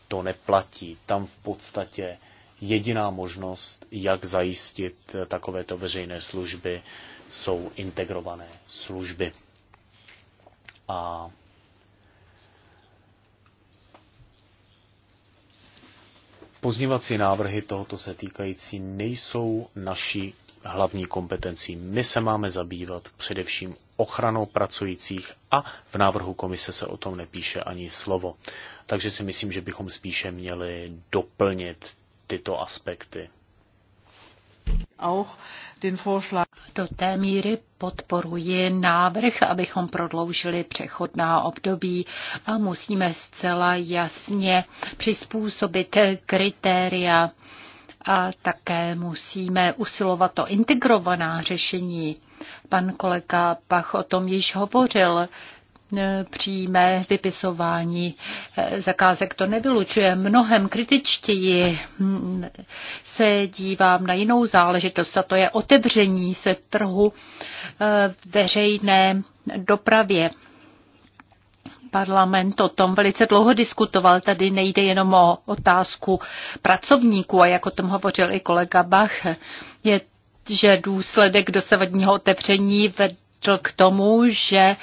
to neplatí. Tam v podstatě jediná možnost, jak zajistit takovéto veřejné služby, jsou integrované služby. A pozněvací návrhy tohoto se týkající nejsou naší hlavní kompetencí. My se máme zabývat především ochranou pracujících a v návrhu komise se o tom nepíše ani slovo. Takže si myslím, že bychom spíše měli doplnit tyto aspekty. den vorschlag Do té míry podporuji návrh, abychom prodloužili přechodná období a musíme zcela jasně přizpůsobit kritéria a také musíme usilovat o integrovaná řešení. Pan kolega Pach o tom již hovořil. Přímé vypisování zakázek to nevylučuje. Mnohem kritičtěji se dívám na jinou záležitost a to je otevření se trhu eh, veřejné dopravě. Parlament o tom velice dlouho diskutoval. Tady nejde jenom o otázku pracovníků, a jak o tom hovořil i kolega Bach, je, že důsledek dosavadního otevření vedl k tomu, že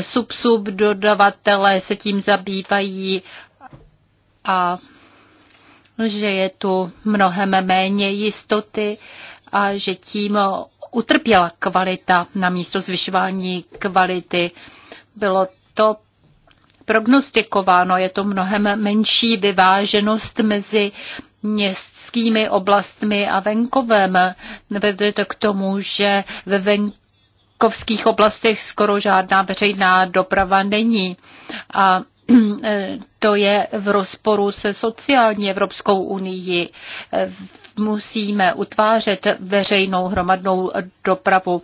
subsub dodavatelé se tím zabývají a že je tu mnohem méně jistoty a že tím utrpěla kvalita na místo zvyšování kvality. Bylo to prognostikováno. Je to mnohem menší vyváženost mezi městskými oblastmi a venkovem. Vede to k tomu, že ve venkovských oblastech skoro žádná veřejná doprava není. A to je v rozporu se sociální Evropskou unii musíme utvářet veřejnou hromadnou dopravu.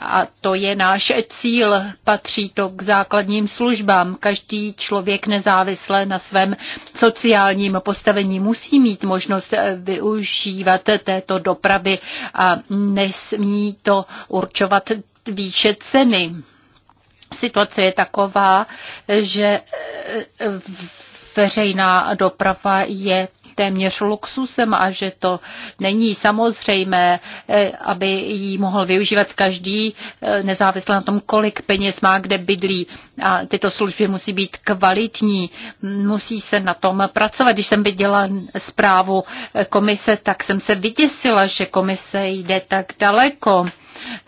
A to je náš cíl. Patří to k základním službám. Každý člověk nezávisle na svém sociálním postavení musí mít možnost využívat této dopravy a nesmí to určovat výše ceny. Situace je taková, že veřejná doprava je téměř luxusem a že to není samozřejmé, eh, aby ji mohl využívat každý, eh, nezávisle na tom, kolik peněz má, kde bydlí. A tyto služby musí být kvalitní, musí se na tom pracovat. Když jsem viděla zprávu eh, komise, tak jsem se vyděsila, že komise jde tak daleko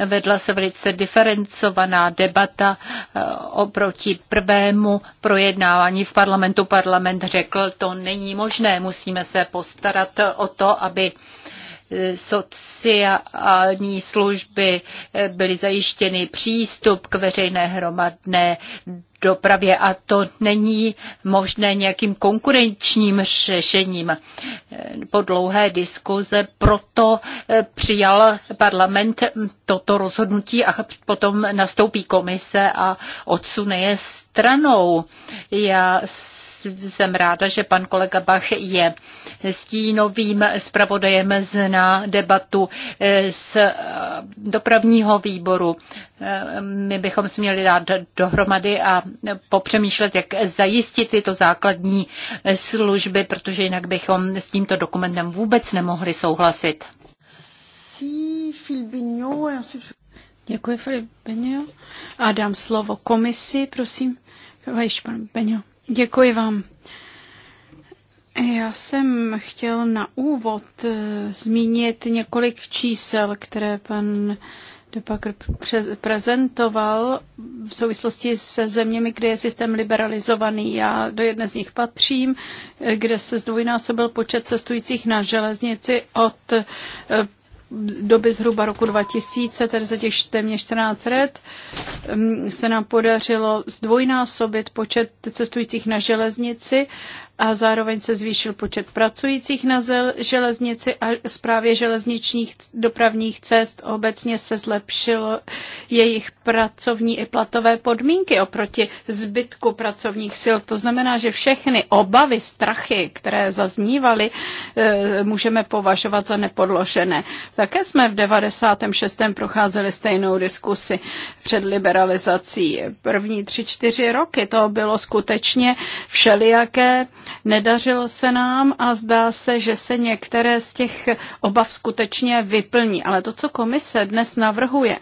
Vedla se velice diferencovaná debata eh, oproti prvému projednávání v parlamentu. Parlament řekl, to není možné, musíme se postarat o to, aby eh, sociální služby eh, byly zajištěny přístup k veřejné hromadné dopravě a to není možné nějakým konkurenčním řešením. Po dlouhé diskuze proto eh, přijal parlament toto rozhodnutí a potom nastoupí komise a odsune je stranou. Já jsem ráda, že pan kolega Bach je stínovým zpravodajem na debatu z eh, eh, dopravního výboru my bychom si měli dát dohromady a popřemýšlet, jak zajistit tyto základní služby, protože jinak bychom s tímto dokumentem vůbec nemohli souhlasit. Děkuji, Filip Benio. A dám slovo komisi, prosím. Vejš, pan Benio. Děkuji vám. Já jsem chtěl na úvod eh, zmínit několik čísel, které pan pak prezentoval v souvislosti se zeměmi, kde je systém liberalizovaný. Já do jedné z nich patřím, kde se zdvojnásobil počet cestujících na železnici od eh, doby zhruba roku 2000, tedy za těch téměř 14 let, mm, se nám podařilo zdvojnásobit počet cestujících na železnici a zároveň se zvýšil počet pracujících na železnici a zprávě železničních dopravních cest. Obecně se zlepšilo jejich pracovní i platové podmínky oproti zbytku pracovních sil. To znamená, že všechny obavy, strachy, které zaznívaly, eh, můžeme považovat za nepodložené. Také jsme v 96. procházeli stejnou diskusi před liberalizací. První tři, čtyři roky to bylo skutečně všelijaké Nedařilo se nám a zdá se, že se některé z těch obav skutečně vyplní. Ale to, co komise dnes navrhuje,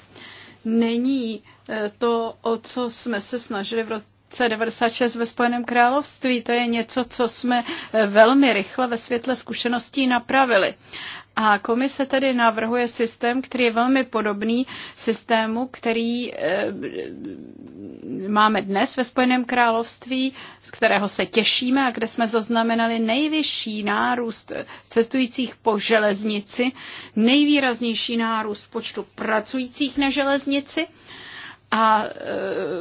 není eh, to, o co jsme se snažili v roce 1996 ve Spojeném království. To je něco, co jsme eh, velmi rychle ve světle zkušeností napravili. A komise tedy navrhuje systém, který je velmi podobný systému, který eh, máme dnes ve Spojeném království, z kterého se těšíme a kde jsme zaznamenali nejvyšší nárůst cestujících po železnici, nejvýraznější nárůst počtu pracujících na železnici a e,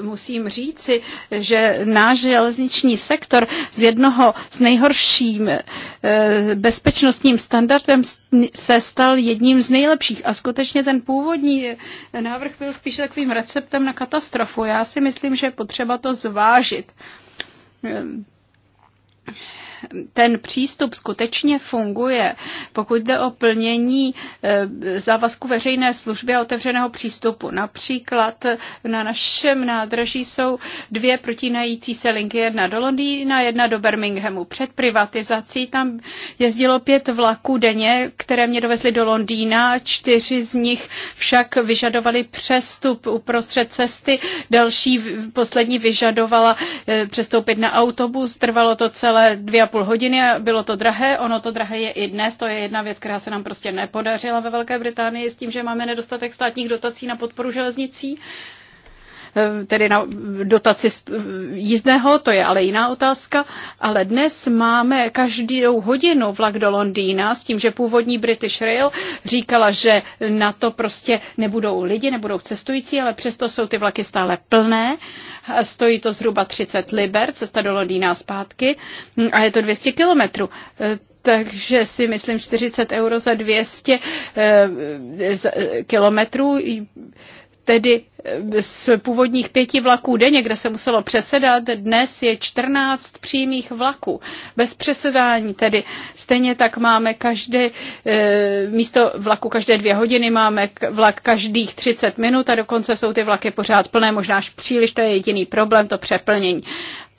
musím říci, že náš železniční sektor z jednoho z nejhorším e, bezpečnostním standardem se stal jedním z nejlepších. A skutečně ten původní návrh byl spíš takovým receptem na katastrofu. Já si myslím, že je potřeba to zvážit ten přístup skutečně funguje, pokud jde o plnění eh, závazku veřejné služby a otevřeného přístupu. Například eh, na našem nádraží jsou dvě protínající se linky, jedna do Londýna, jedna do Birminghamu. Před privatizací tam jezdilo pět vlaků denně, které mě dovezly do Londýna, čtyři z nich však vyžadovali přestup uprostřed cesty, další poslední vyžadovala eh, přestoupit na autobus, trvalo to celé dvě a půl hodiny, bylo to drahé, ono to drahé je i dnes, to je jedna věc, která se nám prostě nepodařila ve Velké Británii s tím, že máme nedostatek státních dotací na podporu železnicí Eh, tedy na dotaci jízdného, to je ale jiná otázka, ale dnes máme každou hodinu vlak do Londýna s tím, že původní British Rail říkala, že na to prostě nebudou lidi, nebudou cestující, ale přesto jsou ty vlaky stále plné. Stojí to zhruba 30 liber, cesta do Londýna a zpátky hm, a je to 200 kilometrů eh, takže si myslím 40 euro za 200 eh, kilometrů tedy eh, z původních pěti vlaků denně, kde se muselo přesedat, dnes je 14 přímých vlaků. Bez přesedání tedy stejně tak máme každé, eh, místo vlaku každé dvě hodiny máme vlak každých 30 minut a dokonce jsou ty vlaky pořád plné, možná až příliš, to je jediný problém, to přeplnění.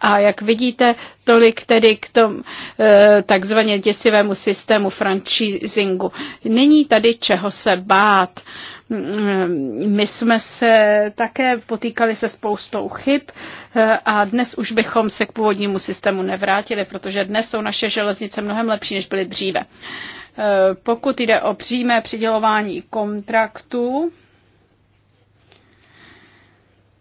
A jak vidíte, tolik tedy k tomu eh, takzvaně děsivému systému franchisingu. Není tady čeho se bát. Mm, my jsme se také potýkali se spoustou chyb eh, a dnes už bychom se k původnímu systému nevrátili, protože dnes jsou naše železnice mnohem lepší, než byly dříve. Eh, pokud jde o přímé přidělování kontraktů,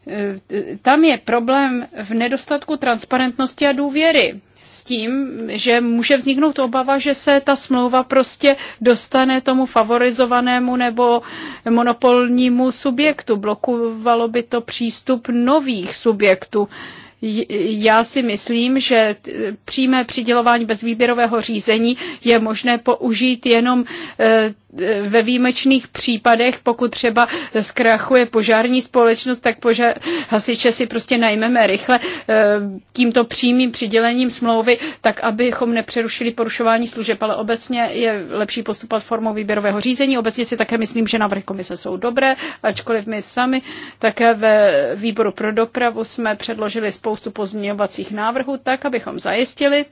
eh, tam je problém v nedostatku transparentnosti a důvěry tím, že může vzniknout obava, že se ta smlouva prostě dostane tomu favorizovanému nebo monopolnímu subjektu. Blokovalo by to přístup nových subjektů. Já si myslím, že přímé přidělování bez výběrového řízení je možné použít jenom eh, ve výjimečných případech, pokud třeba zkrachuje požární společnost, tak poža- hasiče si prostě najmeme rychle eh, tímto přímým přidělením smlouvy, tak abychom nepřerušili porušování služeb, ale obecně je lepší postupovat formou výběrového řízení. Obecně si také myslím, že návrhy komise jsou dobré, ačkoliv my sami také ve výboru pro dopravu jsme předložili spoustu pozměňovacích návrhů, tak abychom zajistili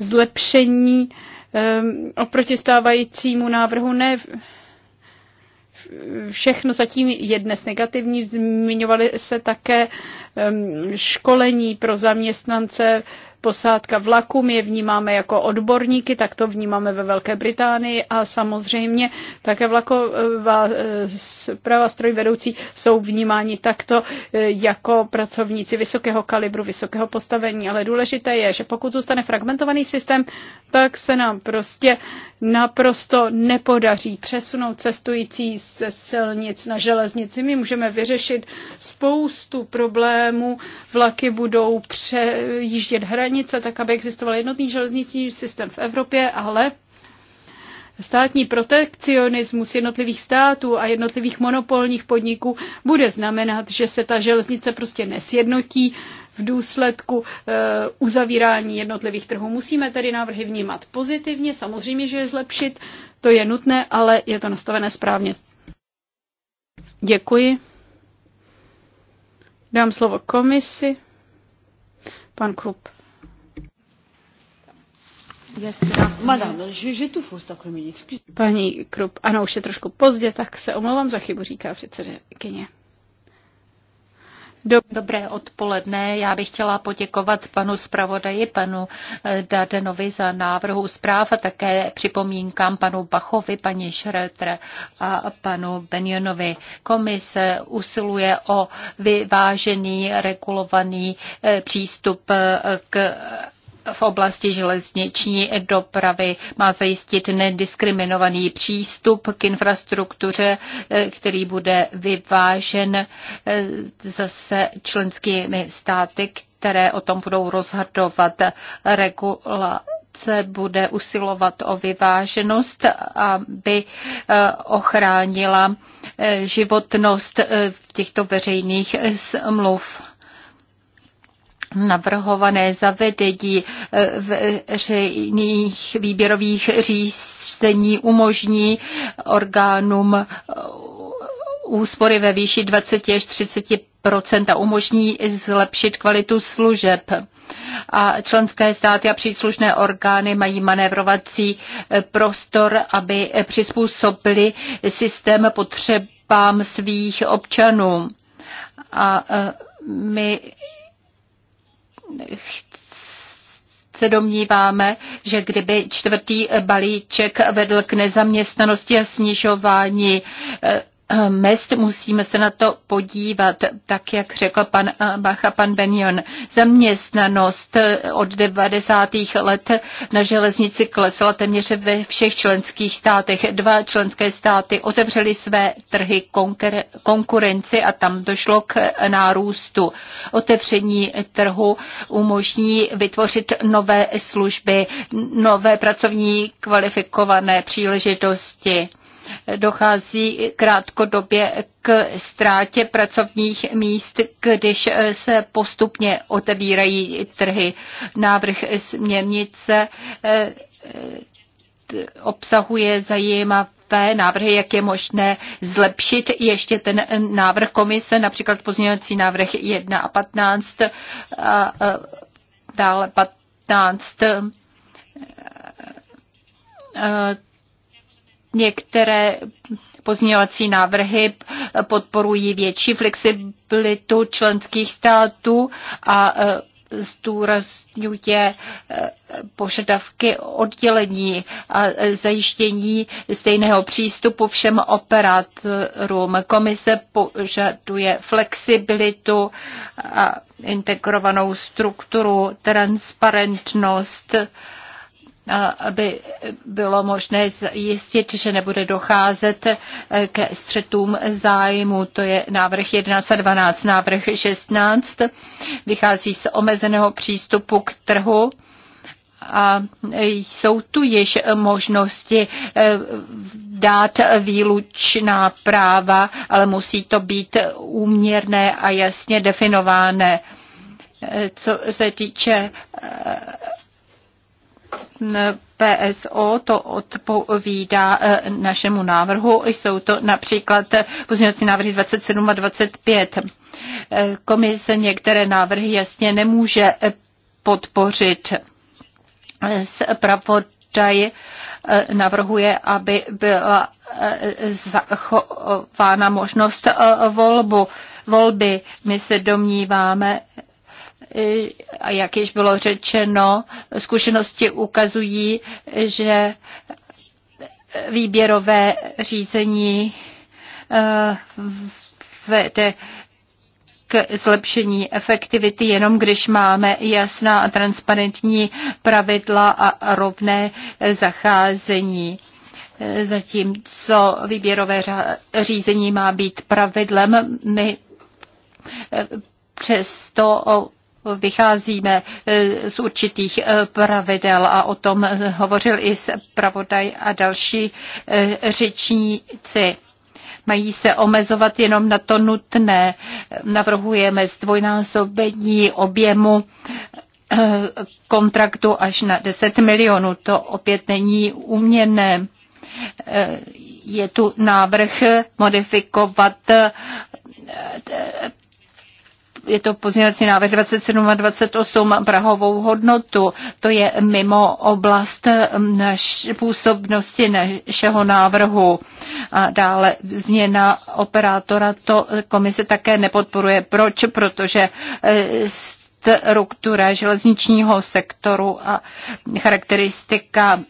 zlepšení uh, Ehm, oproti stávajícímu návrhu ne všechno zatím je dnes negativní. Zmiňovaly se také ehm, školení pro zaměstnance posádka vlaku, my je vnímáme jako odborníky, tak to vnímáme ve Velké Británii a samozřejmě také vlaková zpráva e, strojvedoucí jsou vnímáni takto e, jako pracovníci vysokého kalibru, vysokého postavení, ale důležité je, že pokud zůstane fragmentovaný systém, tak se nám prostě naprosto nepodaří přesunout cestující ze silnic na železnici. My můžeme vyřešit spoustu problémů, vlaky budou přejíždět hranice, směrnice, tak aby existoval jednotný železniční systém v Evropě, ale Státní protekcionismus jednotlivých států a jednotlivých monopolních podniků bude znamenat, že se ta železnice prostě nesjednotí v důsledku eh, uzavírání jednotlivých trhů. Musíme tedy návrhy vnímat pozitivně, samozřejmě, že je zlepšit, to je nutné, ale je to nastavené správně. Děkuji. Dám slovo komisi. Pan Krupp. Paní Krup, ano, už je trošku pozdě, tak se omlouvám za chybu, říká předsedkyně. Dobré odpoledne. Já bych chtěla poděkovat panu zpravodaji, panu eh, Dadenovi za návrhu zpráv a také připomínkám panu Bachovi, paní Šretr a panu Benionovi. Komise usiluje o vyvážený, regulovaný eh, přístup eh, k v oblasti železniční dopravy. Má zajistit nediskriminovaný přístup k infrastruktuře, eh, který bude vyvážen eh, zase členskými státy, které o tom budou rozhodovat regula se bude usilovat o vyváženost, aby eh, ochránila životnost těchto veřejných smluv navrhované zavedení eh, veřejných výběrových řízení umožní orgánům eh, úspory ve výši 20 až 30 a umožní zlepšit kvalitu služeb. A členské státy a příslušné orgány mají manévrovací eh, prostor, aby přizpůsobili systém potřebám svých občanů. A my se domníváme, že kdyby čtvrtý balíček vedl k nezaměstnanosti a snižování eh, Eh, mest, musíme se na to podívat, tak jak řekl pan eh, Bacha, pan Benion. Zaměstnanost eh, od 90. let na železnici klesla téměř ve všech členských státech. Dva členské státy otevřely své trhy konkurenci a tam došlo k nárůstu. Otevření trhu umožní vytvořit nové služby, nové pracovní kvalifikované příležitosti dochází krátkodobě k ztrátě pracovních míst, když se postupně otevírají trhy. Návrh směrnice eh, obsahuje zajímavé návrhy, jak je možné zlepšit ještě ten návrh komise, například pozměňovací návrh 1 a 15, a dále 15 a eh, Některé pozměňovací návrhy podporují větší flexibilitu členských států a e, zdůrazňuje e, požadavky oddělení a e, zajištění stejného přístupu všem operátorům. Komise požaduje flexibilitu a integrovanou strukturu, transparentnost, aby bylo možné zjistit, že nebude docházet e, ke střetům zájmu. To je návrh 11 a 12. Návrh 16 vychází z omezeného přístupu k trhu a jsou tu již možnosti e, dát výlučná práva, ale musí to být úměrné a jasně definované. E, co se týče PSO, to odpovídá e, našemu návrhu. Jsou to například pozměňovací návrhy 27 a 25. E, komise některé návrhy jasně nemůže podpořit. Zpravodaj e, navrhuje, aby byla zachována možnost volbu. volby. My se domníváme, a jak již bylo řečeno, zkušenosti ukazují, že výběrové řízení eh, vede k zlepšení efektivity jenom když máme jasná a transparentní pravidla a rovné zacházení zatímco výběrové řízení má být pravidlem, my eh, přesto vycházíme e, z určitých e, pravidel a o tom hovořil i zpravodaj a další e, řečníci mají se omezovat jenom na to nutné. Navrhujeme zdvojnásobení objemu kontraktu až na 10 milionů. To opět není uměné. Je tu návrh modifikovat je to pozměňovací návrh 27 a 28 prahovou hodnotu. To je mimo oblast mm, naš, působnosti našeho návrhu. A dále změna operátora to komise také nepodporuje. Proč? Protože e, struktura železničního sektoru a charakteristika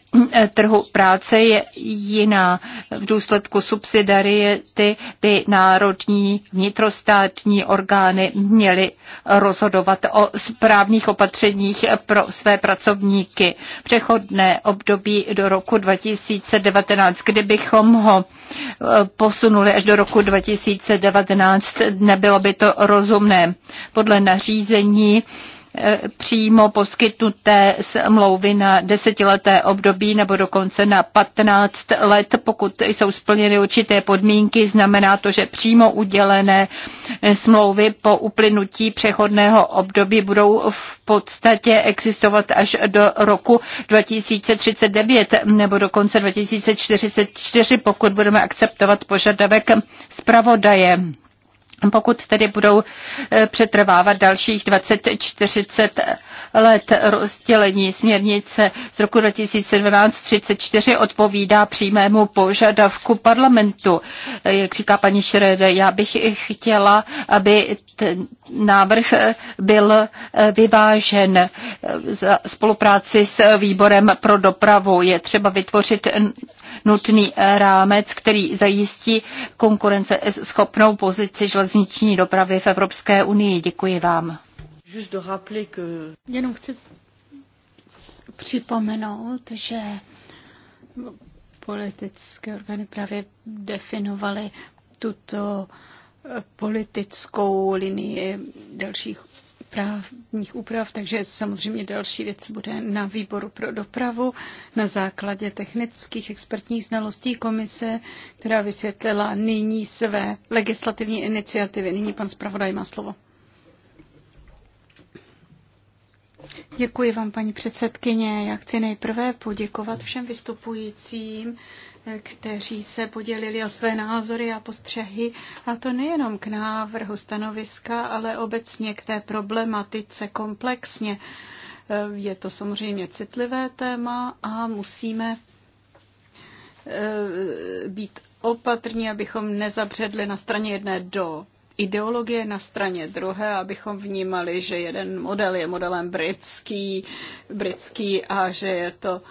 trhu práce je jiná. V důsledku subsidiarity by národní vnitrostátní orgány měly rozhodovat o správných opatřeních pro své pracovníky. Přechodné období do roku 2019, kdybychom ho eh, posunuli až do roku 2019, nebylo by to rozumné. Podle nařízení přímo poskytnuté smlouvy na desetileté období nebo dokonce na 15 let, pokud jsou splněny určité podmínky. Znamená to, že přímo udělené smlouvy po uplynutí přechodného období budou v podstatě existovat až do roku 2039 nebo dokonce 2044, pokud budeme akceptovat požadavek zpravodaje pokud tedy budou e, přetrvávat dalších 20-40 let rozdělení směrnice z roku 2012-34 odpovídá přímému požadavku parlamentu. E, jak říká paní Šrede, já bych chtěla, aby ten návrh byl e, vyvážen. Za spolupráci s výborem pro dopravu je třeba vytvořit nutný rámec, který zajistí konkurenceschopnou pozici železniční dopravy v Evropské unii. Děkuji vám. Jenom chci připomenout, že politické orgány právě definovaly tuto politickou linii dalších právních úprav, takže samozřejmě další věc bude na výboru pro dopravu na základě technických expertních znalostí komise, která vysvětlila nyní své legislativní iniciativy. Nyní pan zpravodaj má slovo. Děkuji vám, paní předsedkyně. Já chci nejprve poděkovat všem vystupujícím kteří se podělili o své názory a postřehy, a to nejenom k návrhu stanoviska, ale obecně k té problematice komplexně. Eh, je to samozřejmě citlivé téma a musíme eh, být opatrní, abychom nezabředli na straně jedné do ideologie na straně druhé, abychom vnímali, že jeden model je modelem britský, britský a že je to uh,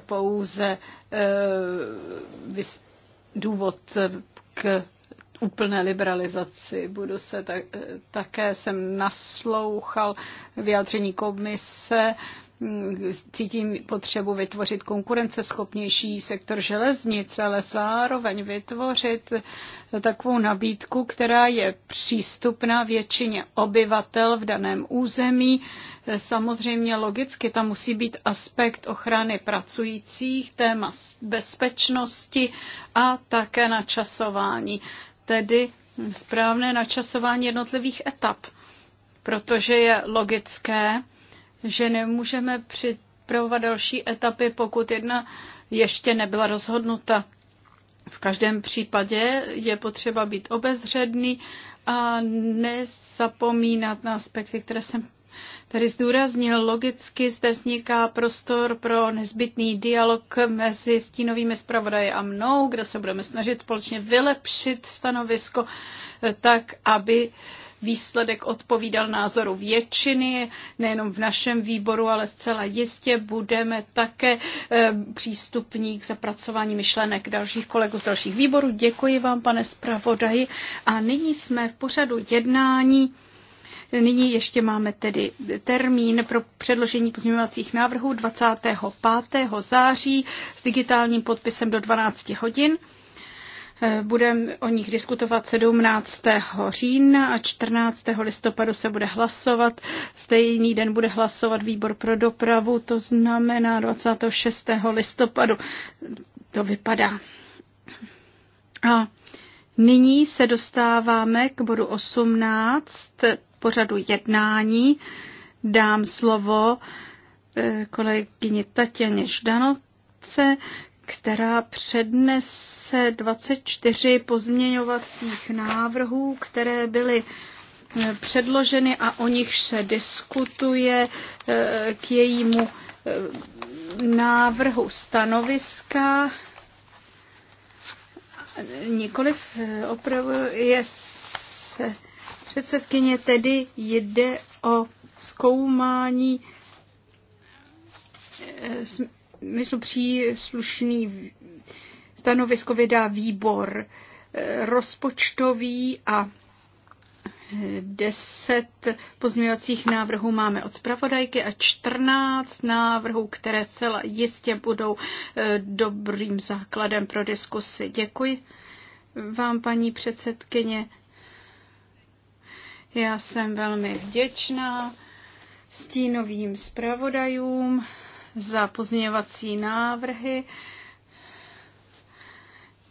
pouze eh, důvod k úplné liberalizaci. Budu se tak, také jsem naslouchal vyjádření komise, cítím potřebu vytvořit konkurenceschopnější sektor železnic, ale zároveň vytvořit takovou nabídku, která je přístupná většině obyvatel v daném území Samozřejmě logicky tam musí být aspekt ochrany pracujících, téma bezpečnosti a také načasování, tedy správné načasování jednotlivých etap, protože je logické, že nemůžeme připravovat další etapy, pokud jedna ještě nebyla rozhodnuta. V každém případě je potřeba být obezředný a nezapomínat na aspekty, které jsem Tady zdůraznil, logicky zde vzniká prostor pro nezbytný dialog mezi stínovými zpravodaji a mnou, kde se budeme snažit společně vylepšit stanovisko tak, aby výsledek odpovídal názoru většiny, nejenom v našem výboru, ale zcela jistě budeme také eh, přístupní k zapracování myšlenek dalších kolegů z dalších výborů. Děkuji vám, pane zpravodaji. A nyní jsme v pořadu jednání. Nyní ještě máme tedy termín pro předložení pozměňovacích návrhů 25. září s digitálním podpisem do 12 hodin. Budeme o nich diskutovat 17. října a 14. listopadu se bude hlasovat. Stejný den bude hlasovat výbor pro dopravu, to znamená 26. listopadu. To vypadá. A nyní se dostáváme k bodu 18, pořadu jednání dám slovo eh, kolegyni Tatěně Ždanovce, která přednese 24 pozměňovacích návrhů, které byly eh, předloženy a o nich se diskutuje eh, k jejímu návrhu stanoviska. Nikoliv opravuje se předsedkyně, tedy jde o zkoumání eh, smyslu příslušný stanovisko vydá výbor eh, rozpočtový a eh, deset pozměňovacích návrhů máme od zpravodajky a čtrnáct návrhů, které zcela jistě budou dobrým základem pro diskusi. Děkuji vám, paní předsedkyně. Já jsem velmi vděčná stínovým zpravodajům za pozměňovací návrhy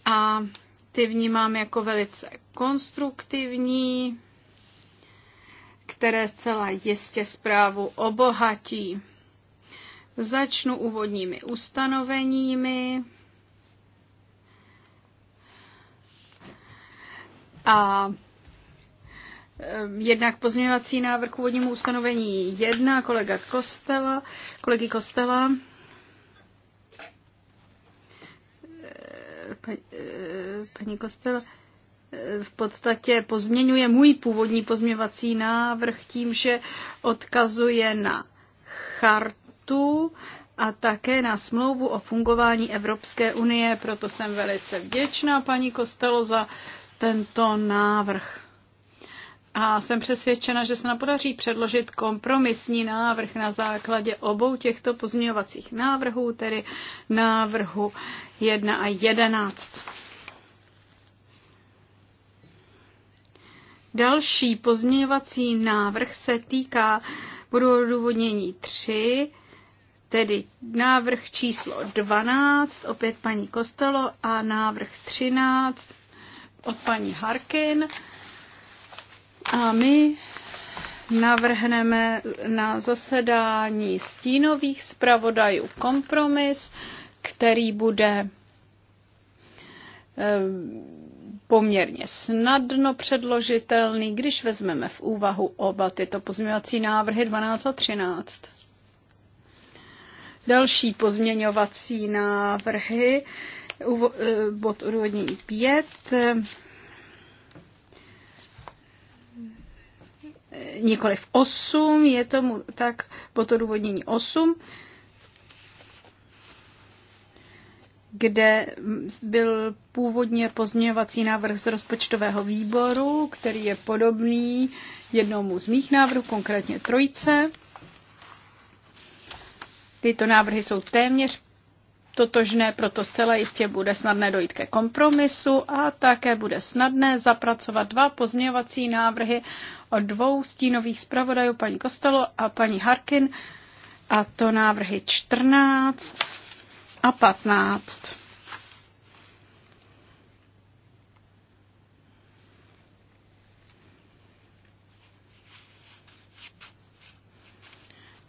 a ty vnímám jako velice konstruktivní, které celá jistě zprávu obohatí. Začnu úvodními ustanoveními a Ehm, jednak pozměňovací návrh k úvodnímu ustanovení 1 kolega Kostela, kolegy Kostela. Ehm, ehm, paní Kostel v podstatě pozměňuje můj původní pozměňovací návrh tím, že odkazuje na chartu a také na smlouvu o fungování Evropské unie. Proto jsem velice vděčná paní Kostelo za tento návrh. A jsem přesvědčena, že se nám podaří předložit kompromisní návrh na základě obou těchto pozměňovacích návrhů, tedy návrhu 1 a 11. Další pozměňovací návrh se týká budou odůvodnění 3, tedy návrh číslo 12, opět paní Kostelo, a návrh 13 od paní Harkin. A my navrhneme na zasedání stínových zpravodajů kompromis, který bude eh, poměrně snadno předložitelný, když vezmeme v úvahu oba tyto pozměňovací návrhy 12 a 13. Další pozměňovací návrhy, eh, bod odůvodnění 5, Eh, nikoli v 8, je tomu tak to důvodnění 8, kde byl původně pozměňovací návrh z rozpočtového výboru, který je podobný jednomu z mých návrhů, konkrétně trojce. Tyto návrhy jsou téměř totožné, proto zcela jistě bude snadné dojít ke kompromisu a také bude snadné zapracovat dva pozměňovací návrhy od dvou stínových zpravodajů, paní Kostelo a paní Harkin, a to návrhy 14 a 15.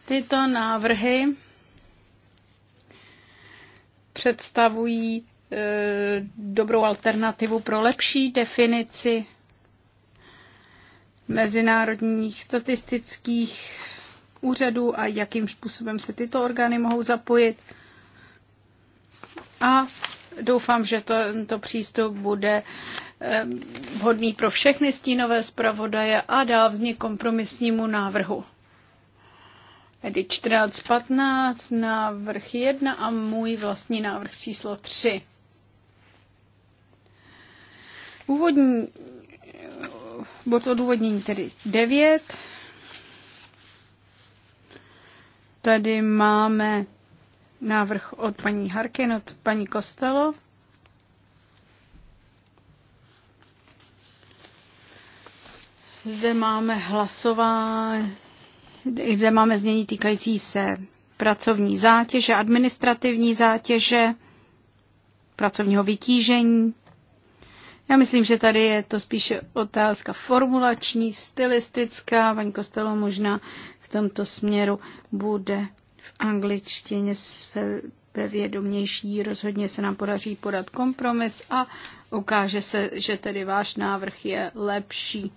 Tyto návrhy představují e, dobrou alternativu pro lepší definici mezinárodních statistických úřadů a jakým způsobem se tyto orgány mohou zapojit. A doufám, že to, tento přístup bude e, vhodný pro všechny stínové zpravodaje a dá vznik kompromisnímu návrhu tedy 1415, návrh 1 a můj vlastní návrh číslo 3. Úvodní, bod odůvodnění tedy 9. Tady máme návrh od paní Harkin, od paní Kostelo. Zde máme hlasování kde máme změní týkající se pracovní zátěže, administrativní zátěže, pracovního vytížení. Já myslím, že tady je to spíše otázka formulační, stylistická. Paní Kostelo možná v tomto směru bude v angličtině se bevědomější. Rozhodně se nám podaří podat kompromis a ukáže se, že tedy váš návrh je lepší.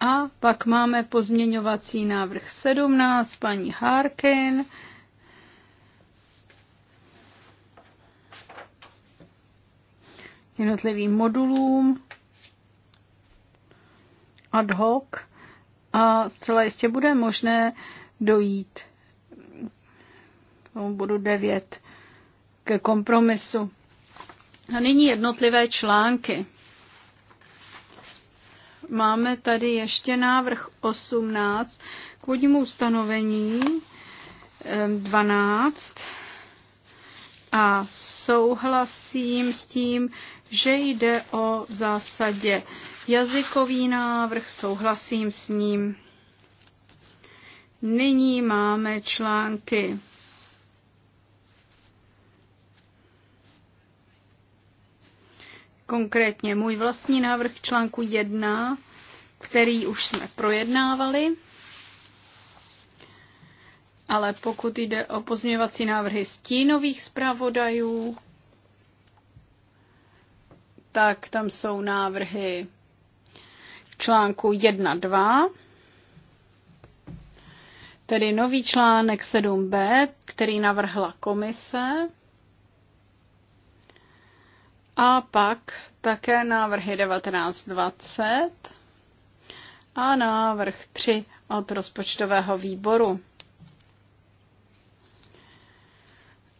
A pak máme pozměňovací návrh 17, paní Harkin. Jednotlivým modulům ad hoc a zcela jistě bude možné dojít tomu bodu 9 ke kompromisu. A nyní jednotlivé články. Máme tady ještě návrh 18 k vodnímu ustanovení 12 a souhlasím s tím, že jde o v zásadě jazykový návrh, souhlasím s ním. Nyní máme články Konkrétně můj vlastní návrh článku 1, který už jsme projednávali, ale pokud jde o pozměňovací návrhy stínových zpravodajů, tak tam jsou návrhy článku 2, tedy nový článek 7b, který navrhla komise, a pak také návrhy 1920 a návrh 3 od rozpočtového výboru.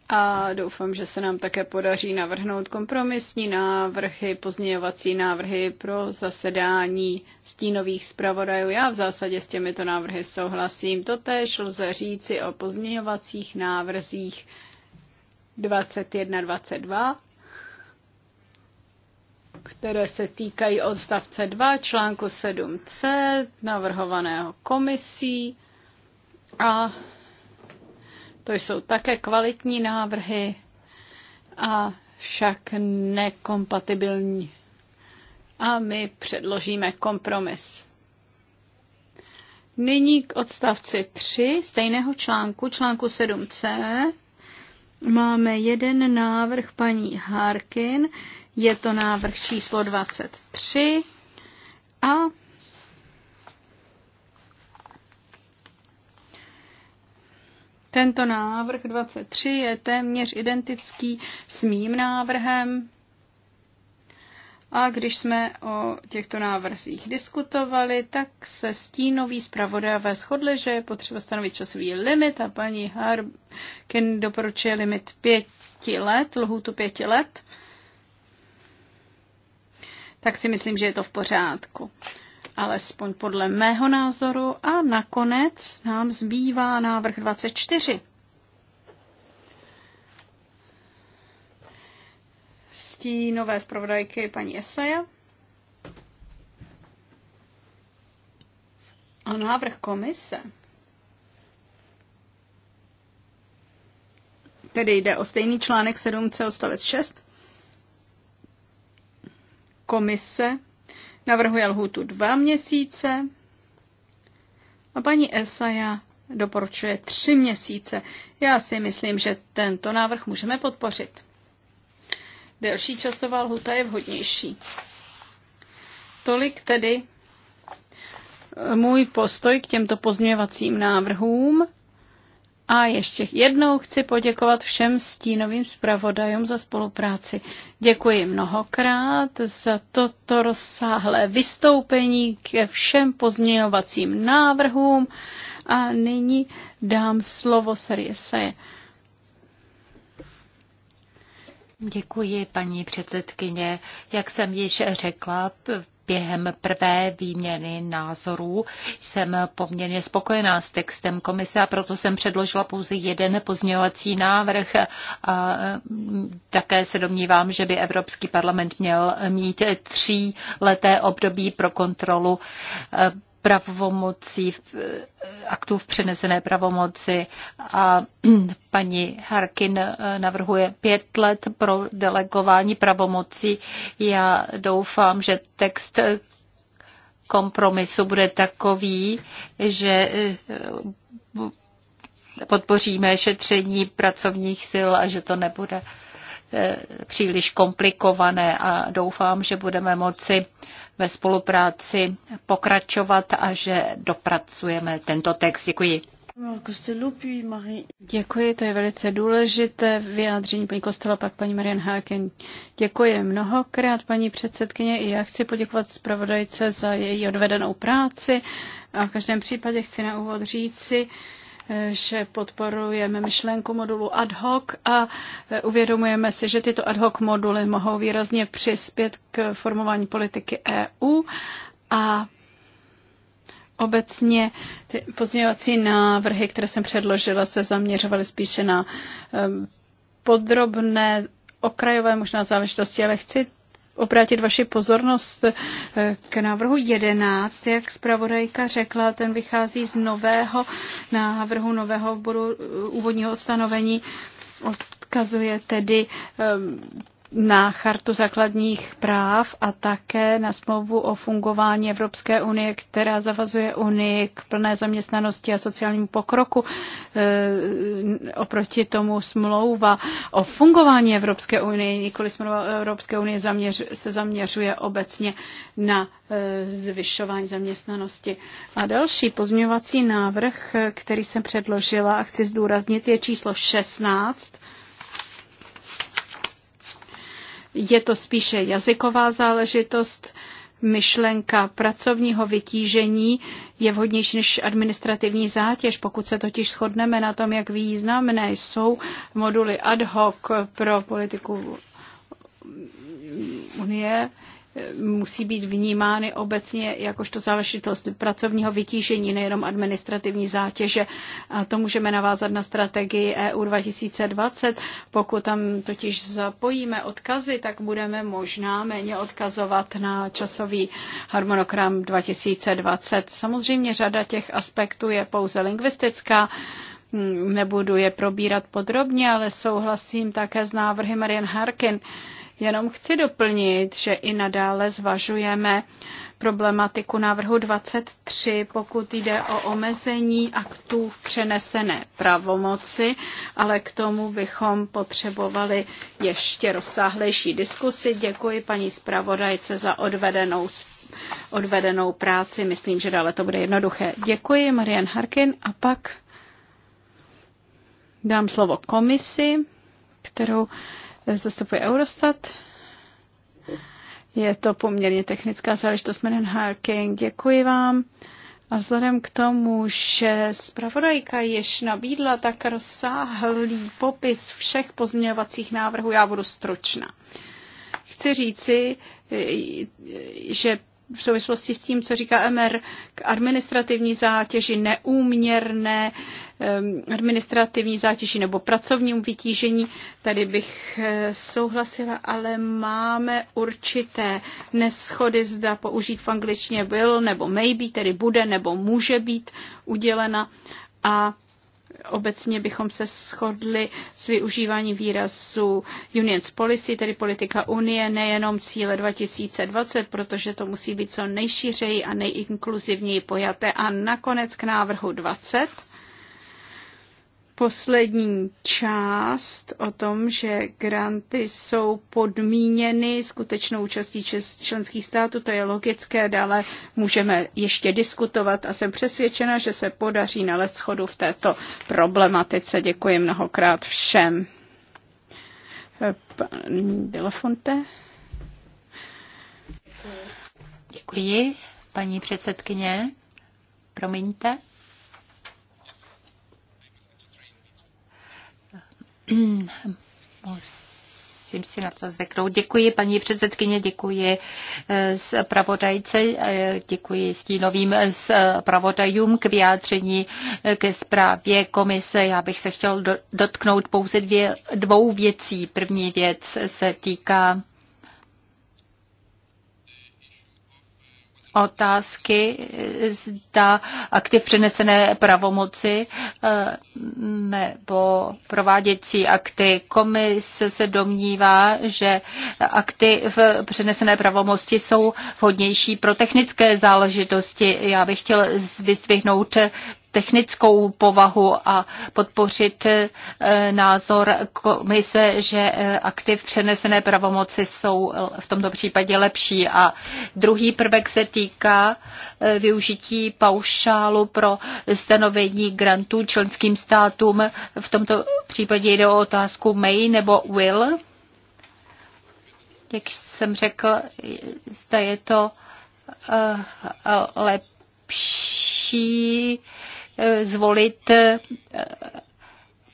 A doufám, že se nám také podaří navrhnout kompromisní návrhy, pozměňovací návrhy pro zasedání stínových zpravodajů. Já v zásadě s těmito návrhy souhlasím. Totež lze říci o pozměňovacích návrzích 21-22 které se týkají odstavce 2 článku 7c navrhovaného komisí a to jsou také kvalitní návrhy a však nekompatibilní. A my předložíme kompromis. Nyní k odstavci 3 stejného článku, článku 7c, máme jeden návrh paní Harkin, je to návrh číslo 23 a tento návrh 23 je téměř identický s mým návrhem. A když jsme o těchto návrzích diskutovali, tak se stínoví zpravodajové shodli, že je potřeba stanovit časový limit a paní Harkin doporučuje limit pěti let, lhůtu pěti let tak si myslím, že je to v pořádku. Alespoň podle mého názoru. A nakonec nám zbývá návrh 24. nové zpravodajky paní Esaja. A návrh komise. Tedy jde o stejný článek 7 odstavec 6. Komise navrhuje lhutu dva měsíce a paní Esaja doporučuje tři měsíce. Já si myslím, že tento návrh můžeme podpořit. Delší časová lhuta je vhodnější. Tolik tedy můj postoj k těmto pozměvacím návrhům. A ještě jednou chci poděkovat všem stínovým zpravodajům za spolupráci. Děkuji mnohokrát za toto rozsáhlé vystoupení ke všem pozměňovacím návrhům a nyní dám slovo Sarieseje. Děkuji, paní předsedkyně. Jak jsem již řekla, během prvé výměny názorů jsem poměrně spokojená s textem komise a proto jsem předložila pouze jeden pozměňovací návrh. A také se domnívám, že by Evropský parlament měl mít tří leté období pro kontrolu pravomocí, eh, aktů v přenesené pravomoci a paní Harkin eh, navrhuje pět let pro delegování pravomocí. Já doufám, že text kompromisu bude takový, že eh, podpoříme šetření pracovních sil a že to nebude E, příliš komplikované a doufám, že budeme moci ve spolupráci pokračovat a že dopracujeme tento text. Děkuji. Děkuji, to je velice důležité vyjádření paní Kostela, pak paní Marian Háken. Děkuji mnohokrát, paní předsedkyně, i já chci poděkovat zpravodajce za její odvedenou práci a v každém případě chci na úvod říci, si že podporujeme myšlenku modulu ad hoc a uvědomujeme si, že tyto ad hoc moduly mohou výrazně přispět k formování politiky EU a Obecně ty pozměňovací návrhy, které jsem předložila, se zaměřovaly spíše na eh, podrobné okrajové možná záležitosti, ale chci obrátit vaši pozornost eh, k návrhu 11. Jak zpravodajka řekla, ten vychází z nového návrhu, nového bodu eh, úvodního stanovení. odkazuje tedy ehm, na chartu základních práv a také na smlouvu o fungování Evropské unie, která zavazuje Unii k plné zaměstnanosti a sociálnímu pokroku. E, oproti tomu smlouva o fungování Evropské unie, nikoli smlouva Evropské unie zaměř, se zaměřuje obecně na e, zvyšování zaměstnanosti. A další pozměňovací návrh, e, který jsem předložila a chci zdůraznit, je číslo 16 Je to spíše jazyková záležitost. Myšlenka pracovního vytížení je vhodnější než administrativní zátěž, pokud se totiž shodneme na tom, jak významné jsou moduly ad hoc pro politiku Unie musí být vnímány obecně jakožto záležitost pracovního vytížení, nejenom administrativní zátěže. A to můžeme navázat na strategii EU 2020. Pokud tam totiž zapojíme odkazy, tak budeme možná méně odkazovat na časový harmonogram 2020. Samozřejmě řada těch aspektů je pouze lingvistická, hm, nebudu je probírat podrobně, ale souhlasím také s návrhy Marian Harkin, Jenom chci doplnit, že i nadále zvažujeme problematiku návrhu 23, pokud jde o omezení aktů v přenesené pravomoci, ale k tomu bychom potřebovali ještě rozsáhlejší diskusi. Děkuji paní zpravodajce za odvedenou, odvedenou práci. Myslím, že dále to bude jednoduché. Děkuji, Marian Harkin. A pak dám slovo komisi, kterou zastupuje Eurostat. Je to poměrně technická záležitost. Jmenuji Harking. Děkuji vám. A vzhledem k tomu, že zpravodajka jež nabídla tak rozsáhlý popis všech pozměňovacích návrhů, já budu stručná. Chci říci, že v souvislosti s tím, co říká MR, k administrativní zátěži neúměrné Ehm, administrativní zátěží nebo pracovnímu vytížení. Tady bych eh, souhlasila, ale máme určité neschody, zda použít v angličtině byl nebo maybe, tedy bude nebo může být udělena. A obecně bychom se shodli s využíváním výrazu Union's Policy, tedy politika Unie, nejenom cíle 2020, protože to musí být co nejšířeji a nejinkluzivněji pojaté. A nakonec k návrhu 20 poslední část o tom, že granty jsou podmíněny skutečnou účastí členských států, to je logické, dále můžeme ještě diskutovat a jsem přesvědčena, že se podaří nalézt schodu v této problematice. Děkuji mnohokrát všem. Delafonte? Děkuji, paní předsedkyně. Promiňte. Musím si na to zvyknout. Děkuji paní předsedkyně, děkuji eh, pravodajce, eh, děkuji stínovým pravodajům k vyjádření eh, ke zprávě komise. Já bych se chtěl dotknout pouze dvě, dvou věcí. První věc se týká otázky, zda aktiv přenesené pravomoci eh, nebo prováděcí akty. Komise se domnívá, že akty v přenesené pravomoci jsou vhodnější pro technické záležitosti. Já bych chtěl vyzdvihnout technickou povahu a podpořit eh, názor komise, že eh, aktiv přenesené pravomoci jsou v tomto případě lepší. A druhý prvek se týká eh, využití paušálu pro stanovení grantů členským státům. V tomto případě jde o otázku may nebo will. Jak jsem řekl, zda je to lepší Eh, zvolit eh,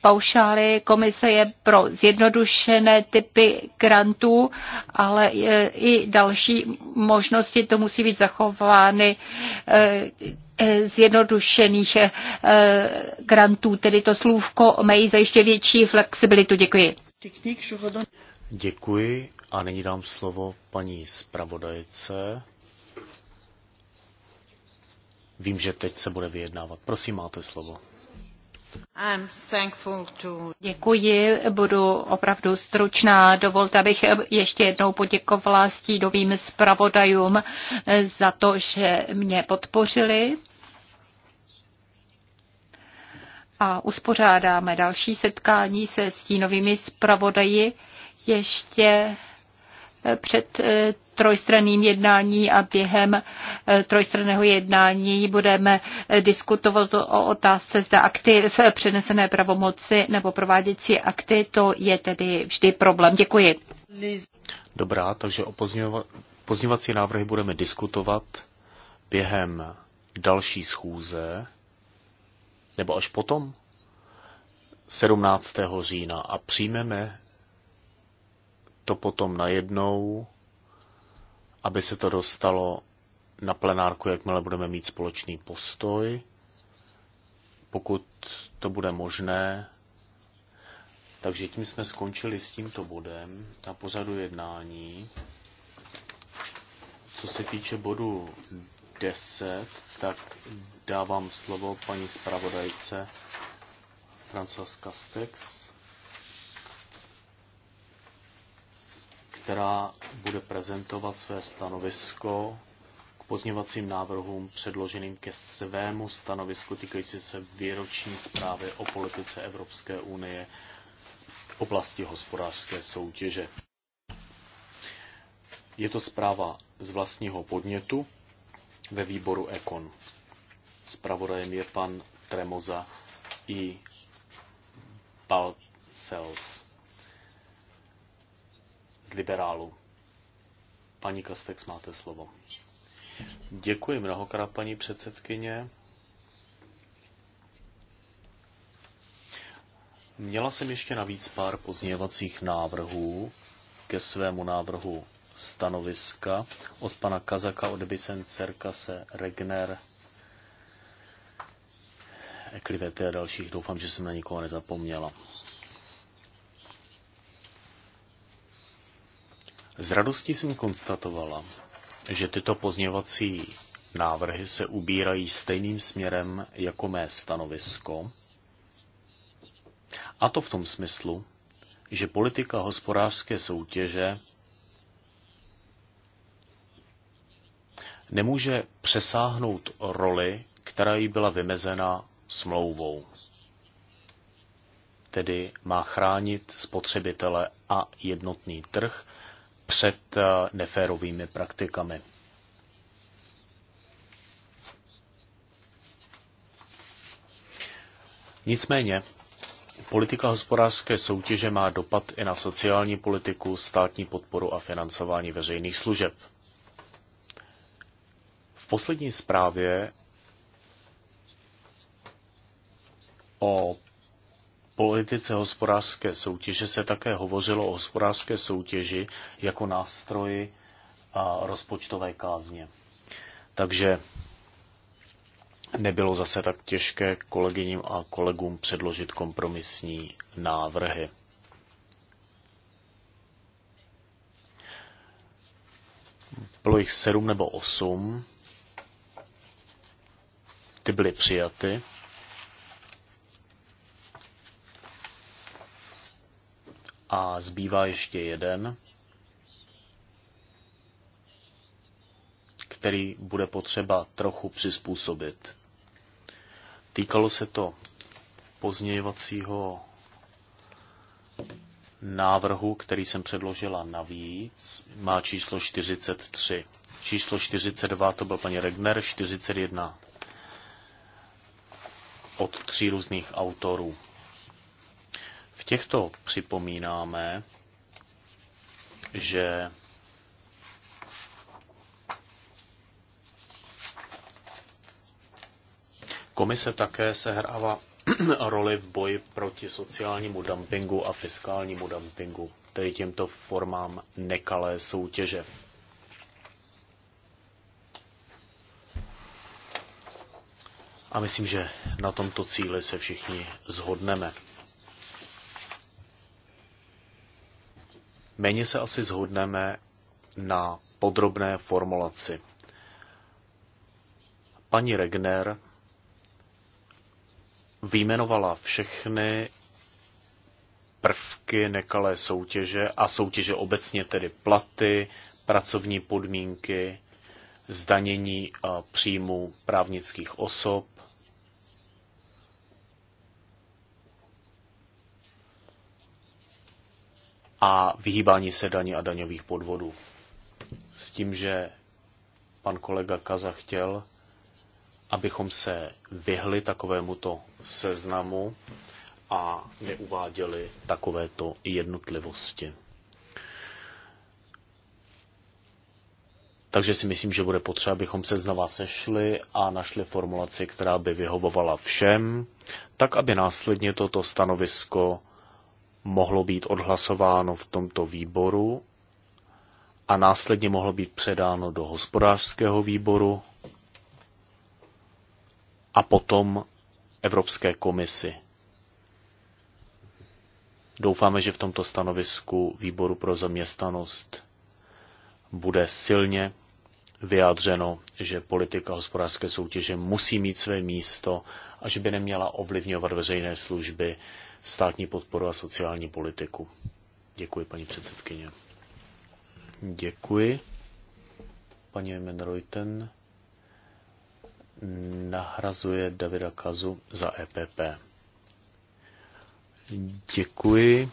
paušály. Komise je pro zjednodušené typy grantů, ale eh, i další možnosti to musí být zachovány zjednodušených grantů, tedy to slůvko mají za ještě větší flexibilitu. Děkuji. Děkuji a nyní dám slovo paní zpravodajce. Vím, že teď se bude vyjednávat. Prosím, máte slovo. Děkuji, budu opravdu stručná. Dovolte, abych ještě jednou poděkovala stínovým zpravodajům za to, že mě podpořili. A uspořádáme další setkání se stínovými zpravodaji ještě před eh, trojstranným jednání a během eh, trojstranného jednání budeme eh, diskutovat o otázce, zda aktiv přenesené pravomoci nebo prováděcí akty, to je tedy vždy problém. Děkuji. Dobrá, takže o pozněvací návrhy budeme diskutovat během další schůze, nebo až potom, 17. října a přijmeme to potom najednou, aby se to dostalo na plenárku, jakmile budeme mít společný postoj. Pokud to bude možné, takže tím jsme skončili s tímto bodem na pořadu jednání. Co se týče bodu 10, tak dávám slovo paní zpravodajce Francois Castex. která bude prezentovat své stanovisko k pozněvacím návrhům předloženým ke svému stanovisku týkající se výroční zprávy o politice Evropské unie v oblasti hospodářské soutěže. Je to zpráva z vlastního podnětu ve výboru Ekon. Spravodajem je pan Tremoza i Balcels liberálů. Paní Kastex, máte slovo. Děkuji mnohokrát, paní předsedkyně. Měla jsem ještě navíc pár pozměňovacích návrhů ke svému návrhu stanoviska od pana Kazaka, od Bysen Cerkase, Regner, Eklivety a dalších. Doufám, že jsem na nikoho nezapomněla. S radostí jsem konstatovala, že tyto pozněvací návrhy se ubírají stejným směrem jako mé stanovisko, a to v tom smyslu, že politika hospodářské soutěže nemůže přesáhnout roli, která jí byla vymezena smlouvou. Tedy má chránit spotřebitele a jednotný trh, před eh, neférovými praktikami. Nicméně, politika hospodářské soutěže má dopad i na sociální politiku, státní podporu a financování veřejných služeb. V poslední zprávě o politice hospodářské soutěže se také hovořilo o hospodářské soutěži jako nástroji a rozpočtové kázně. Takže nebylo zase tak těžké kolegyním a kolegům předložit kompromisní návrhy. Bylo jich sedm nebo osm. Ty byly přijaty. A zbývá ještě jeden, který bude potřeba trochu přizpůsobit. Týkalo se to pozdějovacího návrhu, který jsem předložila navíc, má číslo 43. Číslo 42 to byl paní Regner, 41 od tří různých autorů těchto připomínáme, že komise také sehrává roli v boji proti sociálnímu dumpingu a fiskálnímu dumpingu, tedy těmto formám nekalé soutěže. A myslím, že na tomto cíli se všichni zhodneme. Méně se asi zhodneme na podrobné formulaci. Paní Regner vyjmenovala všechny prvky nekalé soutěže a soutěže obecně tedy platy, pracovní podmínky, zdanění příjmu právnických osob, a vyhýbání se daní a daňových podvodů. S tím, že pan kolega Kaza chtěl, abychom se vyhli takovémuto seznamu a neuváděli takovéto jednotlivosti. Takže si myslím, že bude potřeba, abychom se znova sešli a našli formulaci, která by vyhovovala všem, tak aby následně toto stanovisko mohlo být odhlasováno v tomto výboru a následně mohlo být předáno do hospodářského výboru a potom Evropské komisi. Doufáme, že v tomto stanovisku výboru pro zaměstnanost bude silně vyjádřeno, že politika hospodářské soutěže musí mít své místo a že by neměla ovlivňovat veřejné služby, státní podporu a sociální politiku. Děkuji, paní předsedkyně. Děkuji. Paní Menreuten nahrazuje Davida Kazu za EPP. Děkuji.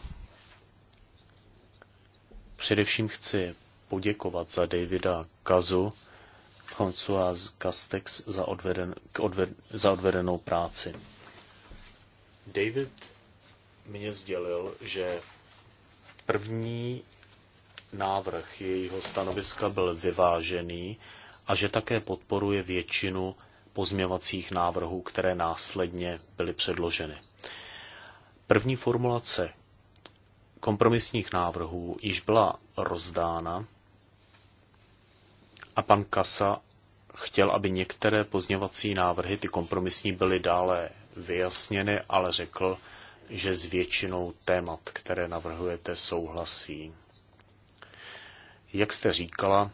Především chci poděkovat za Davida Kazu, François Castex za, odveden, odved, za odvedenou práci. David mě sdělil, že první návrh jejího stanoviska byl vyvážený a že také podporuje většinu pozměvacích návrhů, které následně byly předloženy. První formulace kompromisních návrhů již byla rozdána a pan Kasa chtěl, aby některé pozněvací návrhy, ty kompromisní, byly dále vyjasněny, ale řekl, že s většinou témat, které navrhujete, souhlasí. Jak jste říkala,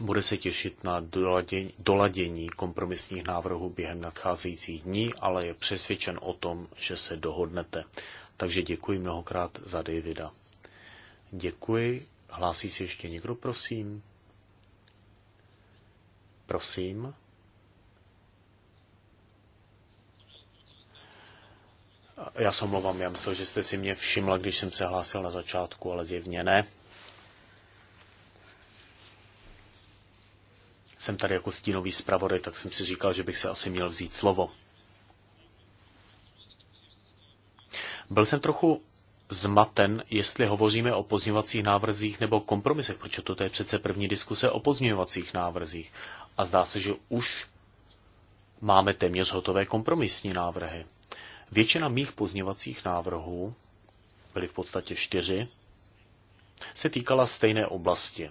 bude se těšit na doladění, doladění kompromisních návrhů během nadcházejících dní, ale je přesvědčen o tom, že se dohodnete. Takže děkuji mnohokrát za Davida. Děkuji. Hlásí se ještě někdo, prosím? Prosím. Já se omlouvám, já myslel, že jste si mě všimla, když jsem se hlásil na začátku, ale zjevně ne. Jsem tady jako stínový zpravodaj, tak jsem si říkal, že bych se asi měl vzít slovo. Byl jsem trochu zmaten, jestli hovoříme o pozměňovacích návrzích nebo kompromisech, protože toto je přece první diskuse o pozměňovacích návrzích. A zdá se, že už máme téměř hotové kompromisní návrhy. Většina mých pozměňovacích návrhů, byly v podstatě čtyři, se týkala stejné oblasti.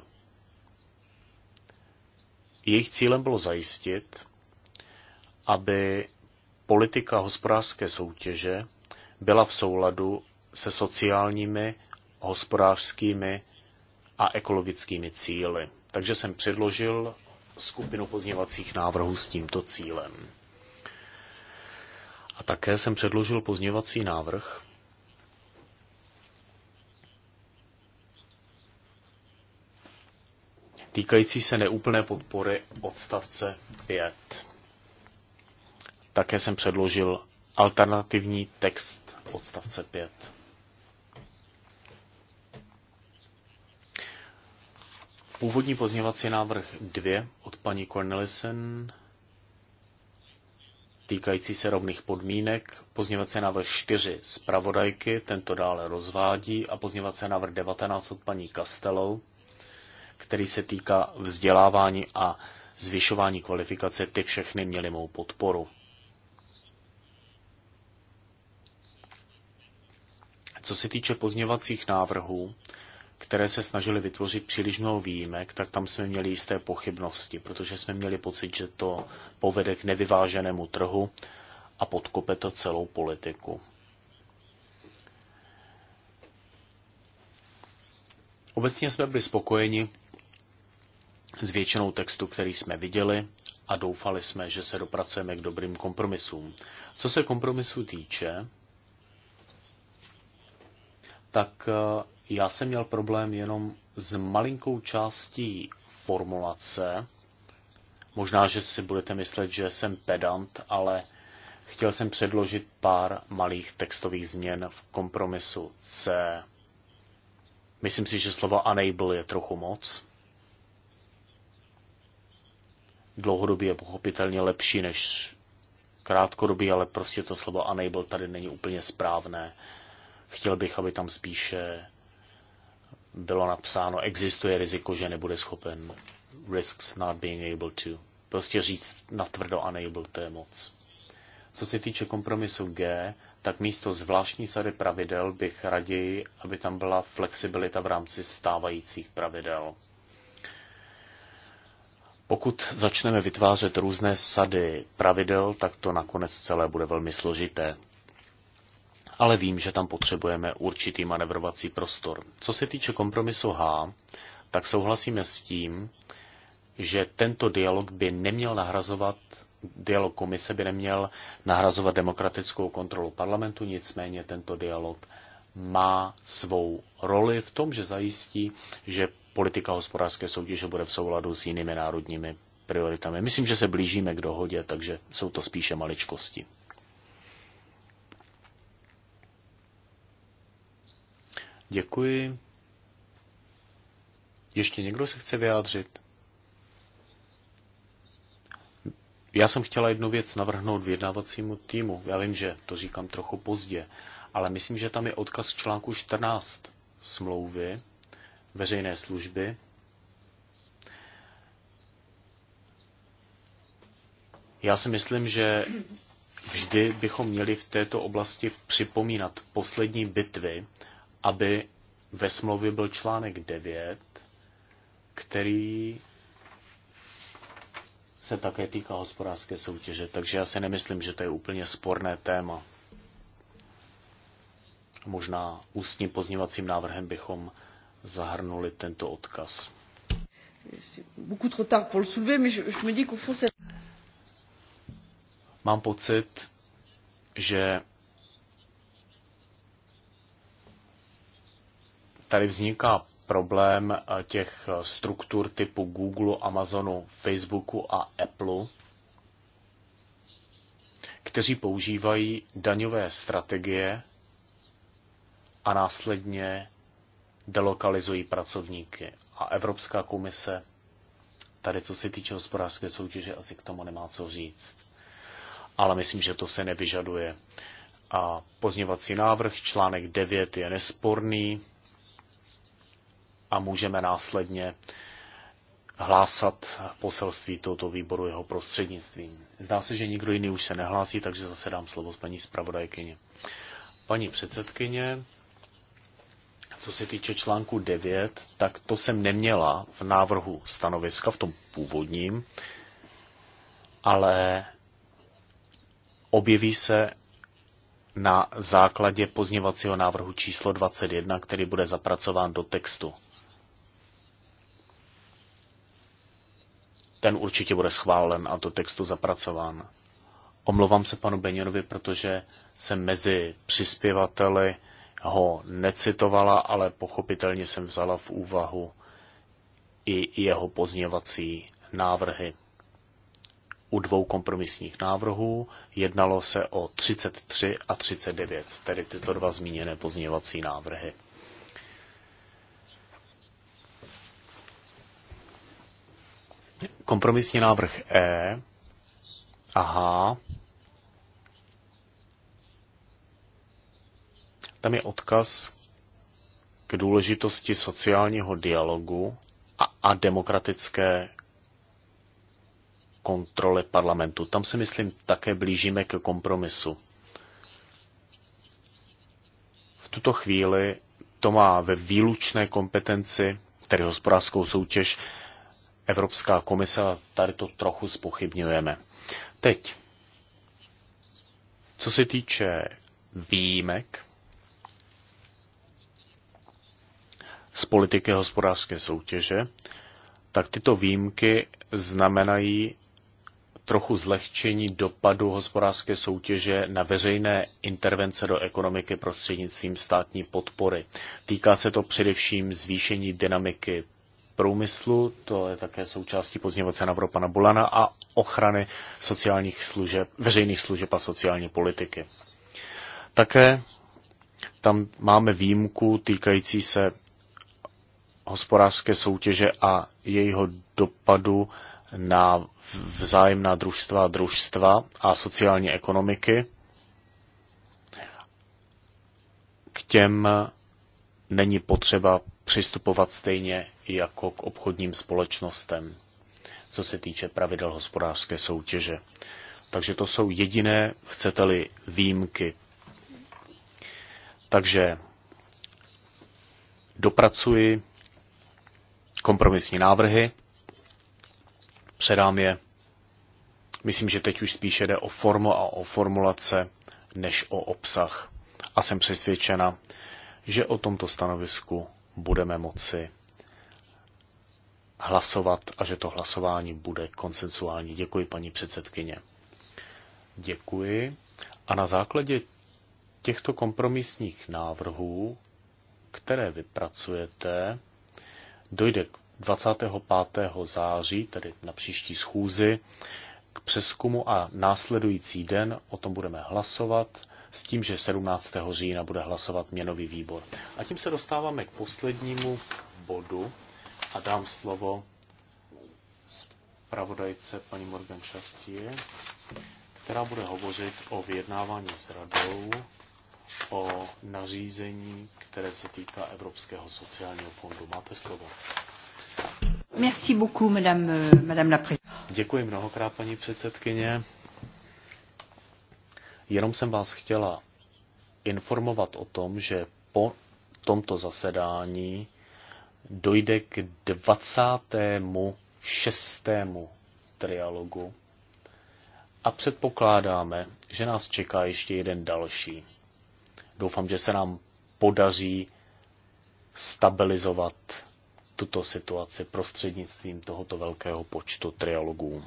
Jejich cílem bylo zajistit, aby politika hospodářské soutěže byla v souladu se sociálními, hospodářskými a ekologickými cíly. Takže jsem předložil skupinu pozněvacích návrhů s tímto cílem. A také jsem předložil pozněvací návrh, týkající se neúplné podpory odstavce 5. Také jsem předložil alternativní text odstavce 5. Původní pozněvací návrh 2 od paní Cornelissen týkající se rovných podmínek, pozněvací návrh 4 z pravodajky, tento dále rozvádí a pozněvací návrh 19 od paní Kastelou, který se týká vzdělávání a zvyšování kvalifikace, ty všechny měly mou podporu. Co se týče pozněvacích návrhů, které se snažili vytvořit příliš mnoho výjimek, tak tam jsme měli jisté pochybnosti, protože jsme měli pocit, že to povede k nevyváženému trhu a podkope to celou politiku. Obecně jsme byli spokojeni s většinou textu, který jsme viděli a doufali jsme, že se dopracujeme k dobrým kompromisům. Co se kompromisu týče, tak eh, já jsem měl problém jenom s malinkou částí formulace. Možná, že si budete myslet, že jsem pedant, ale chtěl jsem předložit pár malých textových změn v kompromisu C. Myslím si, že slovo enable je trochu moc. Dlouhodobě je pochopitelně lepší než krátkodobý, ale prostě to slovo enable tady není úplně správné. Chtěl bych, aby tam spíše bylo napsáno, existuje riziko, že nebude schopen. Risks not being able to. Prostě říct natvrdo unable, to je moc. Co se týče kompromisu G, tak místo zvláštní sady pravidel bych raději, aby tam byla flexibilita v rámci stávajících pravidel. Pokud začneme vytvářet různé sady pravidel, tak to nakonec celé bude velmi složité ale vím, že tam potřebujeme určitý manevrovací prostor. Co se týče kompromisu H, tak souhlasíme s tím, že tento dialog by neměl nahrazovat, dialog komise by neměl nahrazovat demokratickou kontrolu parlamentu, nicméně tento dialog má svou roli v tom, že zajistí, že politika hospodářské soutěže bude v souladu s jinými národními prioritami. Myslím, že se blížíme k dohodě, takže jsou to spíše maličkosti. Děkuji. Ještě někdo se chce vyjádřit? Já jsem chtěla jednu věc navrhnout vyjednávacímu týmu. Já vím, že to říkám trochu pozdě, ale myslím, že tam je odkaz článku 14 smlouvy veřejné služby. Já si myslím, že vždy bychom měli v této oblasti připomínat poslední bitvy aby ve smlouvě byl článek 9, který se také týká hospodářské soutěže, takže já si nemyslím, že to je úplně sporné téma. Možná ústním pozněvacím návrhem bychom zahrnuli tento odkaz. Mám pocit, že tady vzniká problém eh, těch eh, struktur typu Google, Amazonu, Facebooku a Apple, kteří používají daňové strategie a následně delokalizují pracovníky. A Evropská komise tady, co se týče hospodářské soutěže, asi k tomu nemá co říct. Ale myslím, že to se nevyžaduje. A pozněvací návrh, článek 9 je nesporný, a můžeme následně hlásat poselství tohoto výboru jeho prostřednictvím. Zdá se, že nikdo jiný už se nehlásí, takže zase dám slovo paní zpravodajkyně. Paní předsedkyně, co se týče článku 9, tak to jsem neměla v návrhu stanoviska, v tom původním, ale objeví se na základě pozněvacího návrhu číslo 21, který bude zapracován do textu. ten určitě bude schválen a do textu zapracován. Omlouvám se panu Benionovi, protože jsem mezi přispěvateli ho necitovala, ale pochopitelně jsem vzala v úvahu i jeho pozněvací návrhy. U dvou kompromisních návrhů jednalo se o 33 a 39, tedy tyto dva zmíněné pozněvací návrhy. Kompromisní návrh E aha, Tam je odkaz k důležitosti sociálního dialogu a, a demokratické kontrole parlamentu. Tam se, myslím, také blížíme k kompromisu. V tuto chvíli to má ve výlučné kompetenci, tedy hospodářskou soutěž, Evropská komise a tady to trochu spochybňujeme. Teď, co se týče výjimek z politiky hospodářské soutěže, tak tyto výjimky znamenají trochu zlehčení dopadu hospodářské soutěže na veřejné intervence do ekonomiky prostřednictvím státní podpory. Týká se to především zvýšení dynamiky průmyslu, to je také součástí pozdějovace Evropa pana Bulana a ochrany sociálních služeb, veřejných služeb a sociální politiky. Také tam máme výjimku týkající se hospodářské soutěže a jejího dopadu na vzájemná družstva a družstva a sociální ekonomiky. K těm není potřeba přistupovat stejně jako k obchodním společnostem, co se týče pravidel hospodářské soutěže. Takže to jsou jediné, chcete-li, výjimky. Takže dopracuji kompromisní návrhy, předám je. Myslím, že teď už spíše jde o formu a o formulace, než o obsah. A jsem přesvědčena, že o tomto stanovisku budeme moci hlasovat a že to hlasování bude konsensuální. Děkuji, paní předsedkyně. Děkuji. A na základě těchto kompromisních návrhů, které vypracujete, dojde k 25. září, tedy na příští schůzi, k přeskumu a následující den o tom budeme hlasovat s tím, že 17. října bude hlasovat měnový výbor. A tím se dostáváme k poslednímu bodu a dám slovo zpravodajce paní Morgan Chartier, která bude hovořit o vyjednávání s radou o nařízení, které se týká Evropského sociálního fondu. Máte slovo. Merci beaucoup, madame, madame la Děkuji mnohokrát, paní předsedkyně. Jenom jsem vás chtěla informovat o tom, že po tomto zasedání dojde k 26. trialogu a předpokládáme, že nás čeká ještě jeden další. Doufám, že se nám podaří stabilizovat tuto situaci prostřednictvím tohoto velkého počtu trialogů.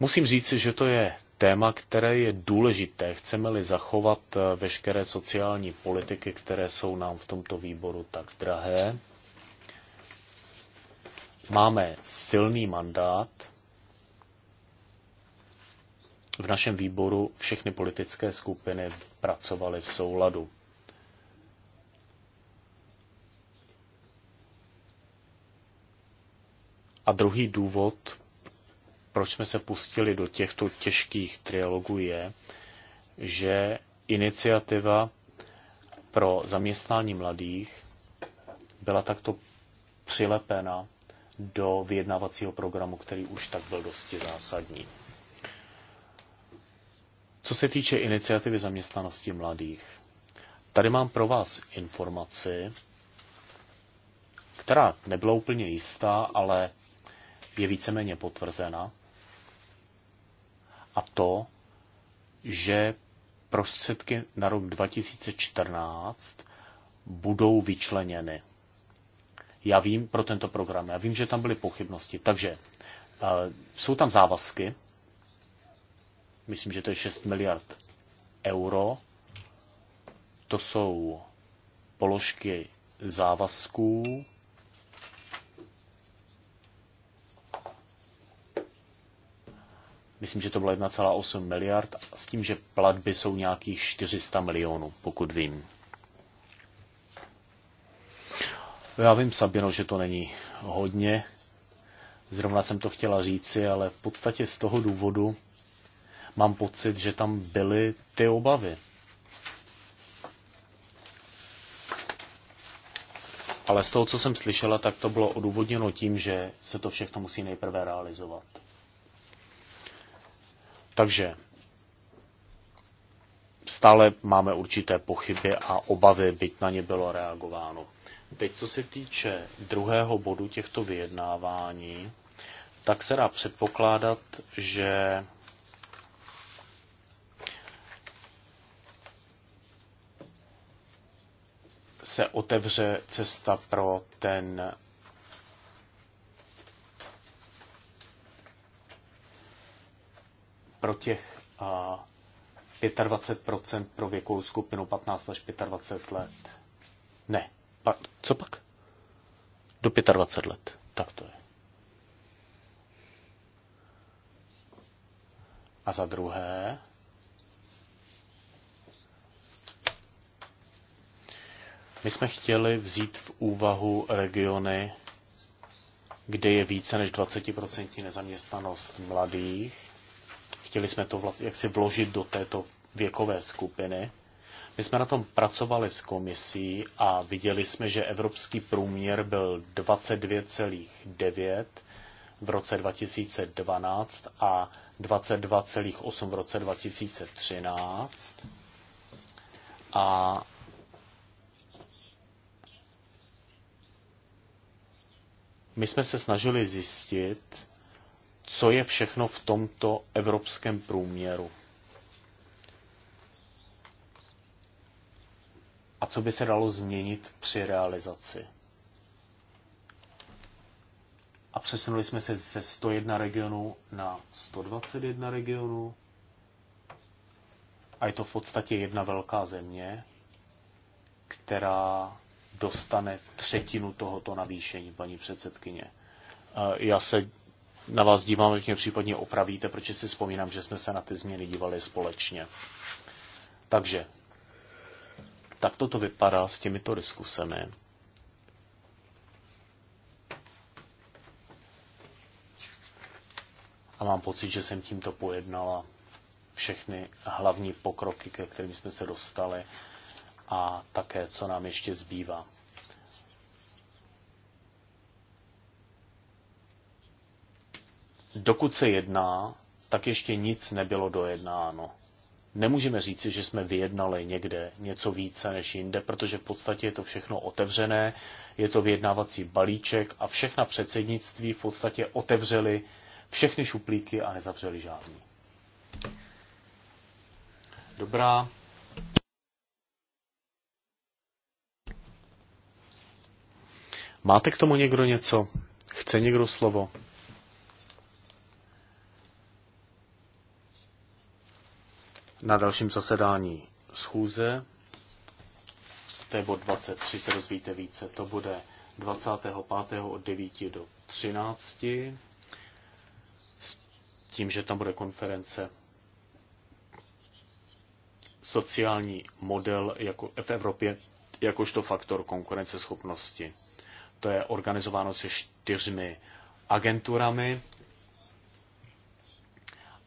Musím říci, že to je téma, které je důležité. Chceme-li zachovat eh, veškeré sociální politiky, které jsou nám v tomto výboru tak drahé. Máme silný mandát. V našem výboru všechny politické skupiny pracovaly v souladu. A druhý důvod, proč jsme se pustili do těchto těžkých trialogů, je, že iniciativa pro zaměstnání mladých byla takto přilepena do vyjednávacího programu, který už tak byl dosti zásadní. Co se týče iniciativy zaměstnanosti mladých, tady mám pro vás informaci, která nebyla úplně jistá, ale je víceméně potvrzena a to, že prostředky na rok 2014 budou vyčleněny. Já vím pro tento program, já vím, že tam byly pochybnosti. Takže eh, jsou tam závazky, myslím, že to je 6 miliard euro, to jsou položky závazků, myslím, že to bylo 1,8 miliard, s tím, že platby jsou nějakých 400 milionů, pokud vím. Já vím, Sabino, že to není hodně. Zrovna jsem to chtěla říci, ale v podstatě z toho důvodu mám pocit, že tam byly ty obavy. Ale z toho, co jsem slyšela, tak to bylo odůvodněno tím, že se to všechno musí nejprve realizovat. Takže stále máme určité pochyby a obavy, byť na ně bylo reagováno. Teď, co se týče druhého bodu těchto vyjednávání, tak se dá předpokládat, že se otevře cesta pro ten pro těch 25% pro věkovou skupinu 15 až 25 let. Ne, pa, co pak? Do 25 let, tak to je. A za druhé, my jsme chtěli vzít v úvahu regiony, kde je více než 20% nezaměstnanost mladých Chtěli jsme to vlastně jaksi vložit do této věkové skupiny. My jsme na tom pracovali s komisí a viděli jsme, že evropský průměr byl 22,9 v roce 2012 a 22,8 v roce 2013. A my jsme se snažili zjistit, co je všechno v tomto evropském průměru. A co by se dalo změnit při realizaci. A přesunuli jsme se ze 101 regionů na 121 regionů. A je to v podstatě jedna velká země, která dostane třetinu tohoto navýšení, paní předsedkyně. Eh, já se na vás dívám, když mě případně opravíte, protože si vzpomínám, že jsme se na ty změny dívali společně. Takže, tak toto vypadá s těmito diskusemi. A mám pocit, že jsem tímto pojednala všechny hlavní pokroky, ke kterým jsme se dostali a také, co nám ještě zbývá. dokud se jedná, tak ještě nic nebylo dojednáno. Nemůžeme říci, že jsme vyjednali někde něco více než jinde, protože v podstatě je to všechno otevřené, je to vyjednávací balíček a všechna předsednictví v podstatě otevřeli všechny šuplíky a nezavřeli žádný. Dobrá. Máte k tomu někdo něco? Chce někdo slovo? na dalším zasedání schůze. To je bod 23, se dozvíte více. To bude 25. od 9 do 13. S tím, že tam bude konference sociální model jako v Evropě jakožto faktor konkurenceschopnosti. To je organizováno se čtyřmi agenturami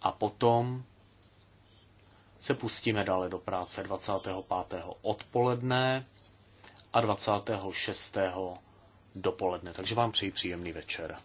a potom se pustíme dále do práce 25. odpoledne a 26. dopoledne. Takže vám přeji příjemný večer.